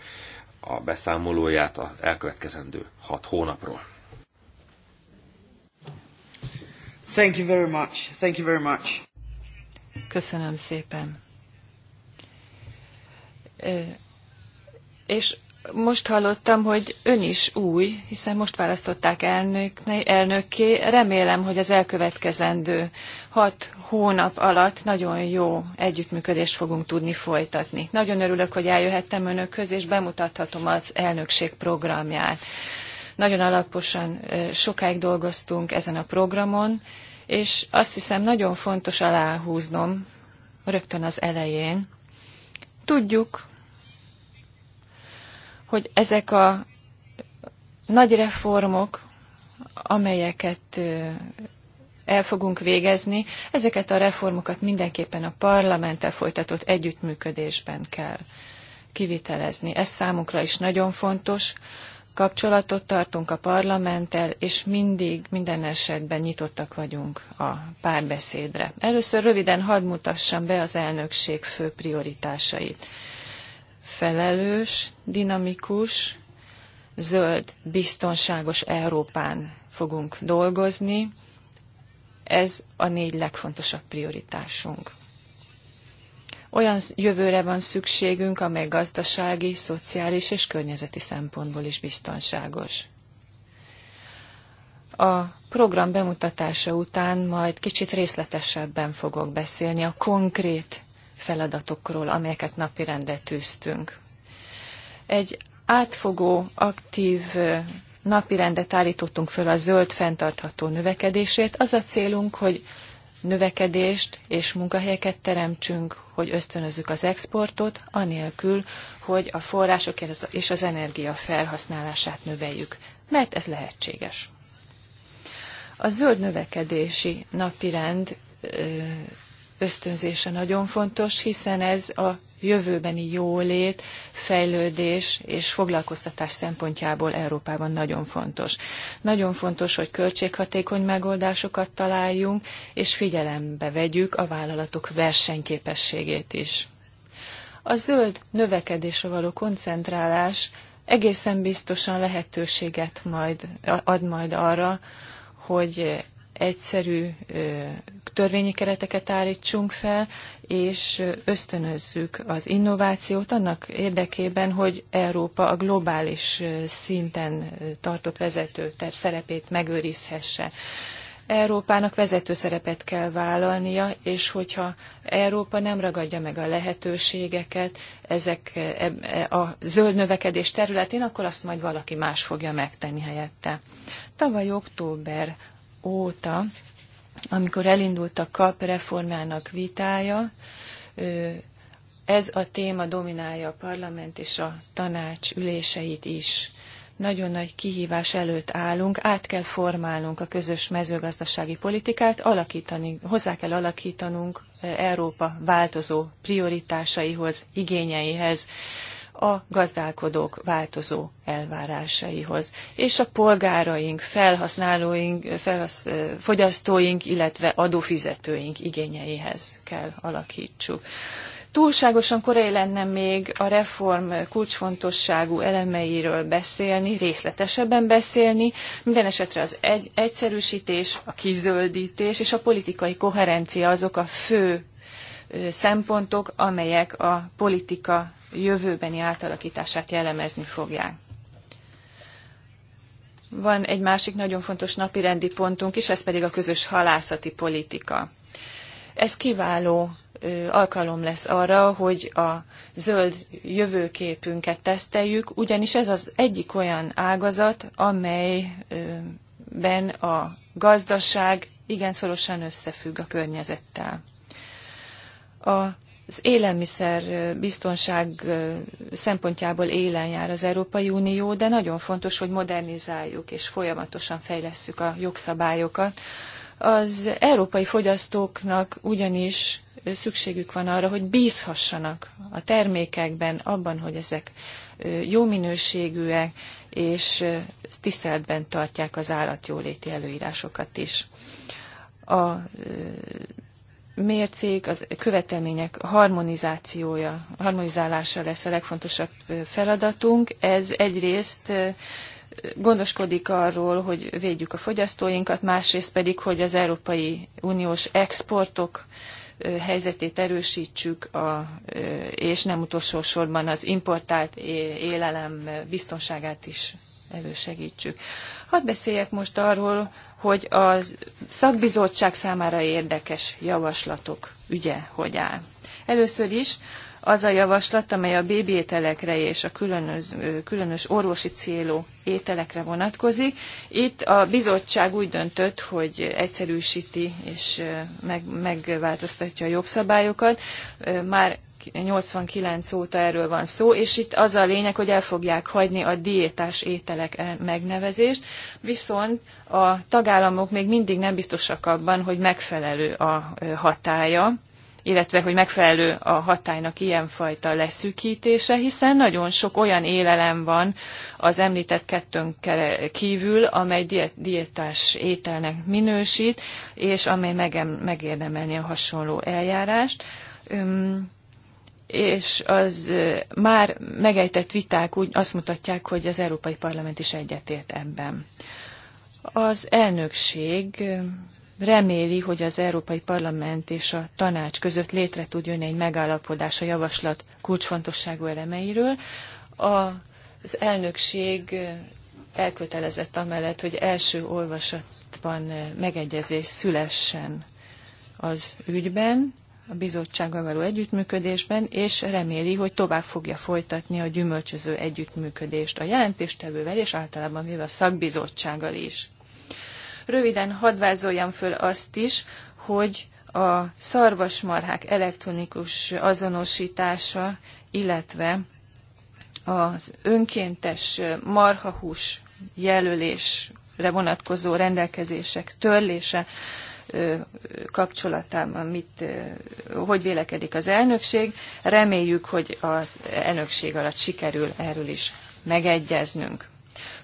a beszámolóját az elkövetkezendő hat hónapról. Thank you very much. Thank you very much. Köszönöm szépen. És most hallottam, hogy ön is új, hiszen most választották elnök, elnökké. Remélem, hogy az elkövetkezendő hat hónap alatt nagyon jó együttműködést fogunk tudni folytatni. Nagyon örülök, hogy eljöhettem önökhöz, és bemutathatom az elnökség programját. Nagyon alaposan sokáig dolgoztunk ezen a programon, és azt hiszem nagyon fontos aláhúznom rögtön az elején. Tudjuk, hogy ezek a nagy reformok, amelyeket el fogunk végezni, ezeket a reformokat mindenképpen a parlamenttel folytatott együttműködésben kell kivitelezni. Ez számunkra is nagyon fontos. Kapcsolatot tartunk a parlamenttel, és mindig, minden esetben nyitottak vagyunk a párbeszédre. Először röviden hadd mutassam be az elnökség fő prioritásait felelős, dinamikus, zöld, biztonságos Európán fogunk dolgozni. Ez a négy legfontosabb prioritásunk. Olyan jövőre van szükségünk, amely gazdasági, szociális és környezeti szempontból is biztonságos. A program bemutatása után majd kicsit részletesebben fogok beszélni a konkrét feladatokról, amelyeket napirendre tűztünk. Egy átfogó, aktív napirendet állítottunk föl a zöld fenntartható növekedését. Az a célunk, hogy növekedést és munkahelyeket teremtsünk, hogy ösztönözzük az exportot, anélkül, hogy a források és az energia felhasználását növeljük, mert ez lehetséges. A zöld növekedési napirend ösztönzése nagyon fontos, hiszen ez a jövőbeni jólét, fejlődés és foglalkoztatás szempontjából Európában nagyon fontos. Nagyon fontos, hogy költséghatékony megoldásokat találjunk, és figyelembe vegyük a vállalatok versenyképességét is. A zöld növekedésre való koncentrálás egészen biztosan lehetőséget majd, ad majd arra, hogy egyszerű törvényi kereteket állítsunk fel, és ösztönözzük az innovációt annak érdekében, hogy Európa a globális szinten tartott vezető szerepét megőrizhesse. Európának vezető szerepet kell vállalnia, és hogyha Európa nem ragadja meg a lehetőségeket ezek e, a zöld növekedés területén, akkor azt majd valaki más fogja megtenni helyette. Tavaly október óta, amikor elindult a KAP reformjának vitája, ez a téma dominálja a parlament és a tanács üléseit is. Nagyon nagy kihívás előtt állunk, át kell formálnunk a közös mezőgazdasági politikát, alakítani, hozzá kell alakítanunk Európa változó prioritásaihoz, igényeihez a gazdálkodók változó elvárásaihoz, és a polgáraink, felhasználóink, felhasz, fogyasztóink, illetve adófizetőink igényeihez kell alakítsuk. Túlságosan korai lenne még a reform kulcsfontosságú elemeiről beszélni, részletesebben beszélni, minden esetre az egy, egyszerűsítés, a kizöldítés és a politikai koherencia azok a fő szempontok, amelyek a politika jövőbeni átalakítását jellemezni fogják. Van egy másik nagyon fontos napirendi pontunk is, ez pedig a közös halászati politika. Ez kiváló alkalom lesz arra, hogy a zöld jövőképünket teszteljük, ugyanis ez az egyik olyan ágazat, amelyben a gazdaság igen szorosan összefügg a környezettel. A az élelmiszer biztonság szempontjából élen jár az Európai Unió, de nagyon fontos, hogy modernizáljuk és folyamatosan fejlesszük a jogszabályokat. Az európai fogyasztóknak ugyanis szükségük van arra, hogy bízhassanak a termékekben, abban, hogy ezek jó minőségűek, és tiszteletben tartják az állatjóléti előírásokat is. A mércék, az követelmények harmonizációja, harmonizálása lesz a legfontosabb feladatunk. Ez egyrészt gondoskodik arról, hogy védjük a fogyasztóinkat, másrészt pedig, hogy az Európai Uniós exportok helyzetét erősítsük, a, és nem utolsó sorban az importált élelem biztonságát is elősegítsük. Hadd beszéljek most arról, hogy a szakbizottság számára érdekes javaslatok ügye hogy áll. Először is az a javaslat, amely a bébi ételekre és a különös, különös orvosi célú ételekre vonatkozik. Itt a bizottság úgy döntött, hogy egyszerűsíti és meg, megváltoztatja a jogszabályokat. Már 89 óta erről van szó, és itt az a lényeg, hogy el fogják hagyni a diétás ételek e- megnevezést, viszont a tagállamok még mindig nem biztosak abban, hogy megfelelő a hatája illetve hogy megfelelő a hatálynak ilyenfajta leszűkítése, hiszen nagyon sok olyan élelem van az említett kettőn kívül, amely diétás ételnek minősít, és amely megérdemelni a hasonló eljárást és az már megejtett viták úgy azt mutatják, hogy az Európai Parlament is egyetért ebben. Az elnökség reméli, hogy az Európai Parlament és a tanács között létre tud jönni egy megállapodás a javaslat kulcsfontosságú elemeiről. Az elnökség elkötelezett amellett, hogy első olvasatban megegyezés szülessen az ügyben, a bizottsággal való együttműködésben, és reméli, hogy tovább fogja folytatni a gyümölcsöző együttműködést a jelentéstevővel, és általában véve a szakbizottsággal is. Röviden hadvázoljam föl azt is, hogy a szarvasmarhák elektronikus azonosítása, illetve az önkéntes marhahús jelölésre vonatkozó rendelkezések törlése kapcsolatában mit, hogy vélekedik az elnökség. Reméljük, hogy az elnökség alatt sikerül erről is megegyeznünk.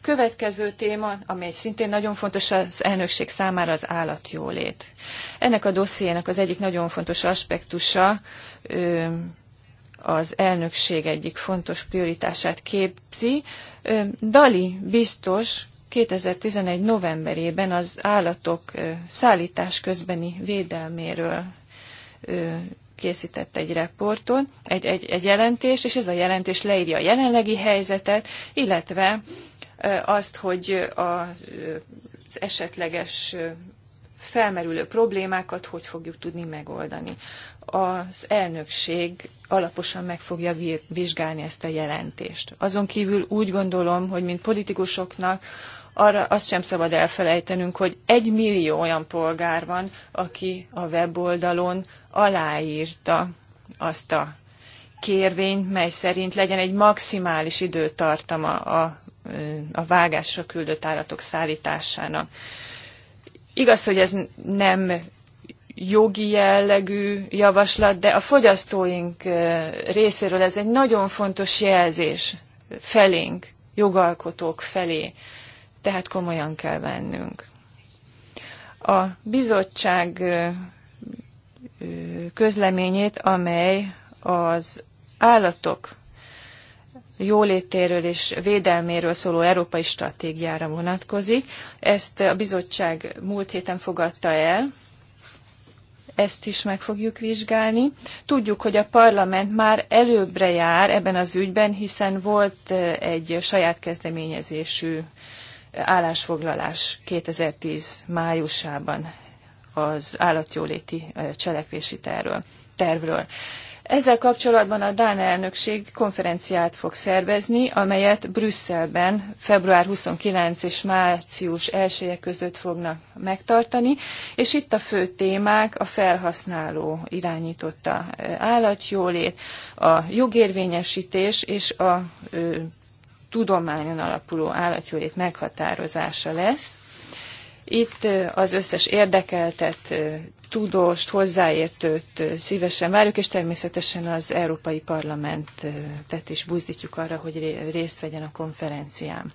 Következő téma, amely szintén nagyon fontos az elnökség számára, az állatjólét. Ennek a dossziének az egyik nagyon fontos aspektusa az elnökség egyik fontos prioritását képzi. Dali biztos 2011. novemberében az állatok szállítás közbeni védelméről készített egy reportot, egy, egy, egy jelentést, és ez a jelentés leírja a jelenlegi helyzetet, illetve azt, hogy az esetleges felmerülő problémákat hogy fogjuk tudni megoldani. Az elnökség alaposan meg fogja vizsgálni ezt a jelentést. Azon kívül úgy gondolom, hogy mint politikusoknak arra azt sem szabad elfelejtenünk, hogy egy millió olyan polgár van, aki a weboldalon aláírta azt a kérvényt, mely szerint legyen egy maximális időtartama a, a vágásra küldött állatok szállításának. Igaz, hogy ez nem jogi jellegű javaslat, de a fogyasztóink részéről ez egy nagyon fontos jelzés felénk, jogalkotók felé, tehát komolyan kell vennünk. A bizottság közleményét, amely az állatok jólétéről és védelméről szóló európai stratégiára vonatkozik. Ezt a bizottság múlt héten fogadta el, ezt is meg fogjuk vizsgálni. Tudjuk, hogy a parlament már előbbre jár ebben az ügyben, hiszen volt egy saját kezdeményezésű állásfoglalás 2010 májusában az állatjóléti cselekvési terről, tervről. Ezzel kapcsolatban a Dán elnökség konferenciát fog szervezni, amelyet Brüsszelben február 29 és március 1 -e között fognak megtartani, és itt a fő témák a felhasználó irányította állatjólét, a jogérvényesítés és a tudományon alapuló állatjólét meghatározása lesz. Itt az összes érdekeltet, tudóst, hozzáértőt szívesen várjuk, és természetesen az Európai Parlamentet is buzdítjuk arra, hogy részt vegyen a konferencián.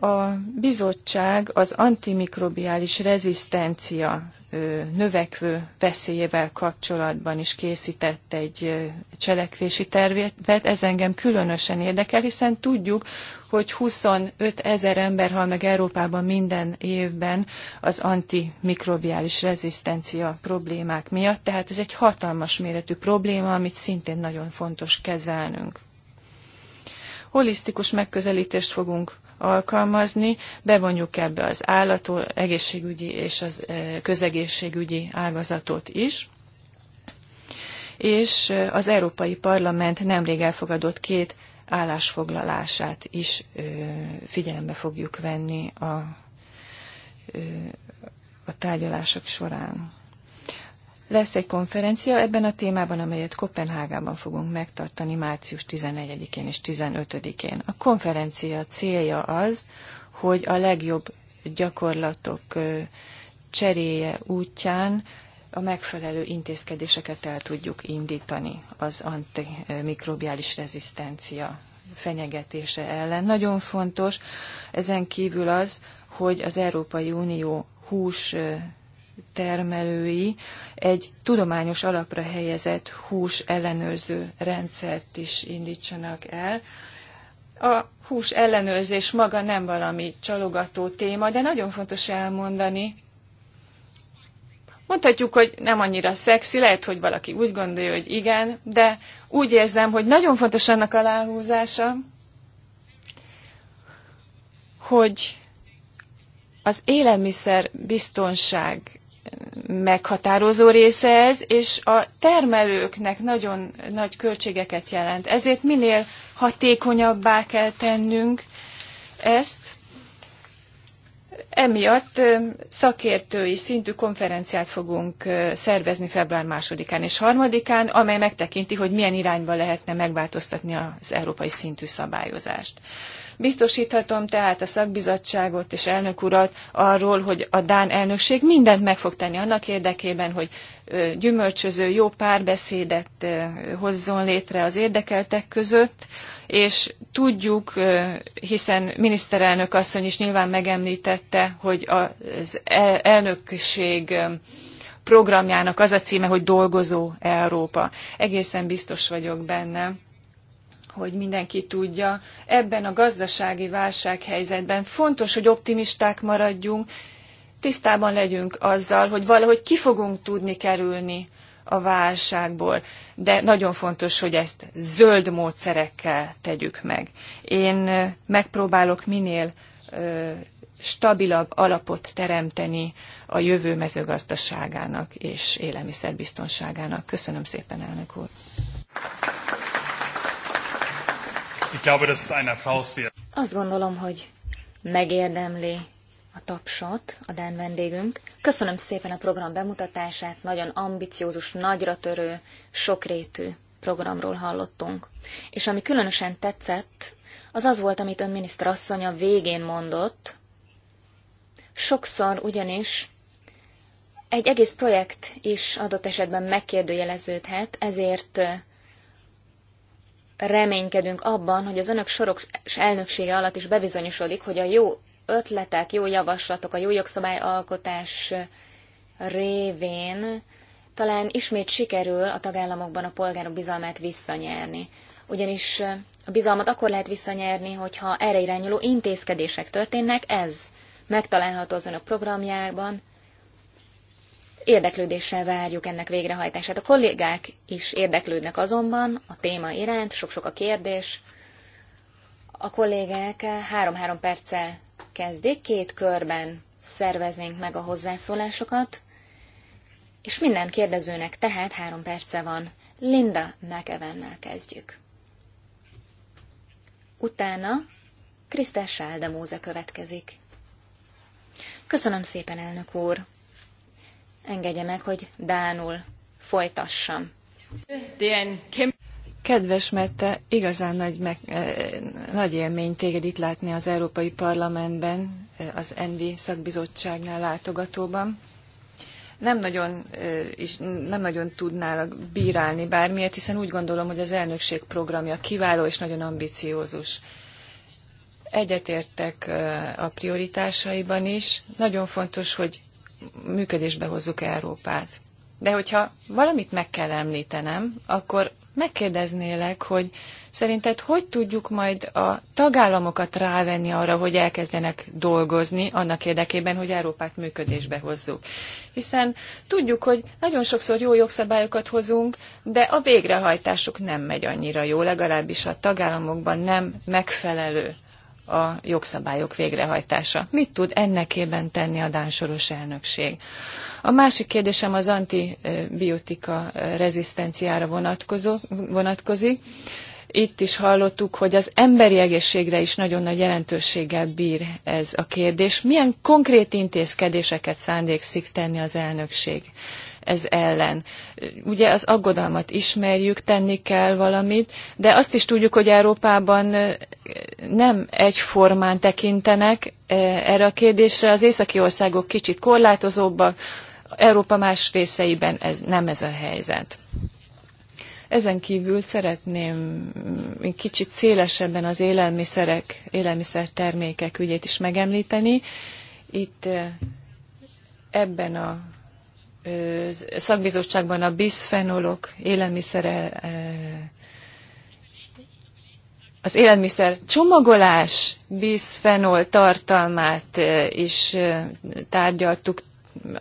A bizottság az antimikrobiális rezisztencia növekvő veszélyével kapcsolatban is készített egy cselekvési tervet. Ez engem különösen érdekel, hiszen tudjuk, hogy 25 ezer ember hal meg Európában minden évben az antimikrobiális rezisztencia problémák miatt, tehát ez egy hatalmas méretű probléma, amit szintén nagyon fontos kezelnünk. Holisztikus megközelítést fogunk alkalmazni, bevonjuk ebbe az állató, egészségügyi és az e, közegészségügyi ágazatot is és e, az Európai Parlament nemrég elfogadott két állásfoglalását is e, figyelembe fogjuk venni a, a tárgyalások során. Lesz egy konferencia ebben a témában, amelyet Kopenhágában fogunk megtartani március 14-én és 15-én. A konferencia célja az, hogy a legjobb gyakorlatok cseréje útján a megfelelő intézkedéseket el tudjuk indítani az antimikrobiális rezisztencia fenyegetése ellen. Nagyon fontos ezen kívül az, hogy az Európai Unió hús termelői egy tudományos alapra helyezett hús ellenőrző rendszert is indítsanak el. A hús ellenőrzés maga nem valami csalogató téma, de nagyon fontos elmondani. Mondhatjuk, hogy nem annyira szexi, lehet, hogy valaki úgy gondolja, hogy igen, de úgy érzem, hogy nagyon fontos annak a láhúzása, hogy az élelmiszer biztonság meghatározó része ez, és a termelőknek nagyon nagy költségeket jelent. Ezért minél hatékonyabbá kell tennünk ezt, Emiatt szakértői szintű konferenciát fogunk szervezni február másodikán és harmadikán, amely megtekinti, hogy milyen irányba lehetne megváltoztatni az európai szintű szabályozást. Biztosíthatom tehát a szakbizottságot és elnök urat arról, hogy a Dán elnökség mindent meg fog tenni annak érdekében, hogy gyümölcsöző, jó párbeszédet hozzon létre az érdekeltek között, és tudjuk, hiszen miniszterelnök asszony is nyilván megemlítette, hogy az e- elnökség um, programjának az a címe, hogy Dolgozó Európa. Egészen biztos vagyok benne, hogy mindenki tudja, ebben a gazdasági válsághelyzetben fontos, hogy optimisták maradjunk, tisztában legyünk azzal, hogy valahogy ki fogunk tudni kerülni a válságból, de nagyon fontos, hogy ezt zöld módszerekkel tegyük meg. Én uh, megpróbálok minél uh, stabilabb alapot teremteni a jövő mezőgazdaságának és élelmiszerbiztonságának. Köszönöm szépen, elnök úr! Azt gondolom, hogy megérdemli a tapsot a Dán vendégünk. Köszönöm szépen a program bemutatását, nagyon ambiciózus, nagyra törő, sokrétű programról hallottunk. És ami különösen tetszett, az az volt, amit ön miniszter asszony a végén mondott, Sokszor ugyanis egy egész projekt is adott esetben megkérdőjeleződhet, ezért reménykedünk abban, hogy az önök és elnöksége alatt is bebizonyosodik, hogy a jó ötletek, jó javaslatok, a jó jogszabályalkotás révén talán ismét sikerül a tagállamokban a polgárok bizalmát visszanyerni. Ugyanis a bizalmat akkor lehet visszanyerni, hogyha erre irányuló intézkedések történnek, ez megtalálható az önök programjában. Érdeklődéssel várjuk ennek végrehajtását. A kollégák is érdeklődnek azonban a téma iránt, sok-sok a kérdés. A kollégák három-három perccel kezdik, két körben szerveznénk meg a hozzászólásokat, és minden kérdezőnek tehát három perce van. Linda McEvennel kezdjük. Utána Krisztel Sáldemóze következik. Köszönöm szépen, elnök úr. Engedje meg, hogy Dánul folytassam. Kedves Mette, igazán nagy, meg, eh, nagy élmény téged itt látni az Európai Parlamentben, eh, az ENVI szakbizottságnál látogatóban nem nagyon, eh, is nem nagyon tudnálak bírálni bármiért, hiszen úgy gondolom, hogy az elnökség programja kiváló és nagyon ambiciózus. Egyetértek a prioritásaiban is. Nagyon fontos, hogy működésbe hozzuk Európát. De hogyha valamit meg kell említenem, akkor megkérdeznélek, hogy szerinted hogy tudjuk majd a tagállamokat rávenni arra, hogy elkezdenek dolgozni annak érdekében, hogy Európát működésbe hozzuk. Hiszen tudjuk, hogy nagyon sokszor jó jogszabályokat hozunk, de a végrehajtásuk nem megy annyira jó, legalábbis a tagállamokban nem megfelelő a jogszabályok végrehajtása. Mit tud ennekében tenni a Dán soros elnökség? A másik kérdésem az antibiotika rezisztenciára vonatkozó, vonatkozik. Itt is hallottuk, hogy az emberi egészségre is nagyon nagy jelentőséggel bír ez a kérdés. Milyen konkrét intézkedéseket szándékszik tenni az elnökség ez ellen. Ugye az aggodalmat ismerjük, tenni kell valamit, de azt is tudjuk, hogy Európában nem egyformán tekintenek erre a kérdésre. Az északi országok kicsit korlátozóbbak, Európa más részeiben ez, nem ez a helyzet. Ezen kívül szeretném kicsit szélesebben az élelmiszerek, élelmiszertermékek ügyét is megemlíteni. Itt ebben a szakbizottságban a bisfenolok, élelmiszere, az élelmiszer csomagolás bisfenol tartalmát is tárgyaltuk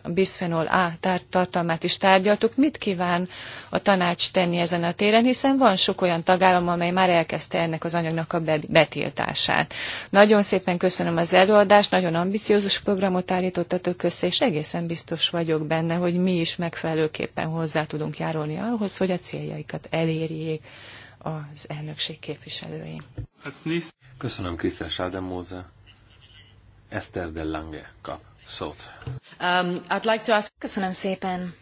bisphenol A tartalmát is tárgyaltuk. Mit kíván a tanács tenni ezen a téren, hiszen van sok olyan tagállam, amely már elkezdte ennek az anyagnak a betiltását. Nagyon szépen köszönöm az előadást, nagyon ambiciózus programot állítottatok össze, és egészen biztos vagyok benne, hogy mi is megfelelőképpen hozzá tudunk járulni ahhoz, hogy a céljaikat elérjék az elnökség képviselői. Köszönöm Krisztel Sádemóze. Eszter de Lange kap szót. Um, I'd like to ask... Köszönöm szépen.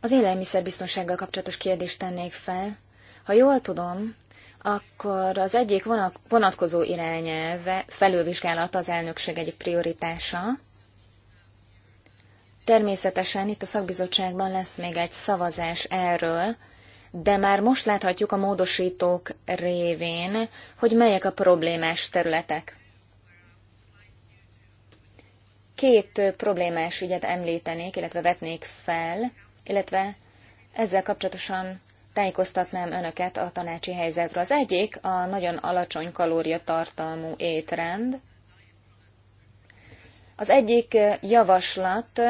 Az élelmiszerbiztonsággal kapcsolatos kérdést tennék fel. Ha jól tudom, akkor az egyik vonatkozó irányelve felülvizsgálata az elnökség egyik prioritása. Természetesen itt a szakbizottságban lesz még egy szavazás erről, de már most láthatjuk a módosítók révén, hogy melyek a problémás területek. Két problémás ügyet említenék, illetve vetnék fel, illetve ezzel kapcsolatosan tájékoztatnám önöket a tanácsi helyzetről. Az egyik a nagyon alacsony kalóriatartalmú étrend. Az egyik javaslat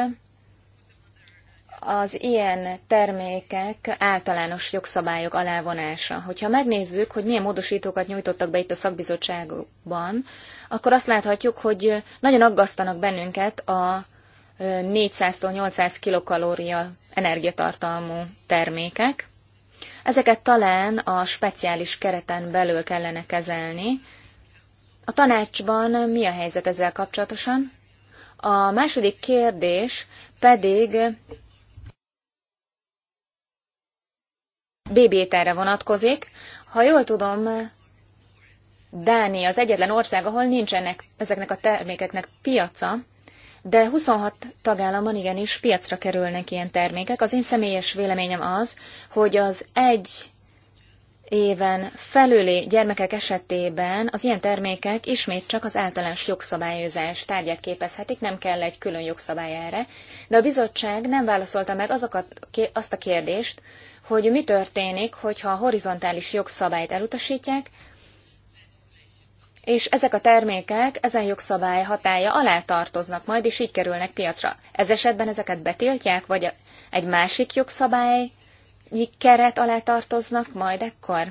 az ilyen termékek általános jogszabályok alávonása. Hogyha megnézzük, hogy milyen módosítókat nyújtottak be itt a szakbizottságban, akkor azt láthatjuk, hogy nagyon aggasztanak bennünket a 400 800 kilokalória energiatartalmú termékek. Ezeket talán a speciális kereten belül kellene kezelni. A tanácsban mi a helyzet ezzel kapcsolatosan? A második kérdés pedig bébételre vonatkozik. Ha jól tudom, Dánia az egyetlen ország, ahol nincsenek ezeknek a termékeknek piaca, de 26 tagállamban igenis piacra kerülnek ilyen termékek. Az én személyes véleményem az, hogy az egy éven felüli gyermekek esetében az ilyen termékek ismét csak az általános jogszabályozás tárgyát képezhetik, nem kell egy külön jogszabály erre, de a bizottság nem válaszolta meg azokat, azt a kérdést, hogy mi történik, hogyha a horizontális jogszabályt elutasítják, és ezek a termékek ezen jogszabály hatája alá tartoznak majd, és így kerülnek piacra. Ez esetben ezeket betiltják, vagy egy másik jogszabályi keret alá tartoznak majd ekkor?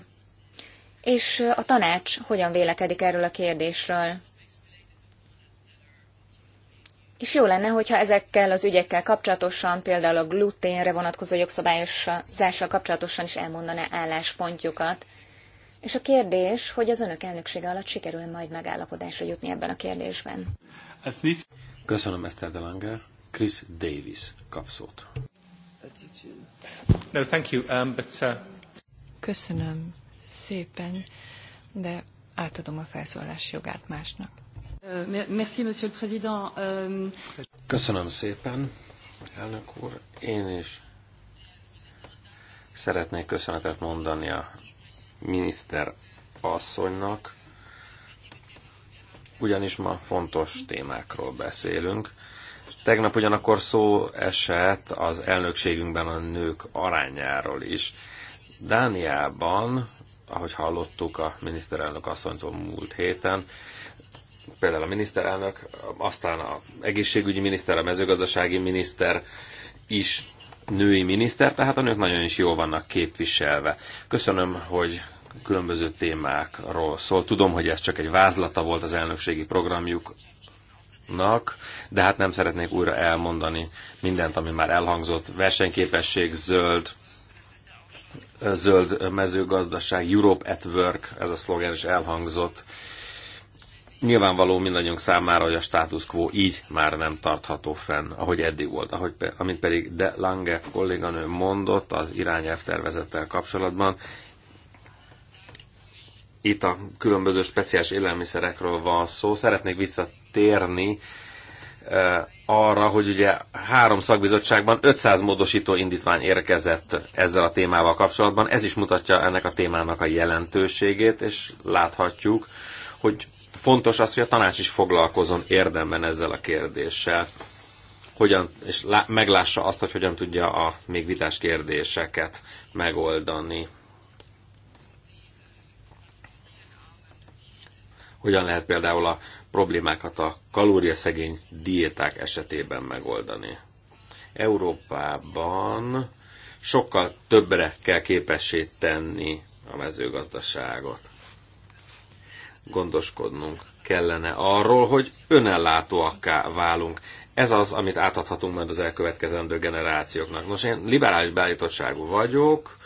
És a tanács hogyan vélekedik erről a kérdésről? És jó lenne, hogyha ezekkel az ügyekkel kapcsolatosan, például a gluténre vonatkozó jogszabályozással kapcsolatosan is elmondaná álláspontjukat és a kérdés, hogy az önök elnöksége alatt sikerül majd megállapodásra jutni ebben a kérdésben. Köszönöm, Eszter Delanger. Chris Davis kap szót. No, thank you, um, but, uh... Köszönöm szépen, de átadom a felszólás jogát másnak. Euh, merci, Monsieur le Président. Um, Köszönöm szépen, elnök úr. Én is szeretnék köszönetet mondani a miniszter asszonynak, ugyanis ma fontos témákról beszélünk. Tegnap ugyanakkor szó esett az elnökségünkben a nők arányáról is. Dániában, ahogy hallottuk a miniszterelnök asszonytól múlt héten, például a miniszterelnök, aztán a egészségügyi miniszter, a mezőgazdasági miniszter is női miniszter, tehát a nők nagyon is jól vannak képviselve. Köszönöm, hogy különböző témákról szól. Tudom, hogy ez csak egy vázlata volt az elnökségi programjuknak, de hát nem szeretnék újra elmondani mindent, ami már elhangzott. Versenyképesség, zöld, zöld mezőgazdaság, Europe at Work, ez a szlogen is elhangzott. Nyilvánvaló mindannyiunk számára, hogy a status quo így már nem tartható fenn, ahogy eddig volt. Ahogy, amit pedig De Lange kolléganő mondott az irányelv tervezettel kapcsolatban, itt a különböző speciális élelmiszerekről van szó. Szeretnék visszatérni eh, arra, hogy ugye három szakbizottságban 500 módosító indítvány érkezett ezzel a témával kapcsolatban. Ez is mutatja ennek a témának a jelentőségét, és láthatjuk, hogy Fontos az, hogy a tanács is foglalkozon érdemben ezzel a kérdéssel, hogyan, és lá, meglássa azt, hogy hogyan tudja a még vitás kérdéseket megoldani. Hogyan lehet például a problémákat a kalóriaszegény diéták esetében megoldani. Európában sokkal többre kell képessé tenni a mezőgazdaságot gondoskodnunk kellene arról, hogy önellátóakká válunk. Ez az, amit átadhatunk majd az elkövetkezendő generációknak. Nos, én liberális beállítottságú vagyok,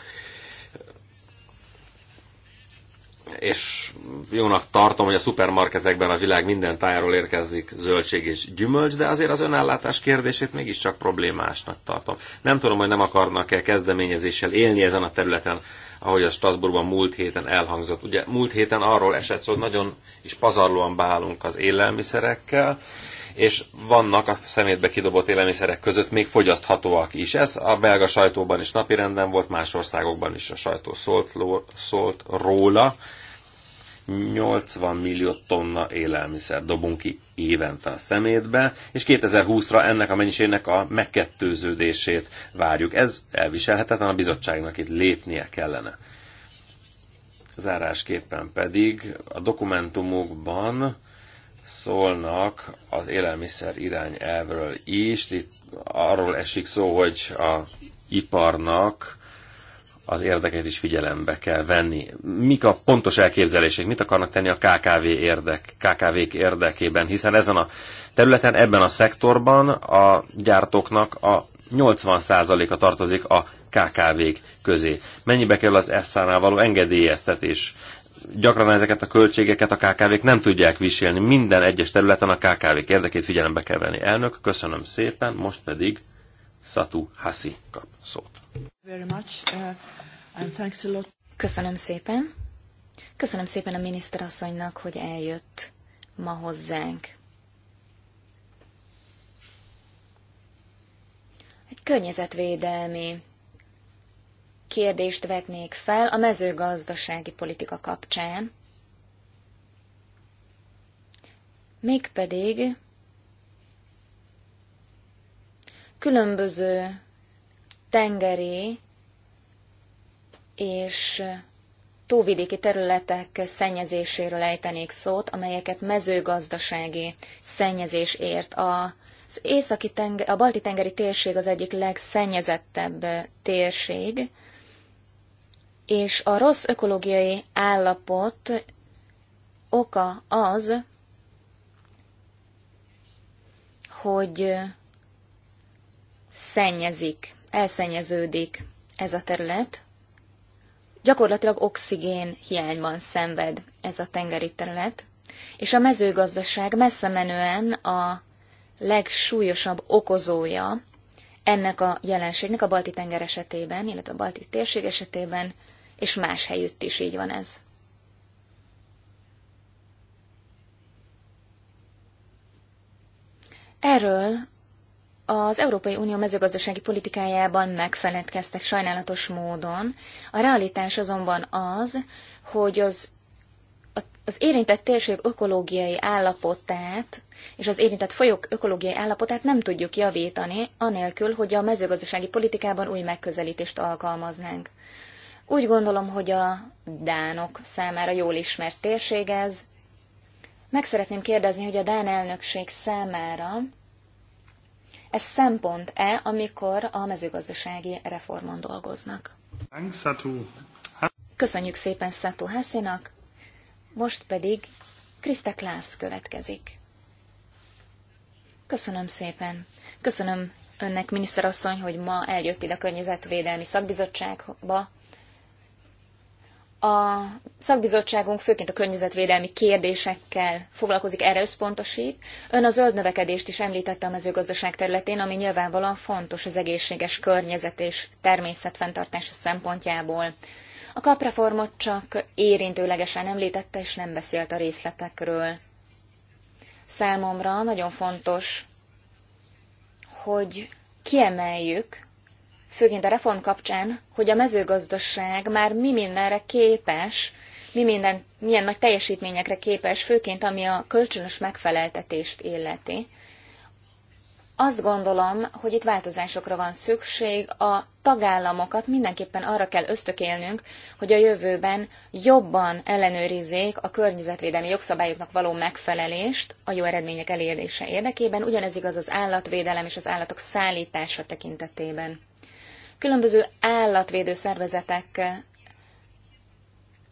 és jónak tartom, hogy a szupermarketekben a világ minden tájáról érkezik zöldség és gyümölcs, de azért az önállátás kérdését mégiscsak problémásnak tartom. Nem tudom, hogy nem akarnak-e kezdeményezéssel élni ezen a területen ahogy a Strasbourgban múlt héten elhangzott. Ugye múlt héten arról esett szó, hogy nagyon is pazarlóan bálunk az élelmiszerekkel, és vannak a szemétbe kidobott élelmiszerek között még fogyaszthatóak is. Ez a belga sajtóban is napirenden volt, más országokban is a sajtó szólt, ló, szólt róla. 80 millió tonna élelmiszer dobunk ki évente a szemétbe, és 2020-ra ennek a mennyiségnek a megkettőződését várjuk. Ez elviselhetetlen, a bizottságnak itt lépnie kellene. Zárásképpen pedig a dokumentumokban szólnak az élelmiszer irányelvről is. Itt arról esik szó, hogy a iparnak az érdeket is figyelembe kell venni. Mik a pontos elképzelések, mit akarnak tenni a KKV érdek, KKV-k érdekében, hiszen ezen a területen, ebben a szektorban a gyártóknak a 80%-a tartozik a KKV-k közé. Mennyibe kerül az EFSA-nál való engedélyeztetés? Gyakran ezeket a költségeket a KKV-k nem tudják viselni. Minden egyes területen a KKV-k érdekét figyelembe kell venni. Elnök, köszönöm szépen, most pedig Satu Hasi kap szót. Very much. Uh... Köszönöm szépen. Köszönöm szépen a miniszterasszonynak, hogy eljött ma hozzánk. Egy környezetvédelmi kérdést vetnék fel a mezőgazdasági politika kapcsán. Mégpedig különböző tengeri és túlvidéki területek szennyezéséről ejtenék szót, amelyeket mezőgazdasági szennyezés ért. Az északi tenger, a balti tengeri térség az egyik legszennyezettebb térség, és a rossz ökológiai állapot oka az, hogy szennyezik, elszennyeződik ez a terület, Gyakorlatilag oxigén hiányban szenved ez a tengeri terület, és a mezőgazdaság messze menően a legsúlyosabb okozója ennek a jelenségnek a balti tenger esetében, illetve a balti térség esetében, és más helyütt is így van ez. Erről az Európai Unió mezőgazdasági politikájában megfeledkeztek sajnálatos módon. A realitás azonban az, hogy az, az érintett térség ökológiai állapotát és az érintett folyók ökológiai állapotát nem tudjuk javítani, anélkül, hogy a mezőgazdasági politikában új megközelítést alkalmaznánk. Úgy gondolom, hogy a dánok számára jól ismert térség ez. Meg szeretném kérdezni, hogy a dán elnökség számára ez szempont-e, amikor a mezőgazdasági reformon dolgoznak? Köszönjük szépen Szátó Hászinak, most pedig Krista Klász következik. Köszönöm szépen. Köszönöm önnek, miniszterasszony, hogy ma eljött ide a Környezetvédelmi Szakbizottságba, a szakbizottságunk főként a környezetvédelmi kérdésekkel foglalkozik, erre összpontosít. Ön a zöld növekedést is említette a mezőgazdaság területén, ami nyilvánvalóan fontos az egészséges környezet és természet fenntartása szempontjából. A kapreformot csak érintőlegesen említette, és nem beszélt a részletekről. Számomra nagyon fontos, hogy kiemeljük főként a reform kapcsán, hogy a mezőgazdaság már mi mindenre képes, mi minden, milyen nagy teljesítményekre képes, főként ami a kölcsönös megfeleltetést illeti. Azt gondolom, hogy itt változásokra van szükség, a tagállamokat mindenképpen arra kell ösztökélnünk, hogy a jövőben jobban ellenőrizzék a környezetvédelmi jogszabályoknak való megfelelést a jó eredmények elérése érdekében, ugyanez igaz az állatvédelem és az állatok szállítása tekintetében. Különböző állatvédő szervezetek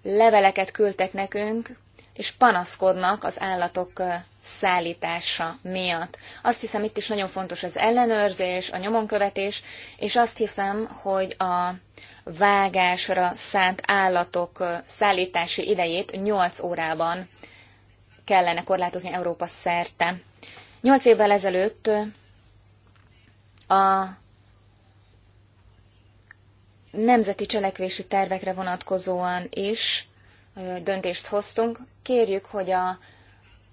leveleket küldtek nekünk, és panaszkodnak az állatok szállítása miatt. Azt hiszem, itt is nagyon fontos az ellenőrzés, a nyomonkövetés, és azt hiszem, hogy a vágásra szánt állatok szállítási idejét 8 órában kellene korlátozni Európa szerte. Nyolc évvel ezelőtt a nemzeti cselekvési tervekre vonatkozóan is döntést hoztunk. Kérjük, hogy a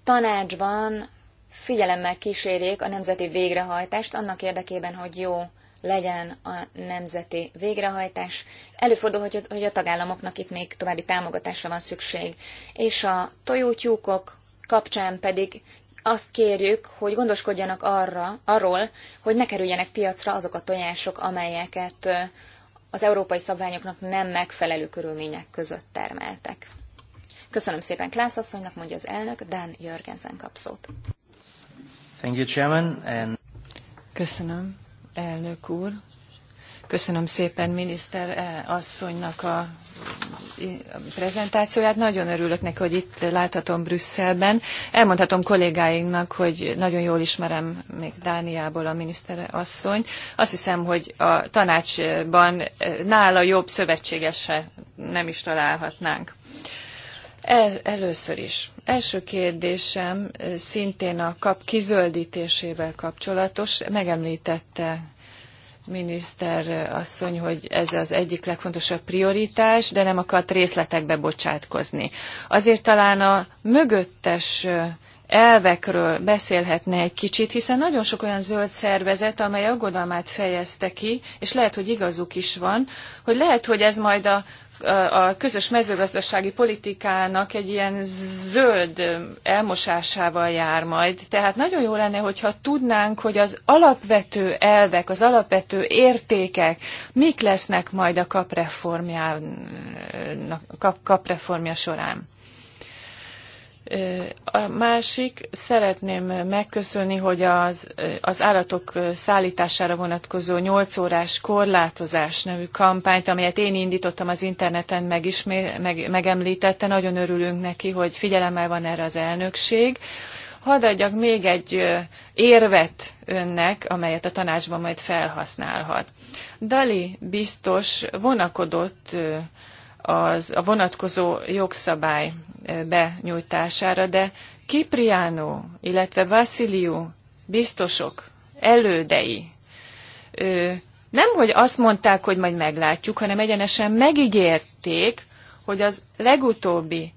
tanácsban figyelemmel kísérjék a nemzeti végrehajtást annak érdekében, hogy jó legyen a nemzeti végrehajtás. Előfordul, hogy, hogy a tagállamoknak itt még további támogatásra van szükség. És a tojótyúkok kapcsán pedig azt kérjük, hogy gondoskodjanak arra, arról, hogy ne kerüljenek piacra azok a tojások, amelyeket az európai szabványoknak nem megfelelő körülmények között termeltek. Köszönöm szépen Klász asszonynak, mondja az elnök, Dan Jörgensen kap szót. Thank you, Chairman, and... Köszönöm, elnök úr, Köszönöm szépen miniszter eh, asszonynak a prezentációját. Nagyon örülök neki, hogy itt láthatom Brüsszelben. Elmondhatom kollégáinknak, hogy nagyon jól ismerem még Dániából a miniszter asszony. Azt hiszem, hogy a tanácsban eh, nála jobb szövetségese nem is találhatnánk. El, először is. Első kérdésem eh, szintén a kap kizöldítésével kapcsolatos. Megemlítette miniszter asszony, hogy ez az egyik legfontosabb prioritás, de nem akart részletekbe bocsátkozni. Azért talán a mögöttes elvekről beszélhetne egy kicsit, hiszen nagyon sok olyan zöld szervezet, amely aggodalmát fejezte ki, és lehet, hogy igazuk is van, hogy lehet, hogy ez majd a a közös mezőgazdasági politikának egy ilyen zöld elmosásával jár majd. Tehát nagyon jó lenne, hogyha tudnánk, hogy az alapvető elvek, az alapvető értékek mik lesznek majd a kapreformjának, kap, kapreformja során. A másik, szeretném megköszönni, hogy az, az állatok szállítására vonatkozó 8 órás korlátozás nevű kampányt, amelyet én indítottam az interneten, megismé, meg, megemlítette. Nagyon örülünk neki, hogy figyelemmel van erre az elnökség. Hadd adjak még egy érvet önnek, amelyet a tanácsban majd felhasználhat. Dali biztos vonakodott az, a vonatkozó jogszabály benyújtására, de Kipriánó, illetve Vasiliu biztosok, elődei nem, hogy azt mondták, hogy majd meglátjuk, hanem egyenesen megígérték, hogy az legutóbbi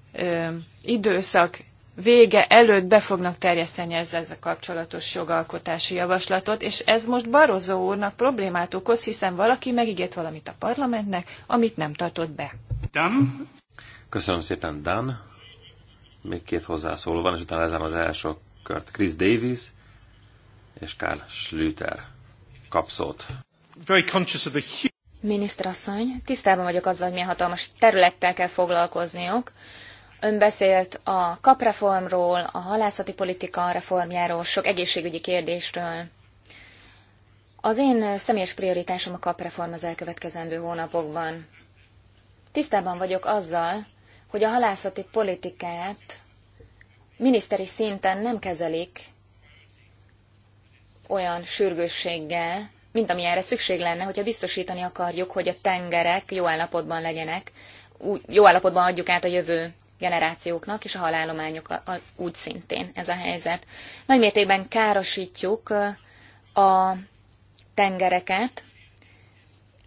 időszak vége előtt be fognak terjeszteni ezzel a kapcsolatos jogalkotási javaslatot, és ez most Barozó úrnak problémát okoz, hiszen valaki megígért valamit a parlamentnek, amit nem tartott be. Dan. Köszönöm szépen, Dan. Még két hozzászóló van, és utána lezárom az első kört. Chris Davis és Karl Schlüter the szót. Miniszterasszony, tisztában vagyok azzal, hogy milyen hatalmas területtel kell foglalkozniuk. Ön beszélt a kapreformról, a halászati politika reformjáról, sok egészségügyi kérdésről. Az én személyes prioritásom a kapreform az elkövetkezendő hónapokban. Tisztában vagyok azzal, hogy a halászati politikát miniszteri szinten nem kezelik olyan sürgősséggel, mint ami erre szükség lenne, hogyha biztosítani akarjuk, hogy a tengerek jó állapotban legyenek, úgy, jó állapotban adjuk át a jövő generációknak, és a halálományok a, a, úgy szintén ez a helyzet. Nagymértékben károsítjuk a tengereket.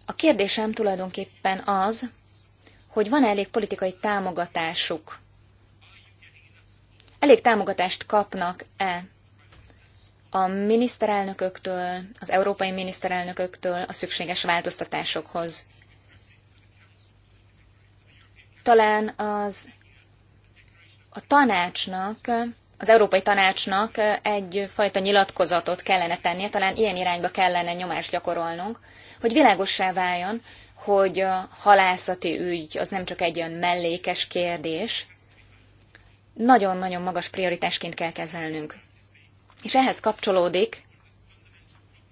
A kérdésem tulajdonképpen az, hogy van -e elég politikai támogatásuk. Elég támogatást kapnak-e a miniszterelnököktől, az európai miniszterelnököktől a szükséges változtatásokhoz. Talán az a tanácsnak, az Európai Tanácsnak egyfajta nyilatkozatot kellene tennie, talán ilyen irányba kellene nyomást gyakorolnunk, hogy világossá váljon, hogy a halászati ügy az nem csak egy olyan mellékes kérdés, nagyon-nagyon magas prioritásként kell kezelnünk. És ehhez kapcsolódik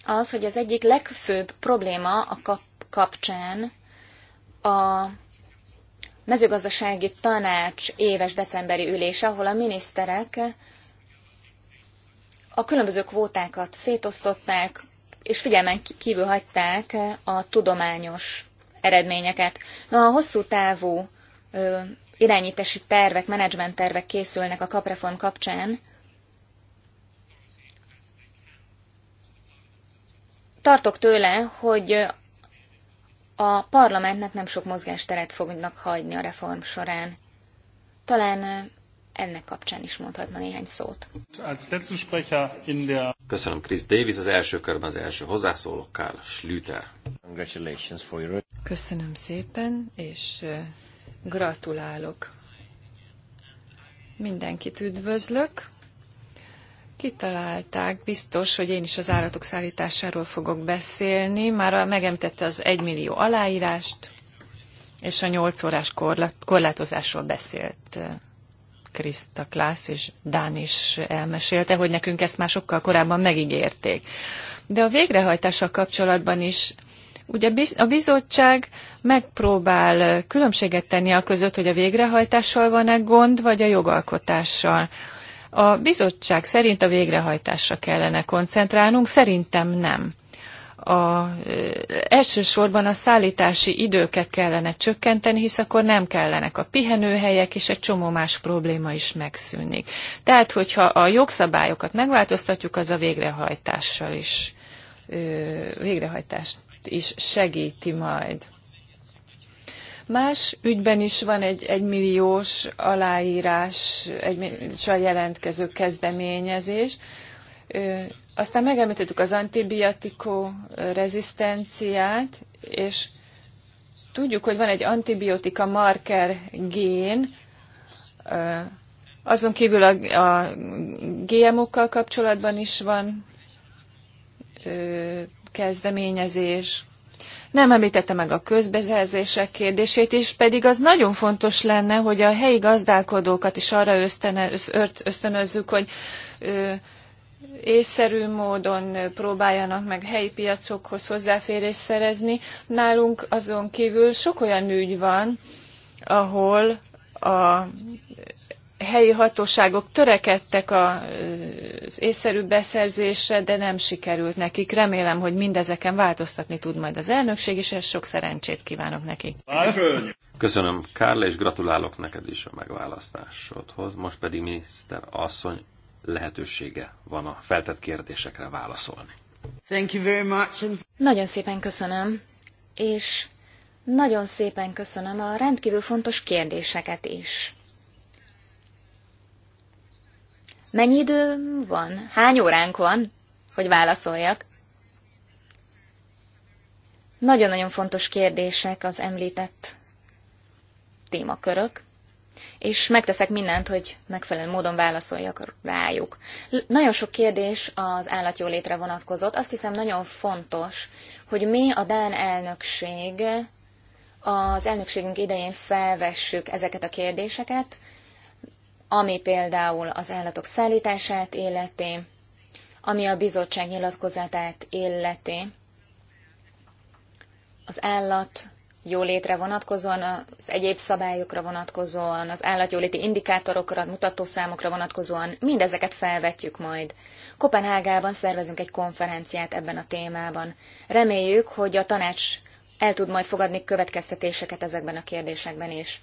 az, hogy az egyik legfőbb probléma a kap kapcsán a mezőgazdasági tanács éves decemberi ülése, ahol a miniszterek a különböző kvótákat szétosztották, és figyelmen kívül hagyták a tudományos eredményeket. Na, a hosszú távú ö, irányítási tervek, menedzsment tervek készülnek a kapreform kapcsán. Tartok tőle, hogy a parlamentnek nem sok mozgásteret fognak hagyni a reform során. Talán ennek kapcsán is mondhatna néhány szót. Köszönöm Chris Davis, az első körben az első hozzászóló Karl Schlüter. Köszönöm szépen, és gratulálok. Mindenkit üdvözlök. Kitalálták, biztos, hogy én is az állatok szállításáról fogok beszélni. Már megemtette az egymillió aláírást, és a nyolc órás korlátozásról beszélt Krista Klász és Dán is elmesélte, hogy nekünk ezt már sokkal korábban megígérték. De a végrehajtással kapcsolatban is Ugye a bizottság megpróbál különbséget tenni a között, hogy a végrehajtással van-e gond, vagy a jogalkotással. A bizottság szerint a végrehajtásra kellene koncentrálnunk, szerintem nem a, elsősorban a szállítási időket kellene csökkenteni, hisz akkor nem kellenek a pihenőhelyek, és egy csomó más probléma is megszűnik. Tehát, hogyha a jogszabályokat megváltoztatjuk, az a végrehajtással is, végrehajtást is segíti majd. Más ügyben is van egy egymilliós aláírás, egy jelentkező kezdeményezés aztán megemlítettük az antibiotikó rezisztenciát, és tudjuk, hogy van egy antibiotika marker gén, azon kívül a, a GMO-kkal kapcsolatban is van ö, kezdeményezés. Nem említette meg a közbeszerzések kérdését is, pedig az nagyon fontos lenne, hogy a helyi gazdálkodókat is arra ösztönözzük, hogy ö, észszerű módon próbáljanak meg helyi piacokhoz hozzáférést szerezni. Nálunk azon kívül sok olyan ügy van, ahol a helyi hatóságok törekedtek az észszerű beszerzésre, de nem sikerült nekik. Remélem, hogy mindezeken változtatni tud majd az elnökség, és ezt sok szerencsét kívánok nekik. Köszönöm, Kárla, és gratulálok neked is a megválasztásodhoz. Most pedig miniszter asszony lehetősége van a feltett kérdésekre válaszolni. Thank you very much. Nagyon szépen köszönöm, és nagyon szépen köszönöm a rendkívül fontos kérdéseket is. Mennyi idő van? Hány óránk van, hogy válaszoljak? Nagyon-nagyon fontos kérdések az említett témakörök és megteszek mindent, hogy megfelelő módon válaszoljak rájuk. Nagyon sok kérdés az állatjólétre vonatkozott. Azt hiszem nagyon fontos, hogy mi a Dán elnökség az elnökségünk idején felvessük ezeket a kérdéseket, ami például az állatok szállítását illeti, ami a bizottság nyilatkozatát illeti, az állat jólétre vonatkozóan, az egyéb szabályokra vonatkozóan, az állatjóléti indikátorokra, mutatószámokra vonatkozóan, mindezeket felvetjük majd. Kopenhágában szervezünk egy konferenciát ebben a témában. Reméljük, hogy a tanács el tud majd fogadni következtetéseket ezekben a kérdésekben is.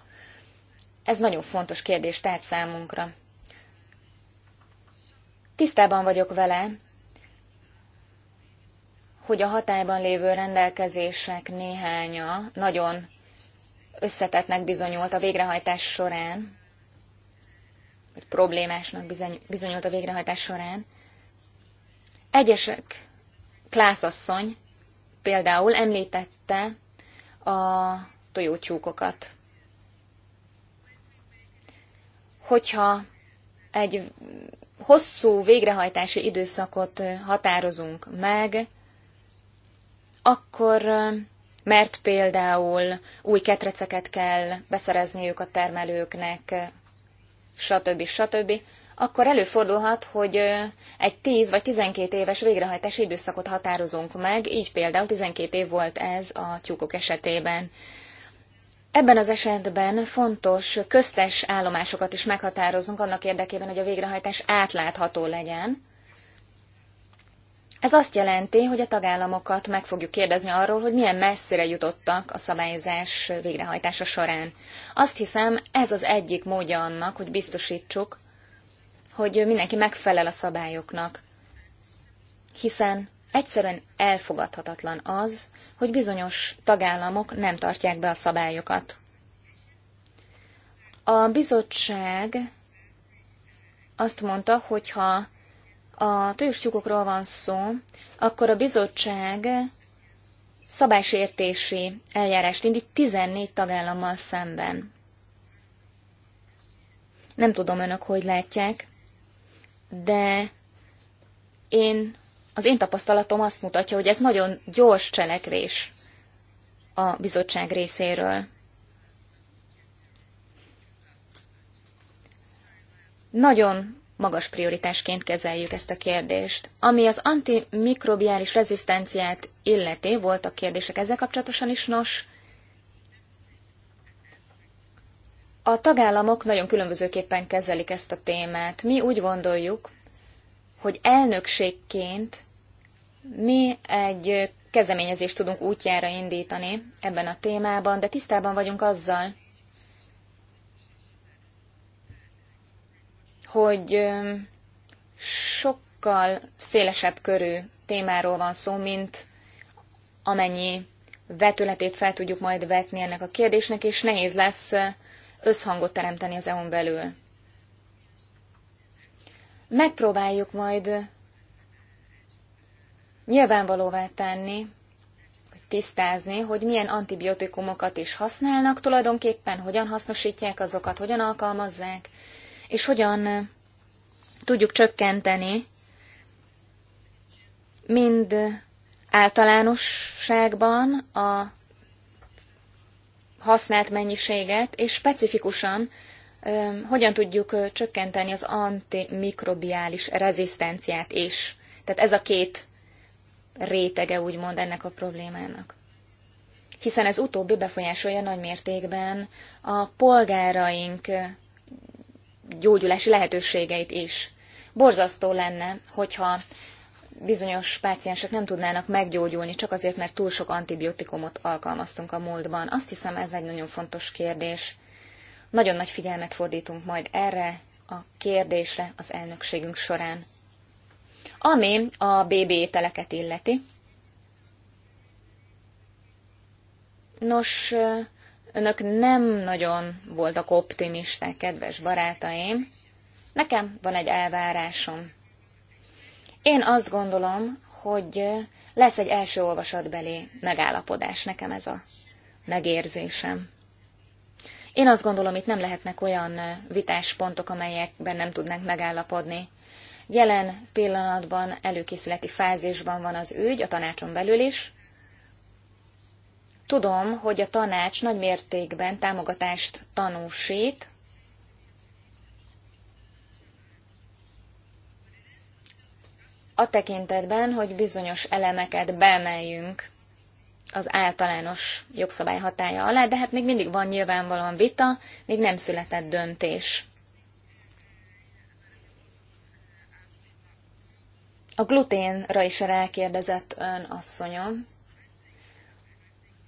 Ez nagyon fontos kérdés tehát számunkra. Tisztában vagyok vele, hogy a hatályban lévő rendelkezések néhánya nagyon összetettnek bizonyult a végrehajtás során, vagy problémásnak bizonyult a végrehajtás során. Egyesek, Klászasszony például említette a tojócsúkokat. Hogyha egy hosszú végrehajtási időszakot határozunk meg, akkor mert például új ketreceket kell beszerezniük a termelőknek, stb. stb., akkor előfordulhat, hogy egy 10 vagy 12 éves végrehajtási időszakot határozunk meg, így például 12 év volt ez a tyúkok esetében. Ebben az esetben fontos köztes állomásokat is meghatározunk annak érdekében, hogy a végrehajtás átlátható legyen, ez azt jelenti, hogy a tagállamokat meg fogjuk kérdezni arról, hogy milyen messzire jutottak a szabályozás végrehajtása során. Azt hiszem, ez az egyik módja annak, hogy biztosítsuk, hogy mindenki megfelel a szabályoknak. Hiszen egyszerűen elfogadhatatlan az, hogy bizonyos tagállamok nem tartják be a szabályokat. A bizottság azt mondta, hogy ha a tőzstyúkokról van szó, akkor a bizottság szabásértési eljárást indít 14 tagállammal szemben. Nem tudom önök, hogy látják, de én, az én tapasztalatom azt mutatja, hogy ez nagyon gyors cselekvés a bizottság részéről. Nagyon magas prioritásként kezeljük ezt a kérdést. Ami az antimikrobiális rezisztenciát illeti, voltak kérdések ezzel kapcsolatosan is, nos, a tagállamok nagyon különbözőképpen kezelik ezt a témát. Mi úgy gondoljuk, hogy elnökségként mi egy kezdeményezést tudunk útjára indítani ebben a témában, de tisztában vagyunk azzal, hogy sokkal szélesebb körű témáról van szó, mint amennyi vetületét fel tudjuk majd vetni ennek a kérdésnek, és nehéz lesz összhangot teremteni az EU-n belül. Megpróbáljuk majd nyilvánvalóvá tenni, tisztázni, hogy milyen antibiotikumokat is használnak tulajdonképpen, hogyan hasznosítják azokat, hogyan alkalmazzák, és hogyan tudjuk csökkenteni mind általánosságban a használt mennyiséget, és specifikusan hogyan tudjuk csökkenteni az antimikrobiális rezisztenciát is. Tehát ez a két rétege, úgymond, ennek a problémának. Hiszen ez utóbbi befolyásolja nagy mértékben a polgáraink gyógyulási lehetőségeit is. Borzasztó lenne, hogyha bizonyos páciensek nem tudnának meggyógyulni, csak azért, mert túl sok antibiotikumot alkalmaztunk a múltban. Azt hiszem, ez egy nagyon fontos kérdés. Nagyon nagy figyelmet fordítunk majd erre a kérdésre az elnökségünk során. Ami a BB ételeket illeti. Nos, Önök nem nagyon voltak optimisták, kedves barátaim. Nekem van egy elvárásom. Én azt gondolom, hogy lesz egy első olvasatbeli megállapodás. Nekem ez a megérzésem. Én azt gondolom, itt nem lehetnek olyan vitáspontok, amelyekben nem tudnánk megállapodni. Jelen pillanatban előkészületi fázisban van az ügy, a tanácson belül is, Tudom, hogy a tanács nagy mértékben támogatást tanúsít, a tekintetben, hogy bizonyos elemeket beemeljünk az általános jogszabály hatája alá, de hát még mindig van nyilvánvalóan vita, még nem született döntés. A gluténra is rákérdezett ön asszonyom.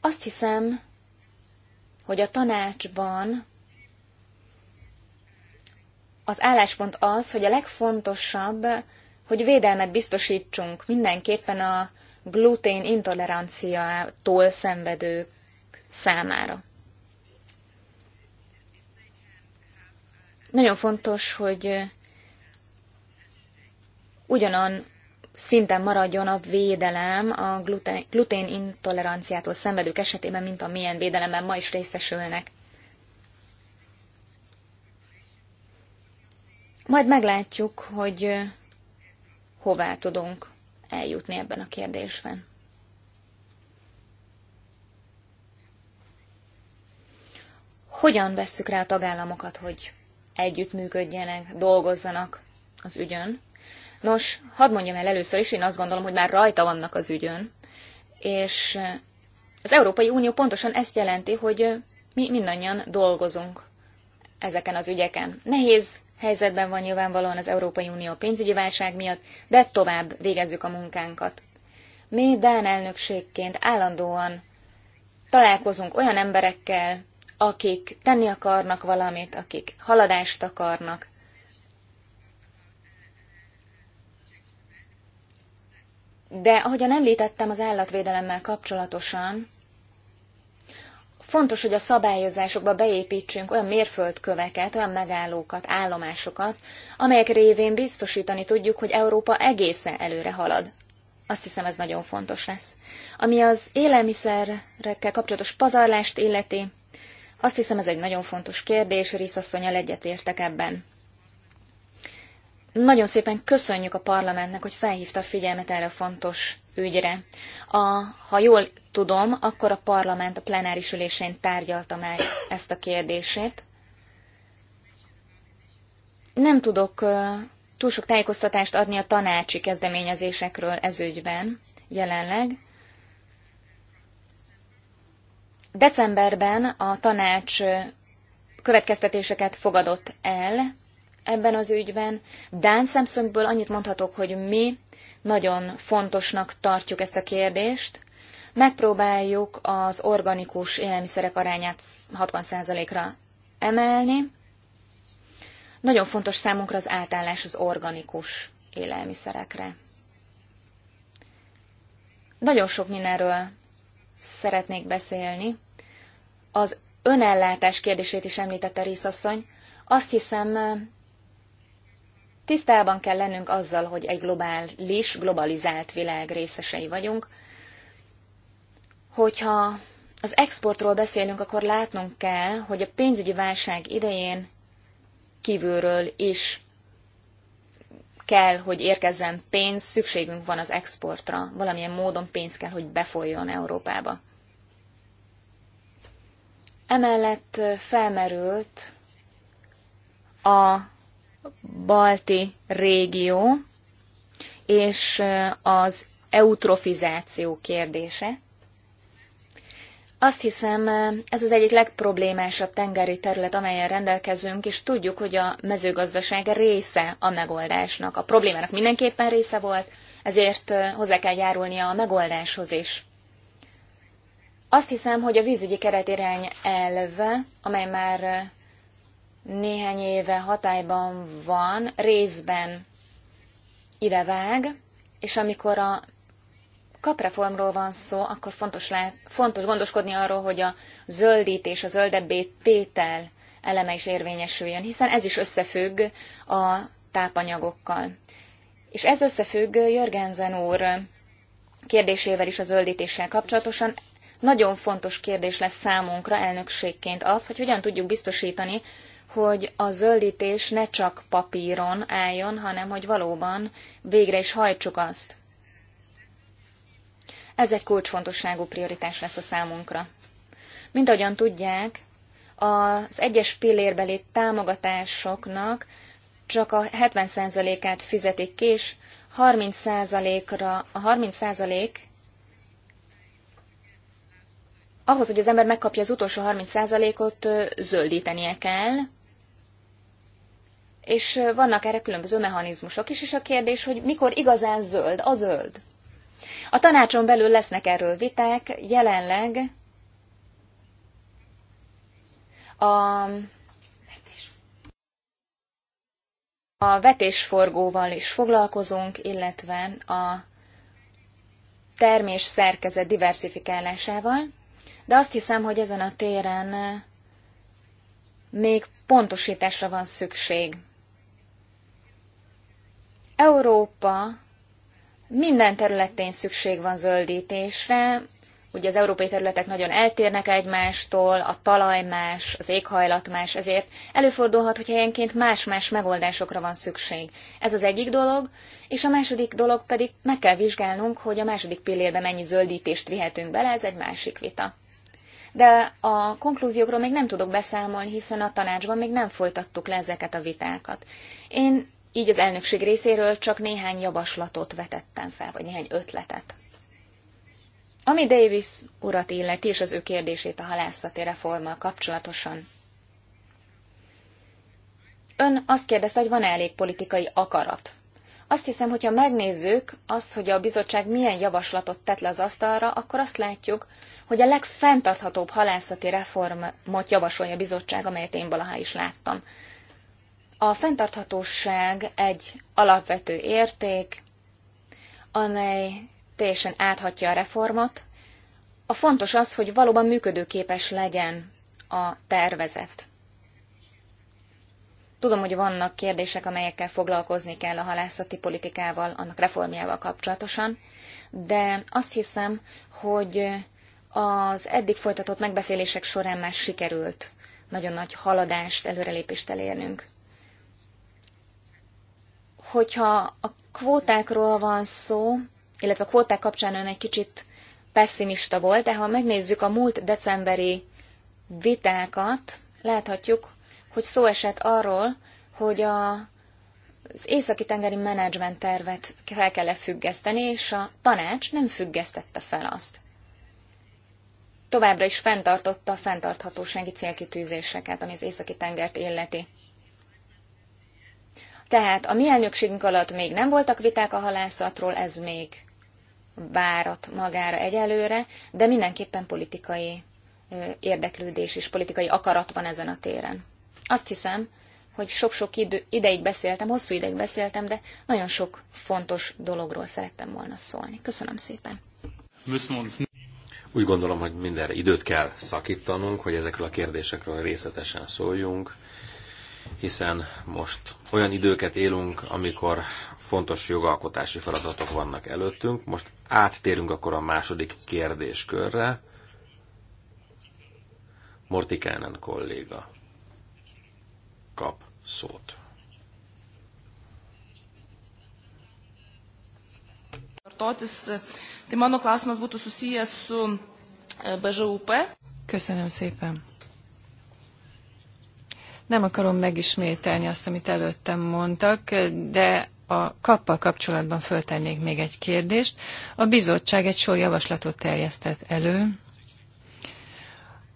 Azt hiszem, hogy a tanácsban az álláspont az, hogy a legfontosabb, hogy védelmet biztosítsunk mindenképpen a glutén intoleranciától szenvedők számára. Nagyon fontos, hogy ugyanan szinten maradjon a védelem a gluten, glutén intoleranciától szenvedők esetében, mint a milyen védelemben ma is részesülnek. Majd meglátjuk, hogy hová tudunk eljutni ebben a kérdésben. Hogyan vesszük rá a tagállamokat, hogy együttműködjenek, dolgozzanak az ügyön? Nos, hadd mondjam el először is, én azt gondolom, hogy már rajta vannak az ügyön, és eh, az Európai Unió pontosan ezt jelenti, hogy eh, mi mindannyian dolgozunk ezeken az ügyeken. Nehéz helyzetben van nyilvánvalóan az Európai Unió pénzügyi válság miatt, de tovább végezzük a munkánkat. Mi Dán elnökségként állandóan találkozunk olyan emberekkel, akik tenni akarnak valamit, akik haladást akarnak, De ahogyan említettem az állatvédelemmel kapcsolatosan, fontos, hogy a szabályozásokba beépítsünk olyan mérföldköveket, olyan megállókat, állomásokat, amelyek révén biztosítani tudjuk, hogy Európa egészen előre halad. Azt hiszem, ez nagyon fontos lesz. Ami az élelmiszerekkel kapcsolatos pazarlást illeti, azt hiszem, ez egy nagyon fontos kérdés, Riszasszonyal egyetértek ebben. Nagyon szépen köszönjük a parlamentnek, hogy felhívta a figyelmet erre a fontos ügyre. A, ha jól tudom, akkor a parlament a plenáris ülésén tárgyalta meg ezt a kérdését. Nem tudok túl sok tájékoztatást adni a tanácsi kezdeményezésekről ügyben jelenleg. Decemberben a tanács következtetéseket fogadott el ebben az ügyben. Dán szemszögből annyit mondhatok, hogy mi nagyon fontosnak tartjuk ezt a kérdést. Megpróbáljuk az organikus élelmiszerek arányát 60%-ra emelni. Nagyon fontos számunkra az átállás az organikus élelmiszerekre. Nagyon sok mindenről szeretnék beszélni. Az önellátás kérdését is említette asszony. Azt hiszem, Tisztában kell lennünk azzal, hogy egy globális, globalizált világ részesei vagyunk. Hogyha az exportról beszélünk, akkor látnunk kell, hogy a pénzügyi válság idején kívülről is kell, hogy érkezzen pénz, szükségünk van az exportra, valamilyen módon pénz kell, hogy befolyjon Európába. Emellett felmerült a balti régió és az eutrofizáció kérdése. Azt hiszem, ez az egyik legproblémásabb tengeri terület, amelyen rendelkezünk, és tudjuk, hogy a mezőgazdaság része a megoldásnak. A problémának mindenképpen része volt, ezért hozzá kell járulnia a megoldáshoz is. Azt hiszem, hogy a vízügyi keretirány elve, amely már néhány éve hatályban van, részben idevág, és amikor a kapreformról van szó, akkor fontos, le, fontos gondoskodni arról, hogy a zöldítés, a zöldebbé tétel eleme is érvényesüljön, hiszen ez is összefügg a tápanyagokkal. És ez összefügg Jörgenzen úr kérdésével is a zöldítéssel kapcsolatosan. Nagyon fontos kérdés lesz számunkra elnökségként az, hogy hogyan tudjuk biztosítani, hogy a zöldítés ne csak papíron álljon, hanem hogy valóban végre is hajtsuk azt. Ez egy kulcsfontosságú prioritás lesz a számunkra. Mint ahogyan tudják, az egyes pillérbeli támogatásoknak csak a 70%-át fizetik ki, és 30%-ra, a 30% ahhoz, hogy az ember megkapja az utolsó 30%-ot, zöldítenie kell, és vannak erre különböző mechanizmusok is, és a kérdés, hogy mikor igazán zöld a zöld. A tanácson belül lesznek erről viták, jelenleg a, a vetésforgóval is foglalkozunk, illetve a termés szerkezet diversifikálásával, de azt hiszem, hogy ezen a téren még pontosításra van szükség. Európa minden területén szükség van zöldítésre, ugye az európai területek nagyon eltérnek egymástól, a talaj más, az éghajlat más, ezért előfordulhat, hogy helyenként más-más megoldásokra van szükség. Ez az egyik dolog, és a második dolog pedig meg kell vizsgálnunk, hogy a második pillérbe mennyi zöldítést vihetünk bele, ez egy másik vita. De a konklúziókról még nem tudok beszámolni, hiszen a tanácsban még nem folytattuk le ezeket a vitákat. Én így az elnökség részéről csak néhány javaslatot vetettem fel, vagy néhány ötletet. Ami Davis urat illeti, és az ő kérdését a halászati reformmal kapcsolatosan. Ön azt kérdezte, hogy van-e elég politikai akarat. Azt hiszem, hogyha megnézzük azt, hogy a bizottság milyen javaslatot tett le az asztalra, akkor azt látjuk, hogy a legfenntarthatóbb halászati reformot javasolja a bizottság, amelyet én valaha is láttam. A fenntarthatóság egy alapvető érték, amely teljesen áthatja a reformot. A fontos az, hogy valóban működőképes legyen a tervezet. Tudom, hogy vannak kérdések, amelyekkel foglalkozni kell a halászati politikával, annak reformjával kapcsolatosan, de azt hiszem, hogy az eddig folytatott megbeszélések során már sikerült nagyon nagy haladást, előrelépést elérnünk. Hogyha a kvótákról van szó, illetve a kvóták kapcsán ön egy kicsit pessimista volt, de ha megnézzük a múlt decemberi vitákat, láthatjuk, hogy szó esett arról, hogy a, az északi-tengeri menedzsment tervet fel kell -e függeszteni, és a tanács nem függesztette fel azt. Továbbra is fenntartotta a fenntarthatósági célkitűzéseket, ami az északi tengert illeti. Tehát a mi elnökségünk alatt még nem voltak viták a halászatról, ez még várat magára egyelőre, de mindenképpen politikai érdeklődés és politikai akarat van ezen a téren. Azt hiszem, hogy sok-sok idő, ideig beszéltem, hosszú ideig beszéltem, de nagyon sok fontos dologról szerettem volna szólni. Köszönöm szépen. Úgy gondolom, hogy mindenre időt kell szakítanunk, hogy ezekről a kérdésekről részletesen szóljunk hiszen most olyan időket élünk, amikor fontos jogalkotási feladatok vannak előttünk. Most áttérünk akkor a második kérdéskörre. Mortikánen kolléga kap szót. E, Köszönöm szépen. Nem akarom megismételni azt, amit előttem mondtak, de a kappal kapcsolatban föltennék még egy kérdést. A bizottság egy sor javaslatot terjesztett elő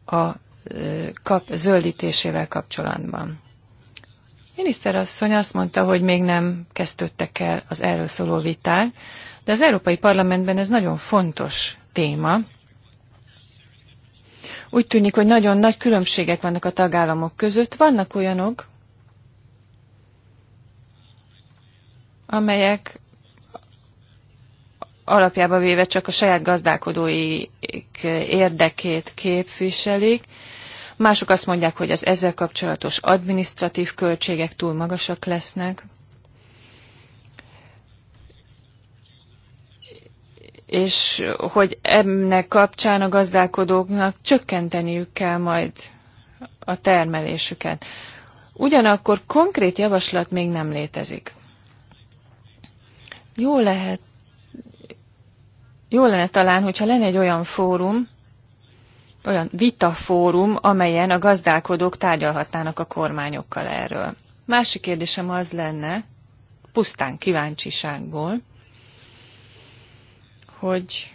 a kap zöldítésével kapcsolatban. Miniszter asszony azt mondta, hogy még nem kezdődtek el az erről szóló viták, de az Európai Parlamentben ez nagyon fontos téma, úgy tűnik, hogy nagyon nagy különbségek vannak a tagállamok között. Vannak olyanok, amelyek alapjába véve csak a saját gazdálkodóik érdekét képviselik. Mások azt mondják, hogy az ezzel kapcsolatos adminisztratív költségek túl magasak lesznek. és hogy ennek kapcsán a gazdálkodóknak csökkenteniük kell majd a termelésüket. Ugyanakkor konkrét javaslat még nem létezik. Jó lehet, jó lenne talán, hogyha lenne egy olyan fórum, olyan vitafórum, amelyen a gazdálkodók tárgyalhatnának a kormányokkal erről. Másik kérdésem az lenne, pusztán kíváncsiságból, hogy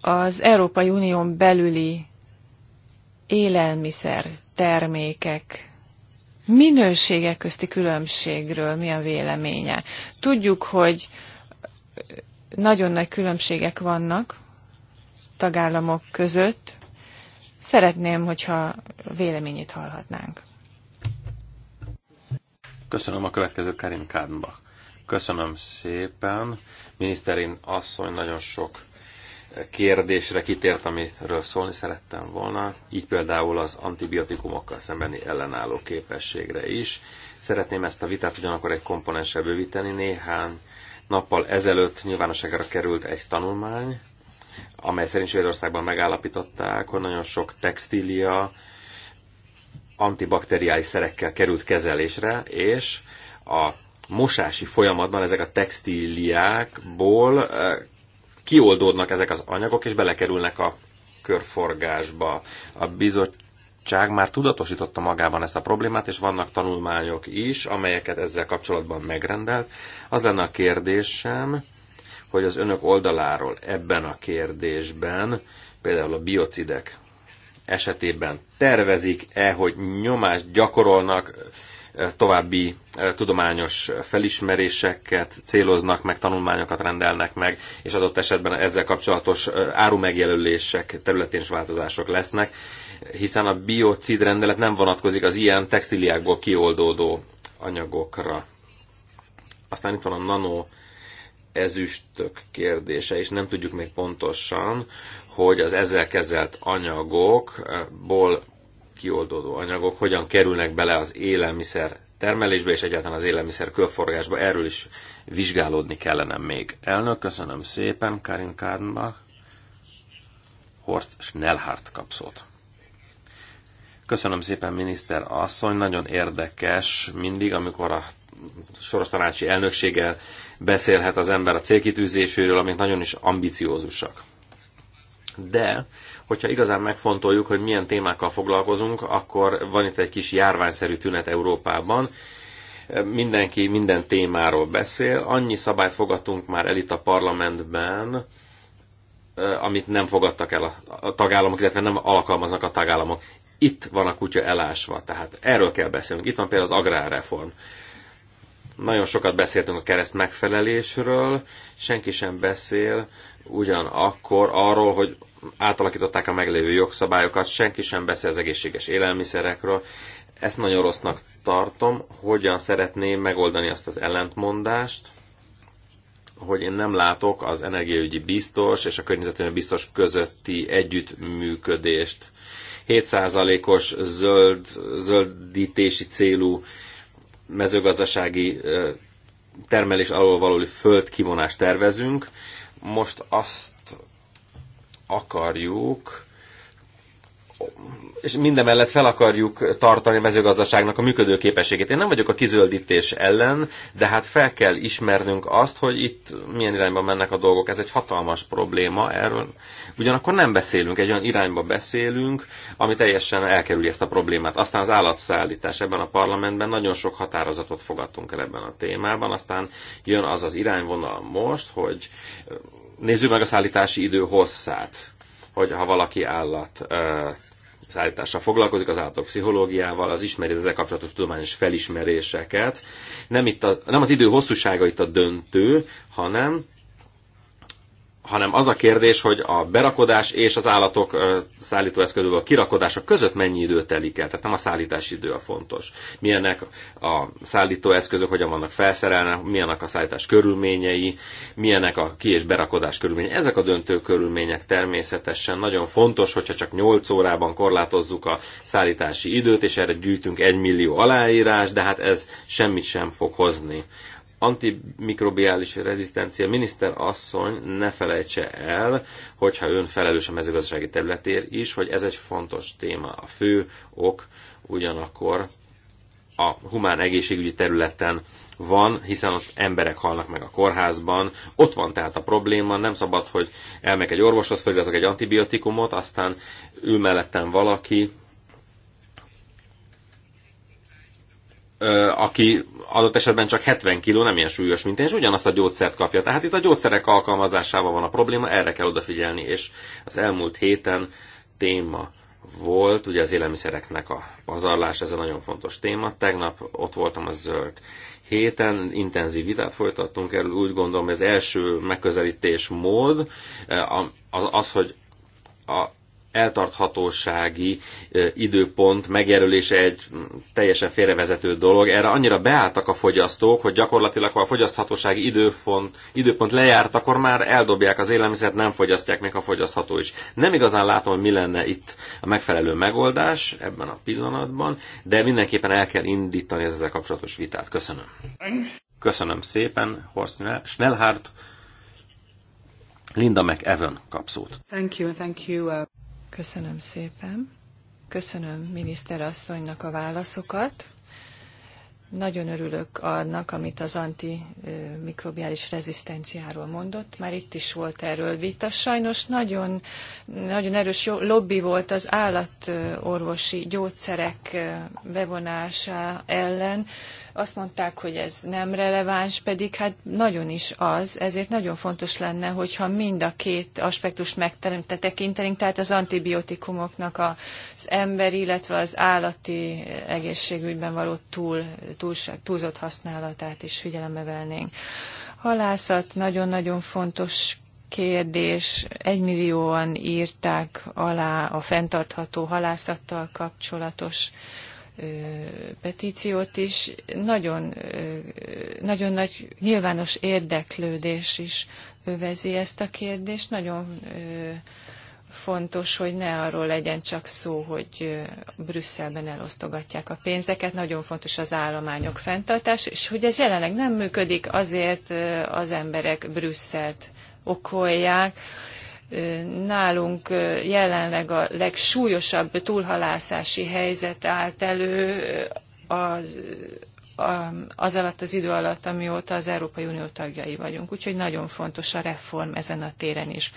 az Európai Unión belüli élelmiszer termékek minőségek közti különbségről mi a véleménye? Tudjuk, hogy nagyon nagy különbségek vannak tagállamok között. Szeretném, hogyha véleményét hallhatnánk. Köszönöm a következő Karim Kádnbach. Köszönöm szépen. Miniszterin asszony nagyon sok kérdésre kitért, amiről szólni szerettem volna, így például az antibiotikumokkal szembeni ellenálló képességre is. Szeretném ezt a vitát ugyanakkor egy komponenssel bővíteni. Néhány nappal ezelőtt nyilvánosságra került egy tanulmány, amely szerint Svédországban megállapították, hogy nagyon sok textília antibakteriális szerekkel került kezelésre, és a mosási folyamatban ezek a textíliákból eh, kioldódnak ezek az anyagok, és belekerülnek a körforgásba. A bizottság már tudatosította magában ezt a problémát, és vannak tanulmányok is, amelyeket ezzel kapcsolatban megrendelt. Az lenne a kérdésem, hogy az önök oldaláról ebben a kérdésben, például a biocidek esetében tervezik-e, hogy nyomást gyakorolnak, további tudományos felismeréseket céloznak meg, tanulmányokat rendelnek meg, és adott esetben ezzel kapcsolatos árumegjelölések területén is változások lesznek, hiszen a biocid rendelet nem vonatkozik az ilyen textiliákból kioldódó anyagokra. Aztán itt van a nano ezüstök kérdése, és nem tudjuk még pontosan, hogy az ezzel kezelt anyagokból kioldódó anyagok hogyan kerülnek bele az élelmiszer termelésbe és egyáltalán az élelmiszer körforgásba. Erről is vizsgálódni kellene még. Elnök, köszönöm szépen, Karin Kárnbach. Horst Schnellhardt kapszót. Köszönöm szépen, miniszter asszony. Nagyon érdekes mindig, amikor a soros tanácsi elnökséggel beszélhet az ember a célkitűzéséről, amik nagyon is ambiciózusak de hogyha igazán megfontoljuk, hogy milyen témákkal foglalkozunk, akkor van itt egy kis járványszerű tünet Európában, mindenki minden témáról beszél. Annyi szabályt fogadtunk már el itt a parlamentben, eh, amit nem fogadtak el a tagállamok, illetve nem alkalmaznak a tagállamok. Itt van a kutya elásva, tehát erről kell beszélnünk. Itt van például az agrárreform. Nagyon sokat beszéltünk a kereszt megfelelésről, senki sem beszél ugyanakkor arról, hogy átalakították a meglévő jogszabályokat, senki sem beszél az egészséges élelmiszerekről. Ezt nagyon rossznak tartom, hogyan szeretném megoldani azt az ellentmondást, hogy én nem látok az energiaügyi biztos és a környezetügyi biztos közötti együttműködést. 7%-os zöld, zöldítési célú mezőgazdasági termelés alól való földkivonást tervezünk. Most azt akarjuk, és mindemellett fel akarjuk tartani a mezőgazdaságnak a működő képességét. Én nem vagyok a kizöldítés ellen, de hát fel kell ismernünk azt, hogy itt milyen irányba mennek a dolgok. Ez egy hatalmas probléma, erről ugyanakkor nem beszélünk, egy olyan irányba beszélünk, ami teljesen elkerüli ezt a problémát. Aztán az állatszállítás ebben a parlamentben nagyon sok határozatot fogadtunk el ebben a témában, aztán jön az az irányvonal most, hogy Nézzük meg a szállítási idő hosszát, hogy ha valaki állat szállítással foglalkozik, az állatok pszichológiával, az ismeri ezzel kapcsolatos tudományos felismeréseket. Nem, itt a, nem az idő hosszúsága itt a döntő, hanem hanem az a kérdés, hogy a berakodás és az állatok szállítóeszközből a kirakodása között mennyi idő telik el, tehát nem a szállítási idő a fontos. Milyenek a szállítóeszközök, hogyan vannak felszerelve, milyenek a szállítás körülményei, milyenek a ki- és berakodás körülményei. Ezek a döntő körülmények természetesen nagyon fontos, hogyha csak 8 órában korlátozzuk a szállítási időt, és erre gyűjtünk 1 millió aláírás, de hát ez semmit sem fog hozni antimikrobiális rezisztencia miniszter asszony ne felejtse el, hogyha ön felelős a mezőgazdasági területért is, hogy ez egy fontos téma. A fő ok ugyanakkor a humán egészségügyi területen van, hiszen ott emberek halnak meg a kórházban. Ott van tehát a probléma, nem szabad, hogy elmek egy orvoshoz, feliratok egy antibiotikumot, aztán ő mellettem valaki, aki adott esetben csak 70 kg, nem ilyen súlyos, mint én, és ugyanazt a gyógyszert kapja. Tehát itt a gyógyszerek alkalmazásával van a probléma, erre kell odafigyelni, és az elmúlt héten téma volt, ugye az élelmiszereknek a pazarlás, ez egy nagyon fontos téma. Tegnap ott voltam a zöld héten, intenzív vitát folytattunk erről, úgy gondolom, ez első megközelítés mód az, az hogy a, eltarthatósági időpont megjelölése egy teljesen félrevezető dolog. Erre annyira beálltak a fogyasztók, hogy gyakorlatilag, ha a fogyaszthatósági időpont, időpont lejárt, akkor már eldobják az élelmiszert, nem fogyasztják, még a fogyasztható is. Nem igazán látom, hogy mi lenne itt a megfelelő megoldás ebben a pillanatban, de mindenképpen el kell indítani ezzel kapcsolatos vitát. Köszönöm. Köszönöm szépen, Horst Schnellhardt. Linda McEvan kapszót. Thank you, thank you. Uh, Köszönöm szépen. Köszönöm miniszter asszonynak a válaszokat. Nagyon örülök annak, amit az antimikrobiális rezisztenciáról mondott. Már itt is volt erről vita. Sajnos nagyon, nagyon erős lobby volt az állatorvosi gyógyszerek bevonása ellen azt mondták, hogy ez nem releváns, pedig hát nagyon is az, ezért nagyon fontos lenne, hogyha mind a két aspektus megtekintenénk, tehát az antibiotikumoknak az emberi, illetve az állati egészségügyben való túl, túlság, túlzott használatát is figyelembe velnénk. Halászat nagyon-nagyon fontos kérdés. Egymillióan írták alá a fenntartható halászattal kapcsolatos petíciót is. Nagyon, nagyon nagy nyilvános érdeklődés is övezi ezt a kérdést. Nagyon fontos, hogy ne arról legyen csak szó, hogy Brüsszelben elosztogatják a pénzeket, nagyon fontos az állományok fenntartás, és hogy ez jelenleg nem működik, azért az emberek Brüsszelt okolják, nálunk jelenleg a legsúlyosabb túlhalászási helyzet állt elő az, az alatt az idő alatt, amióta az Európai Unió tagjai vagyunk. Úgyhogy nagyon fontos a reform ezen a téren is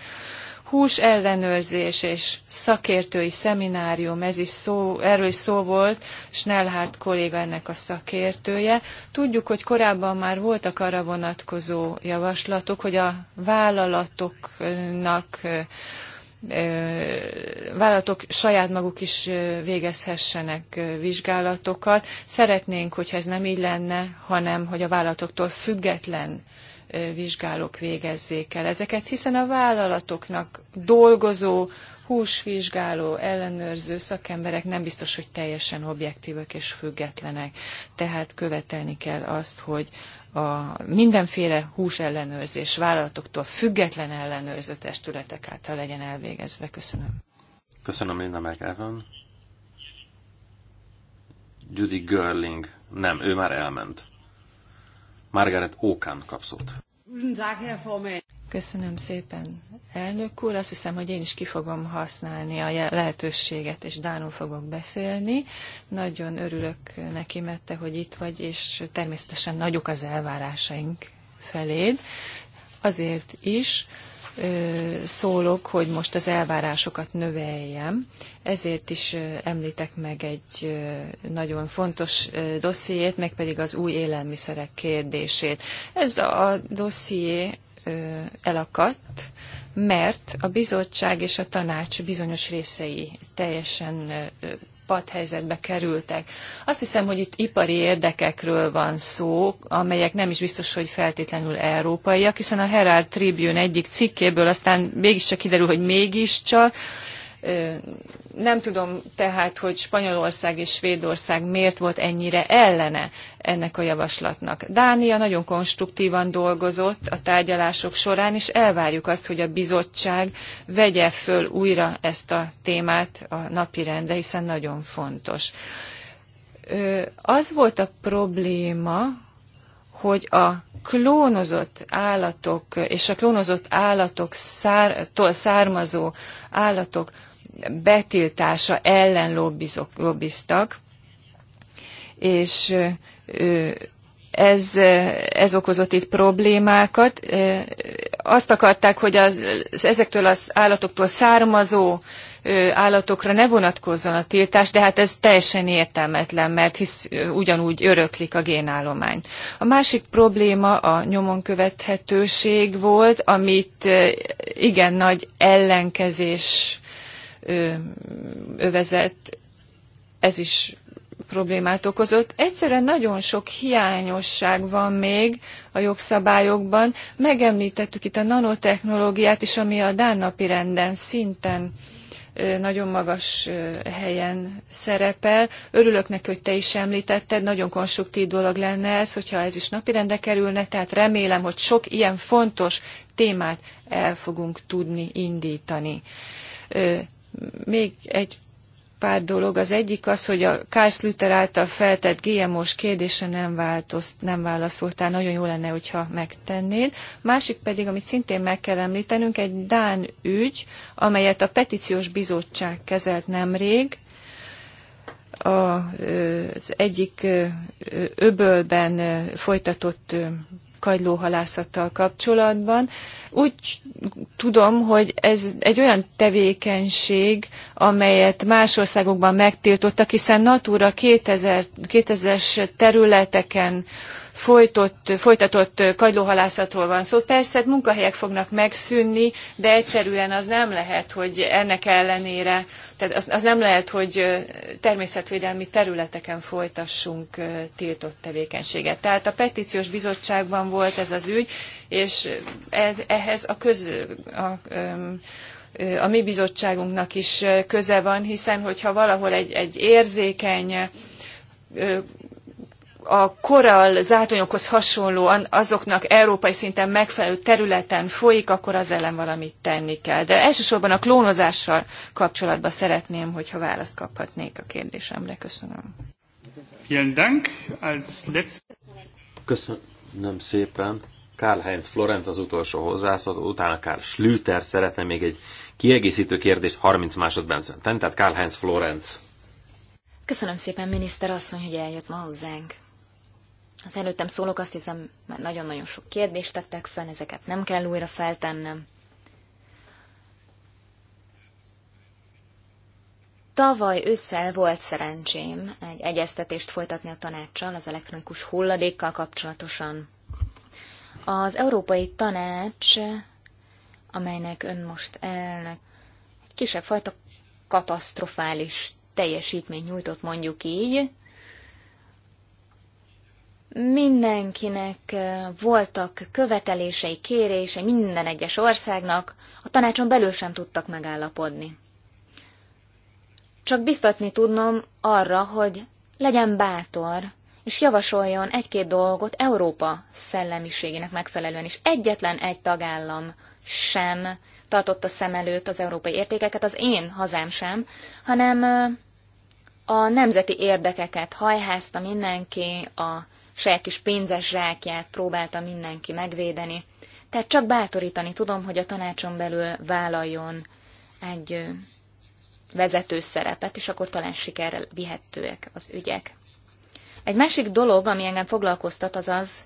hús ellenőrzés és szakértői szeminárium, ez is szó, erről is szó volt, Snellhardt kolléga ennek a szakértője. Tudjuk, hogy korábban már voltak arra vonatkozó javaslatok, hogy a vállalatoknak vállalatok saját maguk is végezhessenek vizsgálatokat. Szeretnénk, hogyha ez nem így lenne, hanem hogy a vállalatoktól független vizsgálók végezzék el ezeket, hiszen a vállalatoknak dolgozó, húsvizsgáló, ellenőrző szakemberek nem biztos, hogy teljesen objektívek és függetlenek. Tehát követelni kell azt, hogy a mindenféle húsellenőrzés vállalatoktól független ellenőrző testületek által legyen elvégezve. Köszönöm. Köszönöm Linda meg Judy Görling. Nem, ő már elment. Margaret Ókán kapszott. Köszönöm szépen, elnök úr. Azt hiszem, hogy én is ki fogom használni a lehetőséget, és Dánul fogok beszélni. Nagyon örülök neki, Mette, hogy itt vagy, és természetesen nagyok az elvárásaink feléd. Azért is, szólok, hogy most az elvárásokat növeljem. Ezért is említek meg egy nagyon fontos dossziét, meg pedig az új élelmiszerek kérdését. Ez a dosszié elakadt, mert a bizottság és a tanács bizonyos részei teljesen padhelyzetbe kerültek. Azt hiszem, hogy itt ipari érdekekről van szó, amelyek nem is biztos, hogy feltétlenül európaiak, hiszen a Herald Tribune egyik cikkéből aztán mégiscsak kiderül, hogy mégiscsak nem tudom tehát, hogy Spanyolország és Svédország miért volt ennyire ellene ennek a javaslatnak. Dánia nagyon konstruktívan dolgozott a tárgyalások során, és elvárjuk azt, hogy a bizottság vegye föl újra ezt a témát a rendre, hiszen nagyon fontos. Az volt a probléma, hogy a klónozott állatok és a klónozott állatok szár, származó állatok betiltása ellen lobbizok, lobbiztak, és ez, ez okozott itt problémákat. Azt akarták, hogy az, ezektől az állatoktól származó állatokra ne vonatkozzon a tiltás, de hát ez teljesen értelmetlen, mert hisz ugyanúgy öröklik a génállomány. A másik probléma a nyomon követhetőség volt, amit igen nagy ellenkezés övezet, ez is problémát okozott. Egyszerűen nagyon sok hiányosság van még a jogszabályokban. Megemlítettük itt a nanotechnológiát is, ami a Dán napirenden renden szinten nagyon magas helyen szerepel. Örülök neki, hogy te is említetted, nagyon konstruktív dolog lenne ez, hogyha ez is napirendre kerülne, tehát remélem, hogy sok ilyen fontos témát el fogunk tudni indítani még egy pár dolog. Az egyik az, hogy a Kársz Luther által feltett GMO-s kérdése nem, változt, nem válaszoltál, nagyon jó lenne, hogyha megtennéd. Másik pedig, amit szintén meg kell említenünk, egy Dán ügy, amelyet a petíciós bizottság kezelt nemrég, az egyik öbölben folytatott kagylóhalászattal kapcsolatban. Úgy tudom, hogy ez egy olyan tevékenység, amelyet más országokban megtiltottak, hiszen Natura 2000, 2000-es területeken folytott, folytatott kagylóhalászatról van szó. Persze munkahelyek fognak megszűnni, de egyszerűen az nem lehet, hogy ennek ellenére, tehát az, az nem lehet, hogy természetvédelmi területeken folytassunk tiltott tevékenységet. Tehát a petíciós bizottságban volt ez az ügy, és e, ehhez a köz... A, a mi bizottságunknak is köze van, hiszen hogyha valahol egy, egy érzékeny a korall zátonyokhoz hasonlóan azoknak európai szinten megfelelő területen folyik, akkor az ellen valamit tenni kell. De elsősorban a klónozással kapcsolatban szeretném, hogyha választ kaphatnék a kérdésemre. Köszönöm. Köszönöm szépen. Karl-Heinz Florenz az utolsó hozzászóló, utána Karl Schlüter szeretne még egy kiegészítő kérdést 30 másodpercben tenni, tehát Karl-Heinz Florenz. Köszönöm szépen, miniszter asszony, hogy eljött ma hozzánk. Az előttem szólok, azt hiszem, már nagyon-nagyon sok kérdést tettek fel, ezeket nem kell újra feltennem. Tavaly ősszel volt szerencsém egy egyeztetést folytatni a tanácssal az elektronikus hulladékkal kapcsolatosan. Az Európai Tanács, amelynek ön most elnök, egy kisebb fajta katasztrofális teljesítmény nyújtott mondjuk így, mindenkinek eh, voltak követelései, kérései minden egyes országnak, a tanácson belül sem tudtak megállapodni. Csak biztatni tudnom arra, hogy legyen bátor, és javasoljon egy-két dolgot Európa szellemiségének megfelelően is. Egyetlen egy tagállam sem tartotta szem előtt az európai értékeket, az én hazám sem, hanem eh, a nemzeti érdekeket hajházta mindenki, a saját kis pénzes zsákját próbálta mindenki megvédeni. Tehát csak bátorítani tudom, hogy a tanácson belül vállaljon egy vezető szerepet, és akkor talán sikerrel vihetőek az ügyek. Egy másik dolog, ami engem foglalkoztat, az az,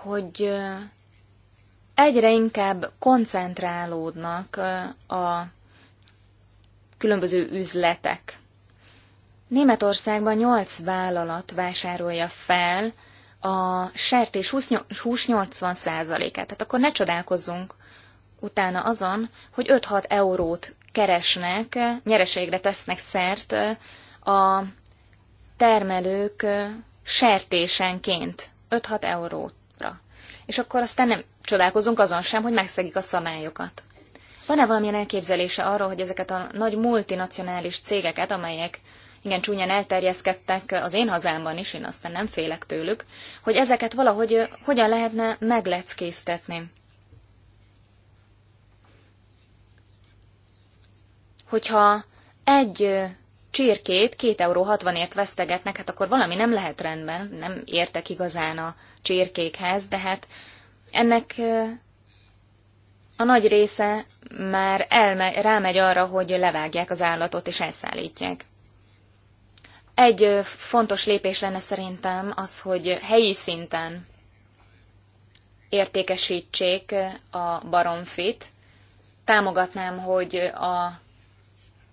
hogy egyre inkább koncentrálódnak a különböző üzletek Németországban 8 vállalat vásárolja fel a sertés hús 80 százalékát. Tehát akkor ne csodálkozzunk utána azon, hogy 5-6 eurót keresnek, nyereségre tesznek szert a termelők sertésenként 5-6 euróra. És akkor aztán nem csodálkozunk azon sem, hogy megszegik a szabályokat. Van-e valamilyen elképzelése arról, hogy ezeket a nagy multinacionális cégeket, amelyek igen csúnyán elterjeszkedtek az én hazámban is, én aztán nem félek tőlük, hogy ezeket valahogy hogyan lehetne megleckéztetni. Hogyha egy csirkét 2,60 euró ért vesztegetnek, hát akkor valami nem lehet rendben, nem értek igazán a csirkékhez, de hát ennek a nagy része már elme, rámegy arra, hogy levágják az állatot és elszállítják. Egy fontos lépés lenne szerintem az, hogy helyi szinten értékesítsék a baromfit. Támogatnám, hogy a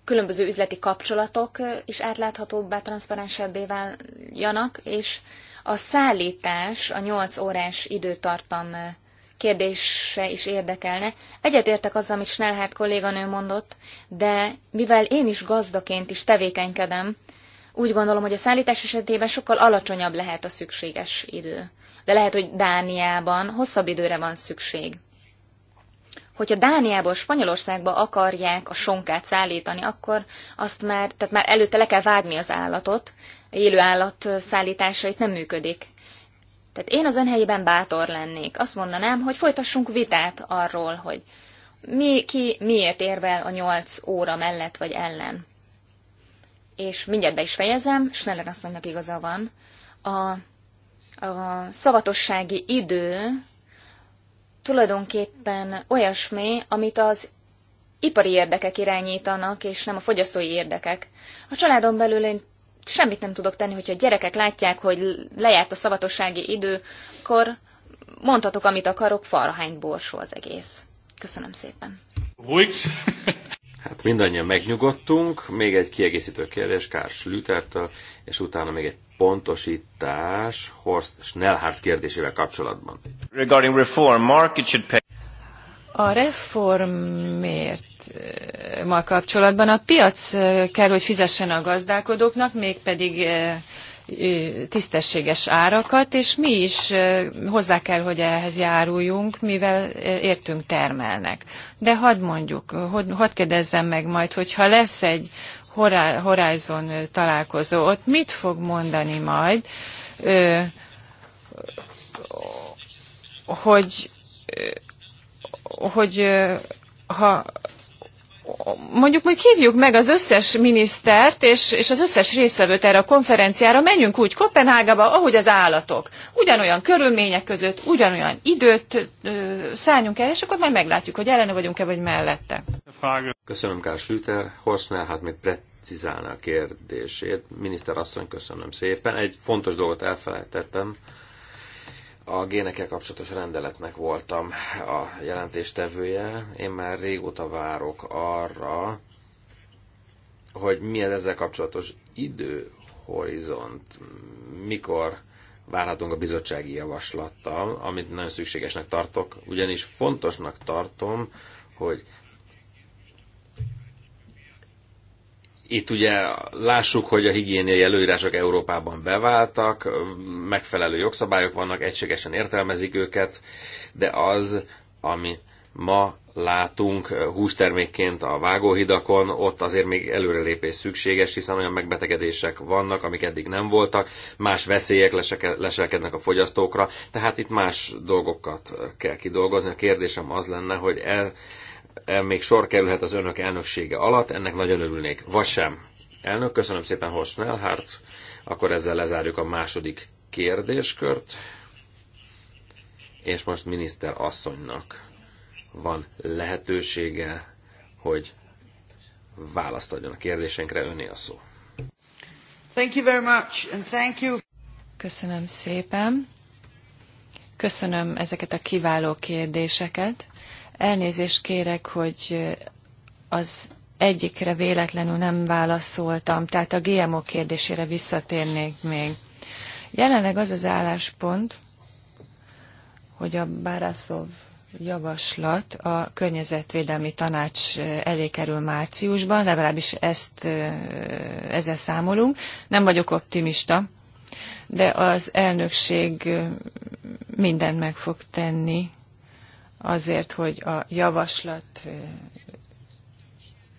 különböző üzleti kapcsolatok is átláthatóbbá, transzparensebbé váljanak, és a szállítás, a 8 órás időtartam kérdése is érdekelne. Egyetértek azzal, amit Schnellhardt kolléganő mondott, de mivel én is gazdaként is tevékenykedem, úgy gondolom, hogy a szállítás esetében sokkal alacsonyabb lehet a szükséges idő. De lehet, hogy Dániában hosszabb időre van szükség. Hogyha Dániából Spanyolországba akarják a sonkát szállítani, akkor azt már, tehát már előtte le kell vágni az állatot, élő állat szállításait nem működik. Tehát én az ön helyében bátor lennék. Azt mondanám, hogy folytassunk vitát arról, hogy mi, ki miért érvel a nyolc óra mellett vagy ellen és mindjárt be is fejezem, Schneller asszonynak igaza van, a, a szavatossági idő tulajdonképpen olyasmi, amit az ipari érdekek irányítanak, és nem a fogyasztói érdekek. A családon belül én semmit nem tudok tenni, hogyha a gyerekek látják, hogy lejárt a szavatossági idő, akkor mondhatok, amit akarok, falrahányt borsó az egész. Köszönöm szépen. Úgy. Hát mindannyian megnyugodtunk. Még egy kiegészítő kérdés Kár Slütertől, és utána még egy pontosítás Horst Schnellhardt kérdésével kapcsolatban. Regarding reform, market should pay. A reformért eh, ma kapcsolatban a piac eh, kell, hogy fizessen a gazdálkodóknak, mégpedig eh, tisztességes árakat, és mi is hozzá kell, hogy ehhez járuljunk, mivel értünk termelnek. De hadd mondjuk, hadd, hadd kérdezzem meg majd, hogyha lesz egy Horizon találkozó, ott mit fog mondani majd, hogy, hogy ha mondjuk majd hívjuk meg az összes minisztert és, és az összes részvevőt erre a konferenciára, menjünk úgy Kopenhágába, ahogy az állatok. Ugyanolyan körülmények között, ugyanolyan időt ö, szálljunk el, és akkor majd meglátjuk, hogy ellene vagyunk-e, vagy mellette. Köszönöm, Kár Schlüter. Horsnál hát még precizálna a kérdését. Miniszter asszony, köszönöm szépen. Egy fontos dolgot elfelejtettem a génekkel kapcsolatos rendeletnek voltam a jelentéstevője. Én már régóta várok arra, hogy milyen ezzel kapcsolatos időhorizont, mikor várhatunk a bizottsági javaslattal, amit nagyon szükségesnek tartok, ugyanis fontosnak tartom, hogy Itt ugye lássuk, hogy a higiéniai előírások Európában beváltak, megfelelő jogszabályok vannak, egységesen értelmezik őket, de az, ami ma látunk hústermékként a vágóhidakon, ott azért még előrelépés szükséges, hiszen olyan megbetegedések vannak, amik eddig nem voltak, más veszélyek leselkednek a fogyasztókra, tehát itt más dolgokat kell kidolgozni. A kérdésem az lenne, hogy el, Eh, még sor kerülhet az önök elnöksége alatt, ennek nagyon örülnék. Vagy sem. Elnök, köszönöm szépen Horsnellhárt. Akkor ezzel lezárjuk a második kérdéskört. És most miniszter asszonynak van lehetősége, hogy választ adjon a kérdésénkre. öné a szó. Thank you very much, and thank you. Köszönöm szépen. Köszönöm ezeket a kiváló kérdéseket. Elnézést kérek, hogy az egyikre véletlenül nem válaszoltam, tehát a GMO kérdésére visszatérnék még. Jelenleg az az álláspont, hogy a Báraszov javaslat a környezetvédelmi tanács elé kerül márciusban, legalábbis ezt, ezzel számolunk. Nem vagyok optimista, de az elnökség mindent meg fog tenni azért, hogy a javaslat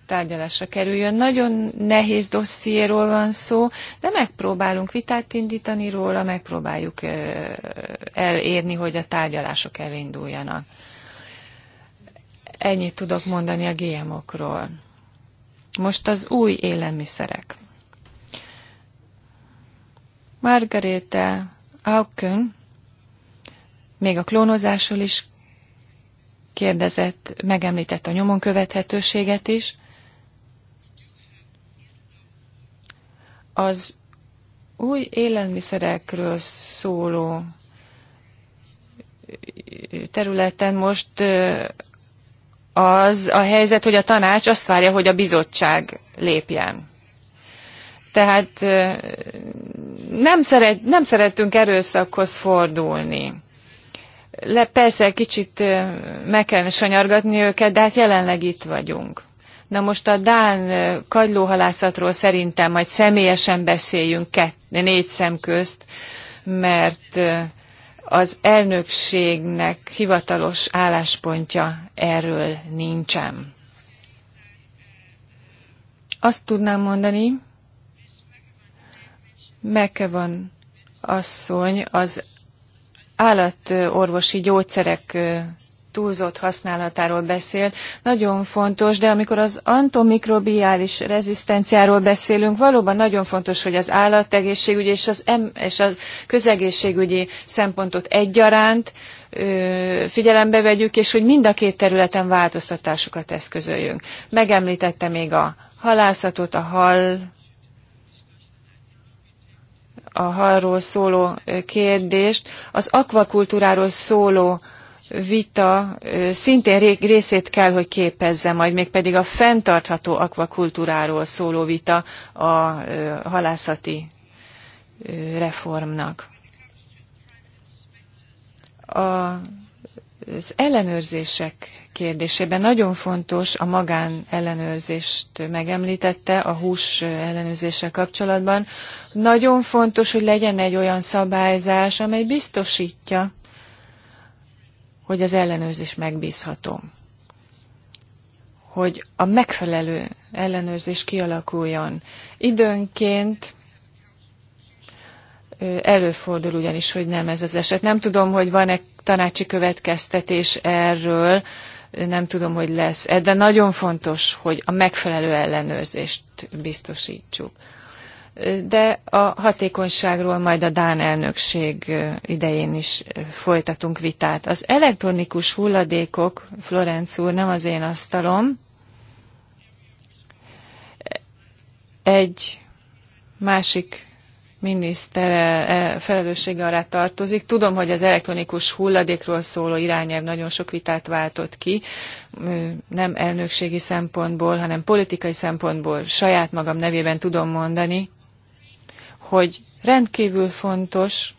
tárgyalásra kerüljön. Nagyon nehéz dossziéról van szó, de megpróbálunk vitát indítani róla, megpróbáljuk elérni, hogy a tárgyalások elinduljanak. Ennyit tudok mondani a GMO-król. Most az új élelmiszerek. Margarete Auken még a klónozásról is kérdezett, megemlített a nyomon követhetőséget is. Az új élelmiszerekről szóló területen most az a helyzet, hogy a tanács azt várja, hogy a bizottság lépjen. Tehát nem, szeret, nem szerettünk erőszakhoz fordulni le, persze kicsit meg kellene sanyargatni őket, de hát jelenleg itt vagyunk. Na most a Dán kagylóhalászatról szerintem majd személyesen beszéljünk kett, négy szem közt, mert az elnökségnek hivatalos álláspontja erről nincsen. Azt tudnám mondani, van asszony az állatorvosi gyógyszerek túlzott használatáról beszélt. Nagyon fontos, de amikor az antimikrobiális rezisztenciáról beszélünk, valóban nagyon fontos, hogy az állategészségügyi és, az em- és a közegészségügyi szempontot egyaránt ö, figyelembe vegyük, és hogy mind a két területen változtatásokat eszközöljünk. Megemlítette még a halászatot, a hal a halról szóló kérdést. Az akvakultúráról szóló vita szintén részét kell, hogy képezze majd, mégpedig a fenntartható akvakultúráról szóló vita a halászati reformnak. A az ellenőrzések kérdésében nagyon fontos, a magán ellenőrzést megemlítette a hús ellenőrzéssel kapcsolatban. Nagyon fontos, hogy legyen egy olyan szabályzás, amely biztosítja, hogy az ellenőrzés megbízható. Hogy a megfelelő ellenőrzés kialakuljon. Időnként Előfordul ugyanis, hogy nem ez az eset. Nem tudom, hogy van-e tanácsi következtetés erről, nem tudom, hogy lesz de nagyon fontos, hogy a megfelelő ellenőrzést biztosítsuk. De a hatékonyságról majd a Dán elnökség idején is folytatunk vitát. Az elektronikus hulladékok, Florenc úr, nem az én asztalom, egy másik minisztere e, felelőssége alá tartozik. Tudom, hogy az elektronikus hulladékról szóló irányelv nagyon sok vitát váltott ki, nem elnökségi szempontból, hanem politikai szempontból saját magam nevében tudom mondani, hogy rendkívül fontos,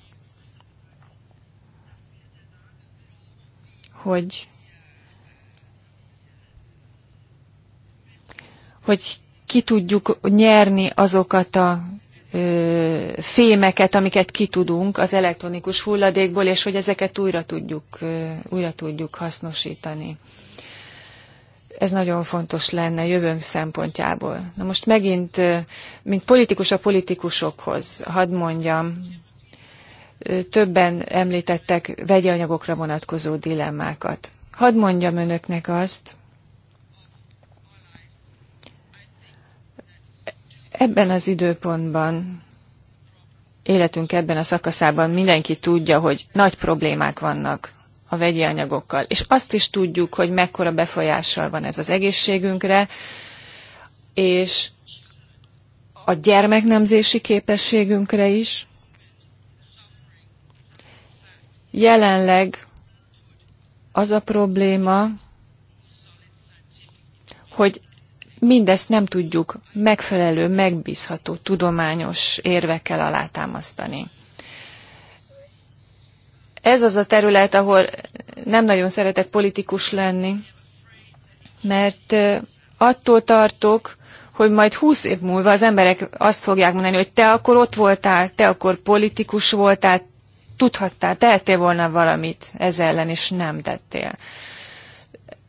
hogy hogy ki tudjuk nyerni azokat a fémeket, amiket kitudunk az elektronikus hulladékból, és hogy ezeket újra tudjuk, újra tudjuk hasznosítani. Ez nagyon fontos lenne jövőnk szempontjából. Na most megint, mint politikus a politikusokhoz, hadd mondjam, többen említettek vegyi anyagokra vonatkozó dilemmákat. Hadd mondjam önöknek azt, Ebben az időpontban, életünk ebben a szakaszában mindenki tudja, hogy nagy problémák vannak a vegyi anyagokkal, és azt is tudjuk, hogy mekkora befolyással van ez az egészségünkre, és a gyermeknemzési képességünkre is. Jelenleg az a probléma, hogy mindezt nem tudjuk megfelelő, megbízható tudományos érvekkel alátámasztani. Ez az a terület, ahol nem nagyon szeretek politikus lenni, mert attól tartok, hogy majd húsz év múlva az emberek azt fogják mondani, hogy te akkor ott voltál, te akkor politikus voltál, tudhattál, tehetél volna valamit ez ellen, és nem tettél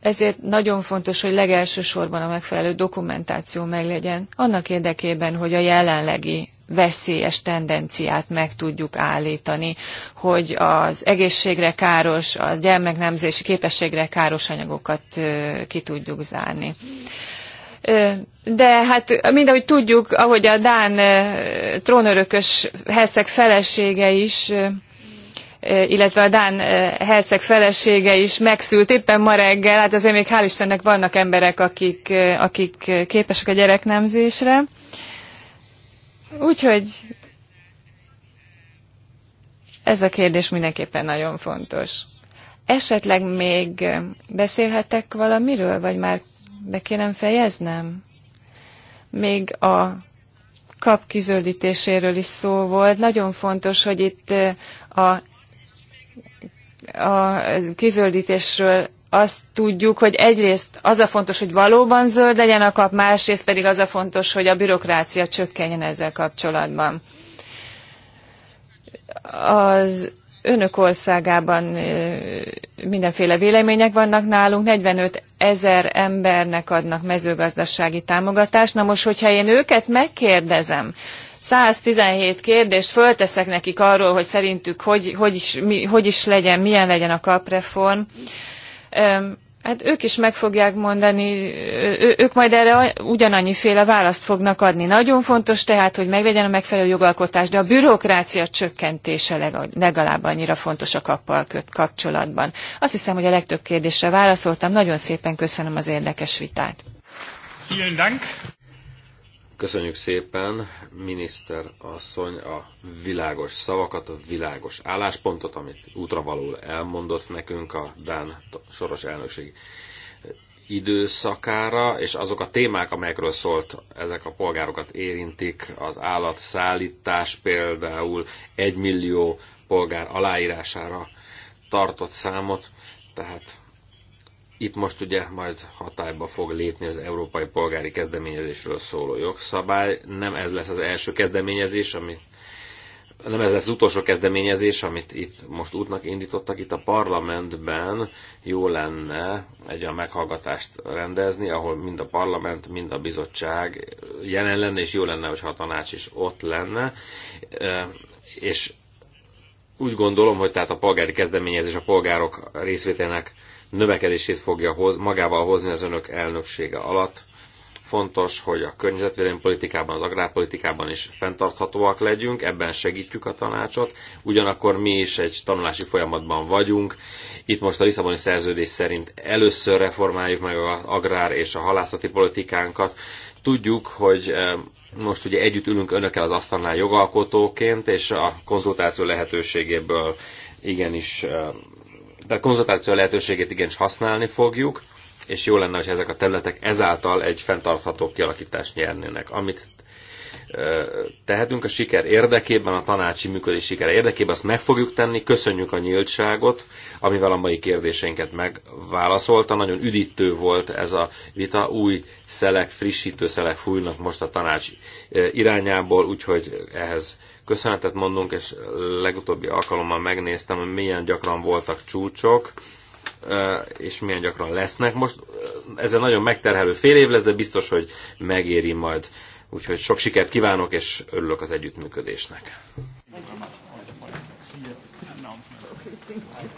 ezért nagyon fontos, hogy legelsősorban a megfelelő dokumentáció meglegyen, annak érdekében, hogy a jelenlegi veszélyes tendenciát meg tudjuk állítani, hogy az egészségre káros, a gyermeknemzési képességre káros anyagokat ki tudjuk zárni. De hát mindahogy tudjuk, ahogy a Dán trónörökös herceg felesége is illetve a Dán herceg felesége is megszült éppen ma reggel, hát azért még hál' Istennek vannak emberek, akik, akik képesek a gyereknemzésre. Úgyhogy ez a kérdés mindenképpen nagyon fontos. Esetleg még beszélhetek valamiről, vagy már be kérem fejeznem? Még a kap kizöldítéséről is szó volt. Nagyon fontos, hogy itt a a kizöldítésről azt tudjuk, hogy egyrészt az a fontos, hogy valóban zöld legyen a kap, másrészt pedig az a fontos, hogy a bürokrácia csökkenjen ezzel kapcsolatban. Az önök országában mindenféle vélemények vannak nálunk, 45 ezer embernek adnak mezőgazdasági támogatást. Na most, hogyha én őket megkérdezem, 117 kérdést fölteszek nekik arról, hogy szerintük hogy, hogy, is, mi, hogy is legyen, milyen legyen a kapreform. Hát ők is meg fogják mondani, ő, ők majd erre ugyanannyiféle választ fognak adni. Nagyon fontos tehát, hogy meglegyen a megfelelő jogalkotás, de a bürokrácia csökkentése legalább annyira fontos a kappal kapcsolatban. Azt hiszem, hogy a legtöbb kérdésre válaszoltam. Nagyon szépen köszönöm az érdekes vitát. Vielen Dank. Köszönjük szépen, miniszter asszony, a világos szavakat, a világos álláspontot, amit útravalóul elmondott nekünk a Dán soros elnökség időszakára, és azok a témák, amelyekről szólt, ezek a polgárokat érintik, az állatszállítás például egymillió polgár aláírására tartott számot, tehát itt most ugye majd hatályba fog lépni az európai polgári kezdeményezésről szóló jogszabály. Nem ez lesz az első kezdeményezés, ami nem ez lesz az utolsó kezdeményezés, amit itt most útnak indítottak. Itt a parlamentben jó lenne egy olyan meghallgatást rendezni, ahol mind a parlament, mind a bizottság jelen lenne, és jó lenne, hogyha a tanács is ott lenne. És úgy gondolom, hogy tehát a polgári kezdeményezés a polgárok részvételnek növekedését fogja hoz, magával hozni az önök elnöksége alatt. Fontos, hogy a környezetvédelmi politikában, az agrárpolitikában is fenntarthatóak legyünk, ebben segítjük a tanácsot, ugyanakkor mi is egy tanulási folyamatban vagyunk. Itt most a Lisszaboni szerződés szerint először reformáljuk meg az agrár és a halászati politikánkat. Tudjuk, hogy eh, most ugye együtt ülünk önökkel az asztalnál jogalkotóként, és a konzultáció lehetőségéből igenis eh, de a konzultáció lehetőségét igenis használni fogjuk, és jó lenne, hogy ezek a területek ezáltal egy fenntartható kialakítást nyernének. Amit tehetünk a siker érdekében, a tanácsi működés sikere érdekében, azt meg fogjuk tenni, köszönjük a nyíltságot, amivel a mai kérdéseinket megválaszolta. Nagyon üdítő volt ez a vita, új szelek, frissítő szelek fújnak most a tanács irányából, úgyhogy ehhez köszönetet mondunk, és legutóbbi alkalommal megnéztem, hogy milyen gyakran voltak csúcsok, és milyen gyakran lesznek. Most ez egy nagyon megterhelő fél év lesz, de biztos, hogy megéri majd. Úgyhogy sok sikert kívánok, és örülök az együttműködésnek. Thank you.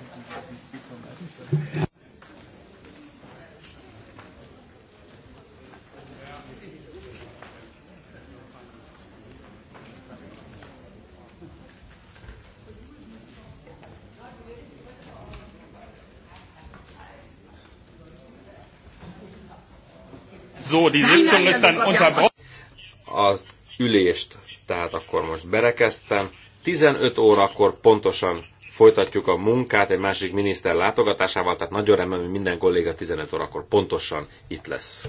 So, die Sitzung ist dann unterbrochen. A ülést tehát akkor most berekeztem. 15 órakor pontosan folytatjuk a munkát egy másik miniszter látogatásával, tehát nagyon remélem, hogy minden kolléga 15 órakor pontosan itt lesz.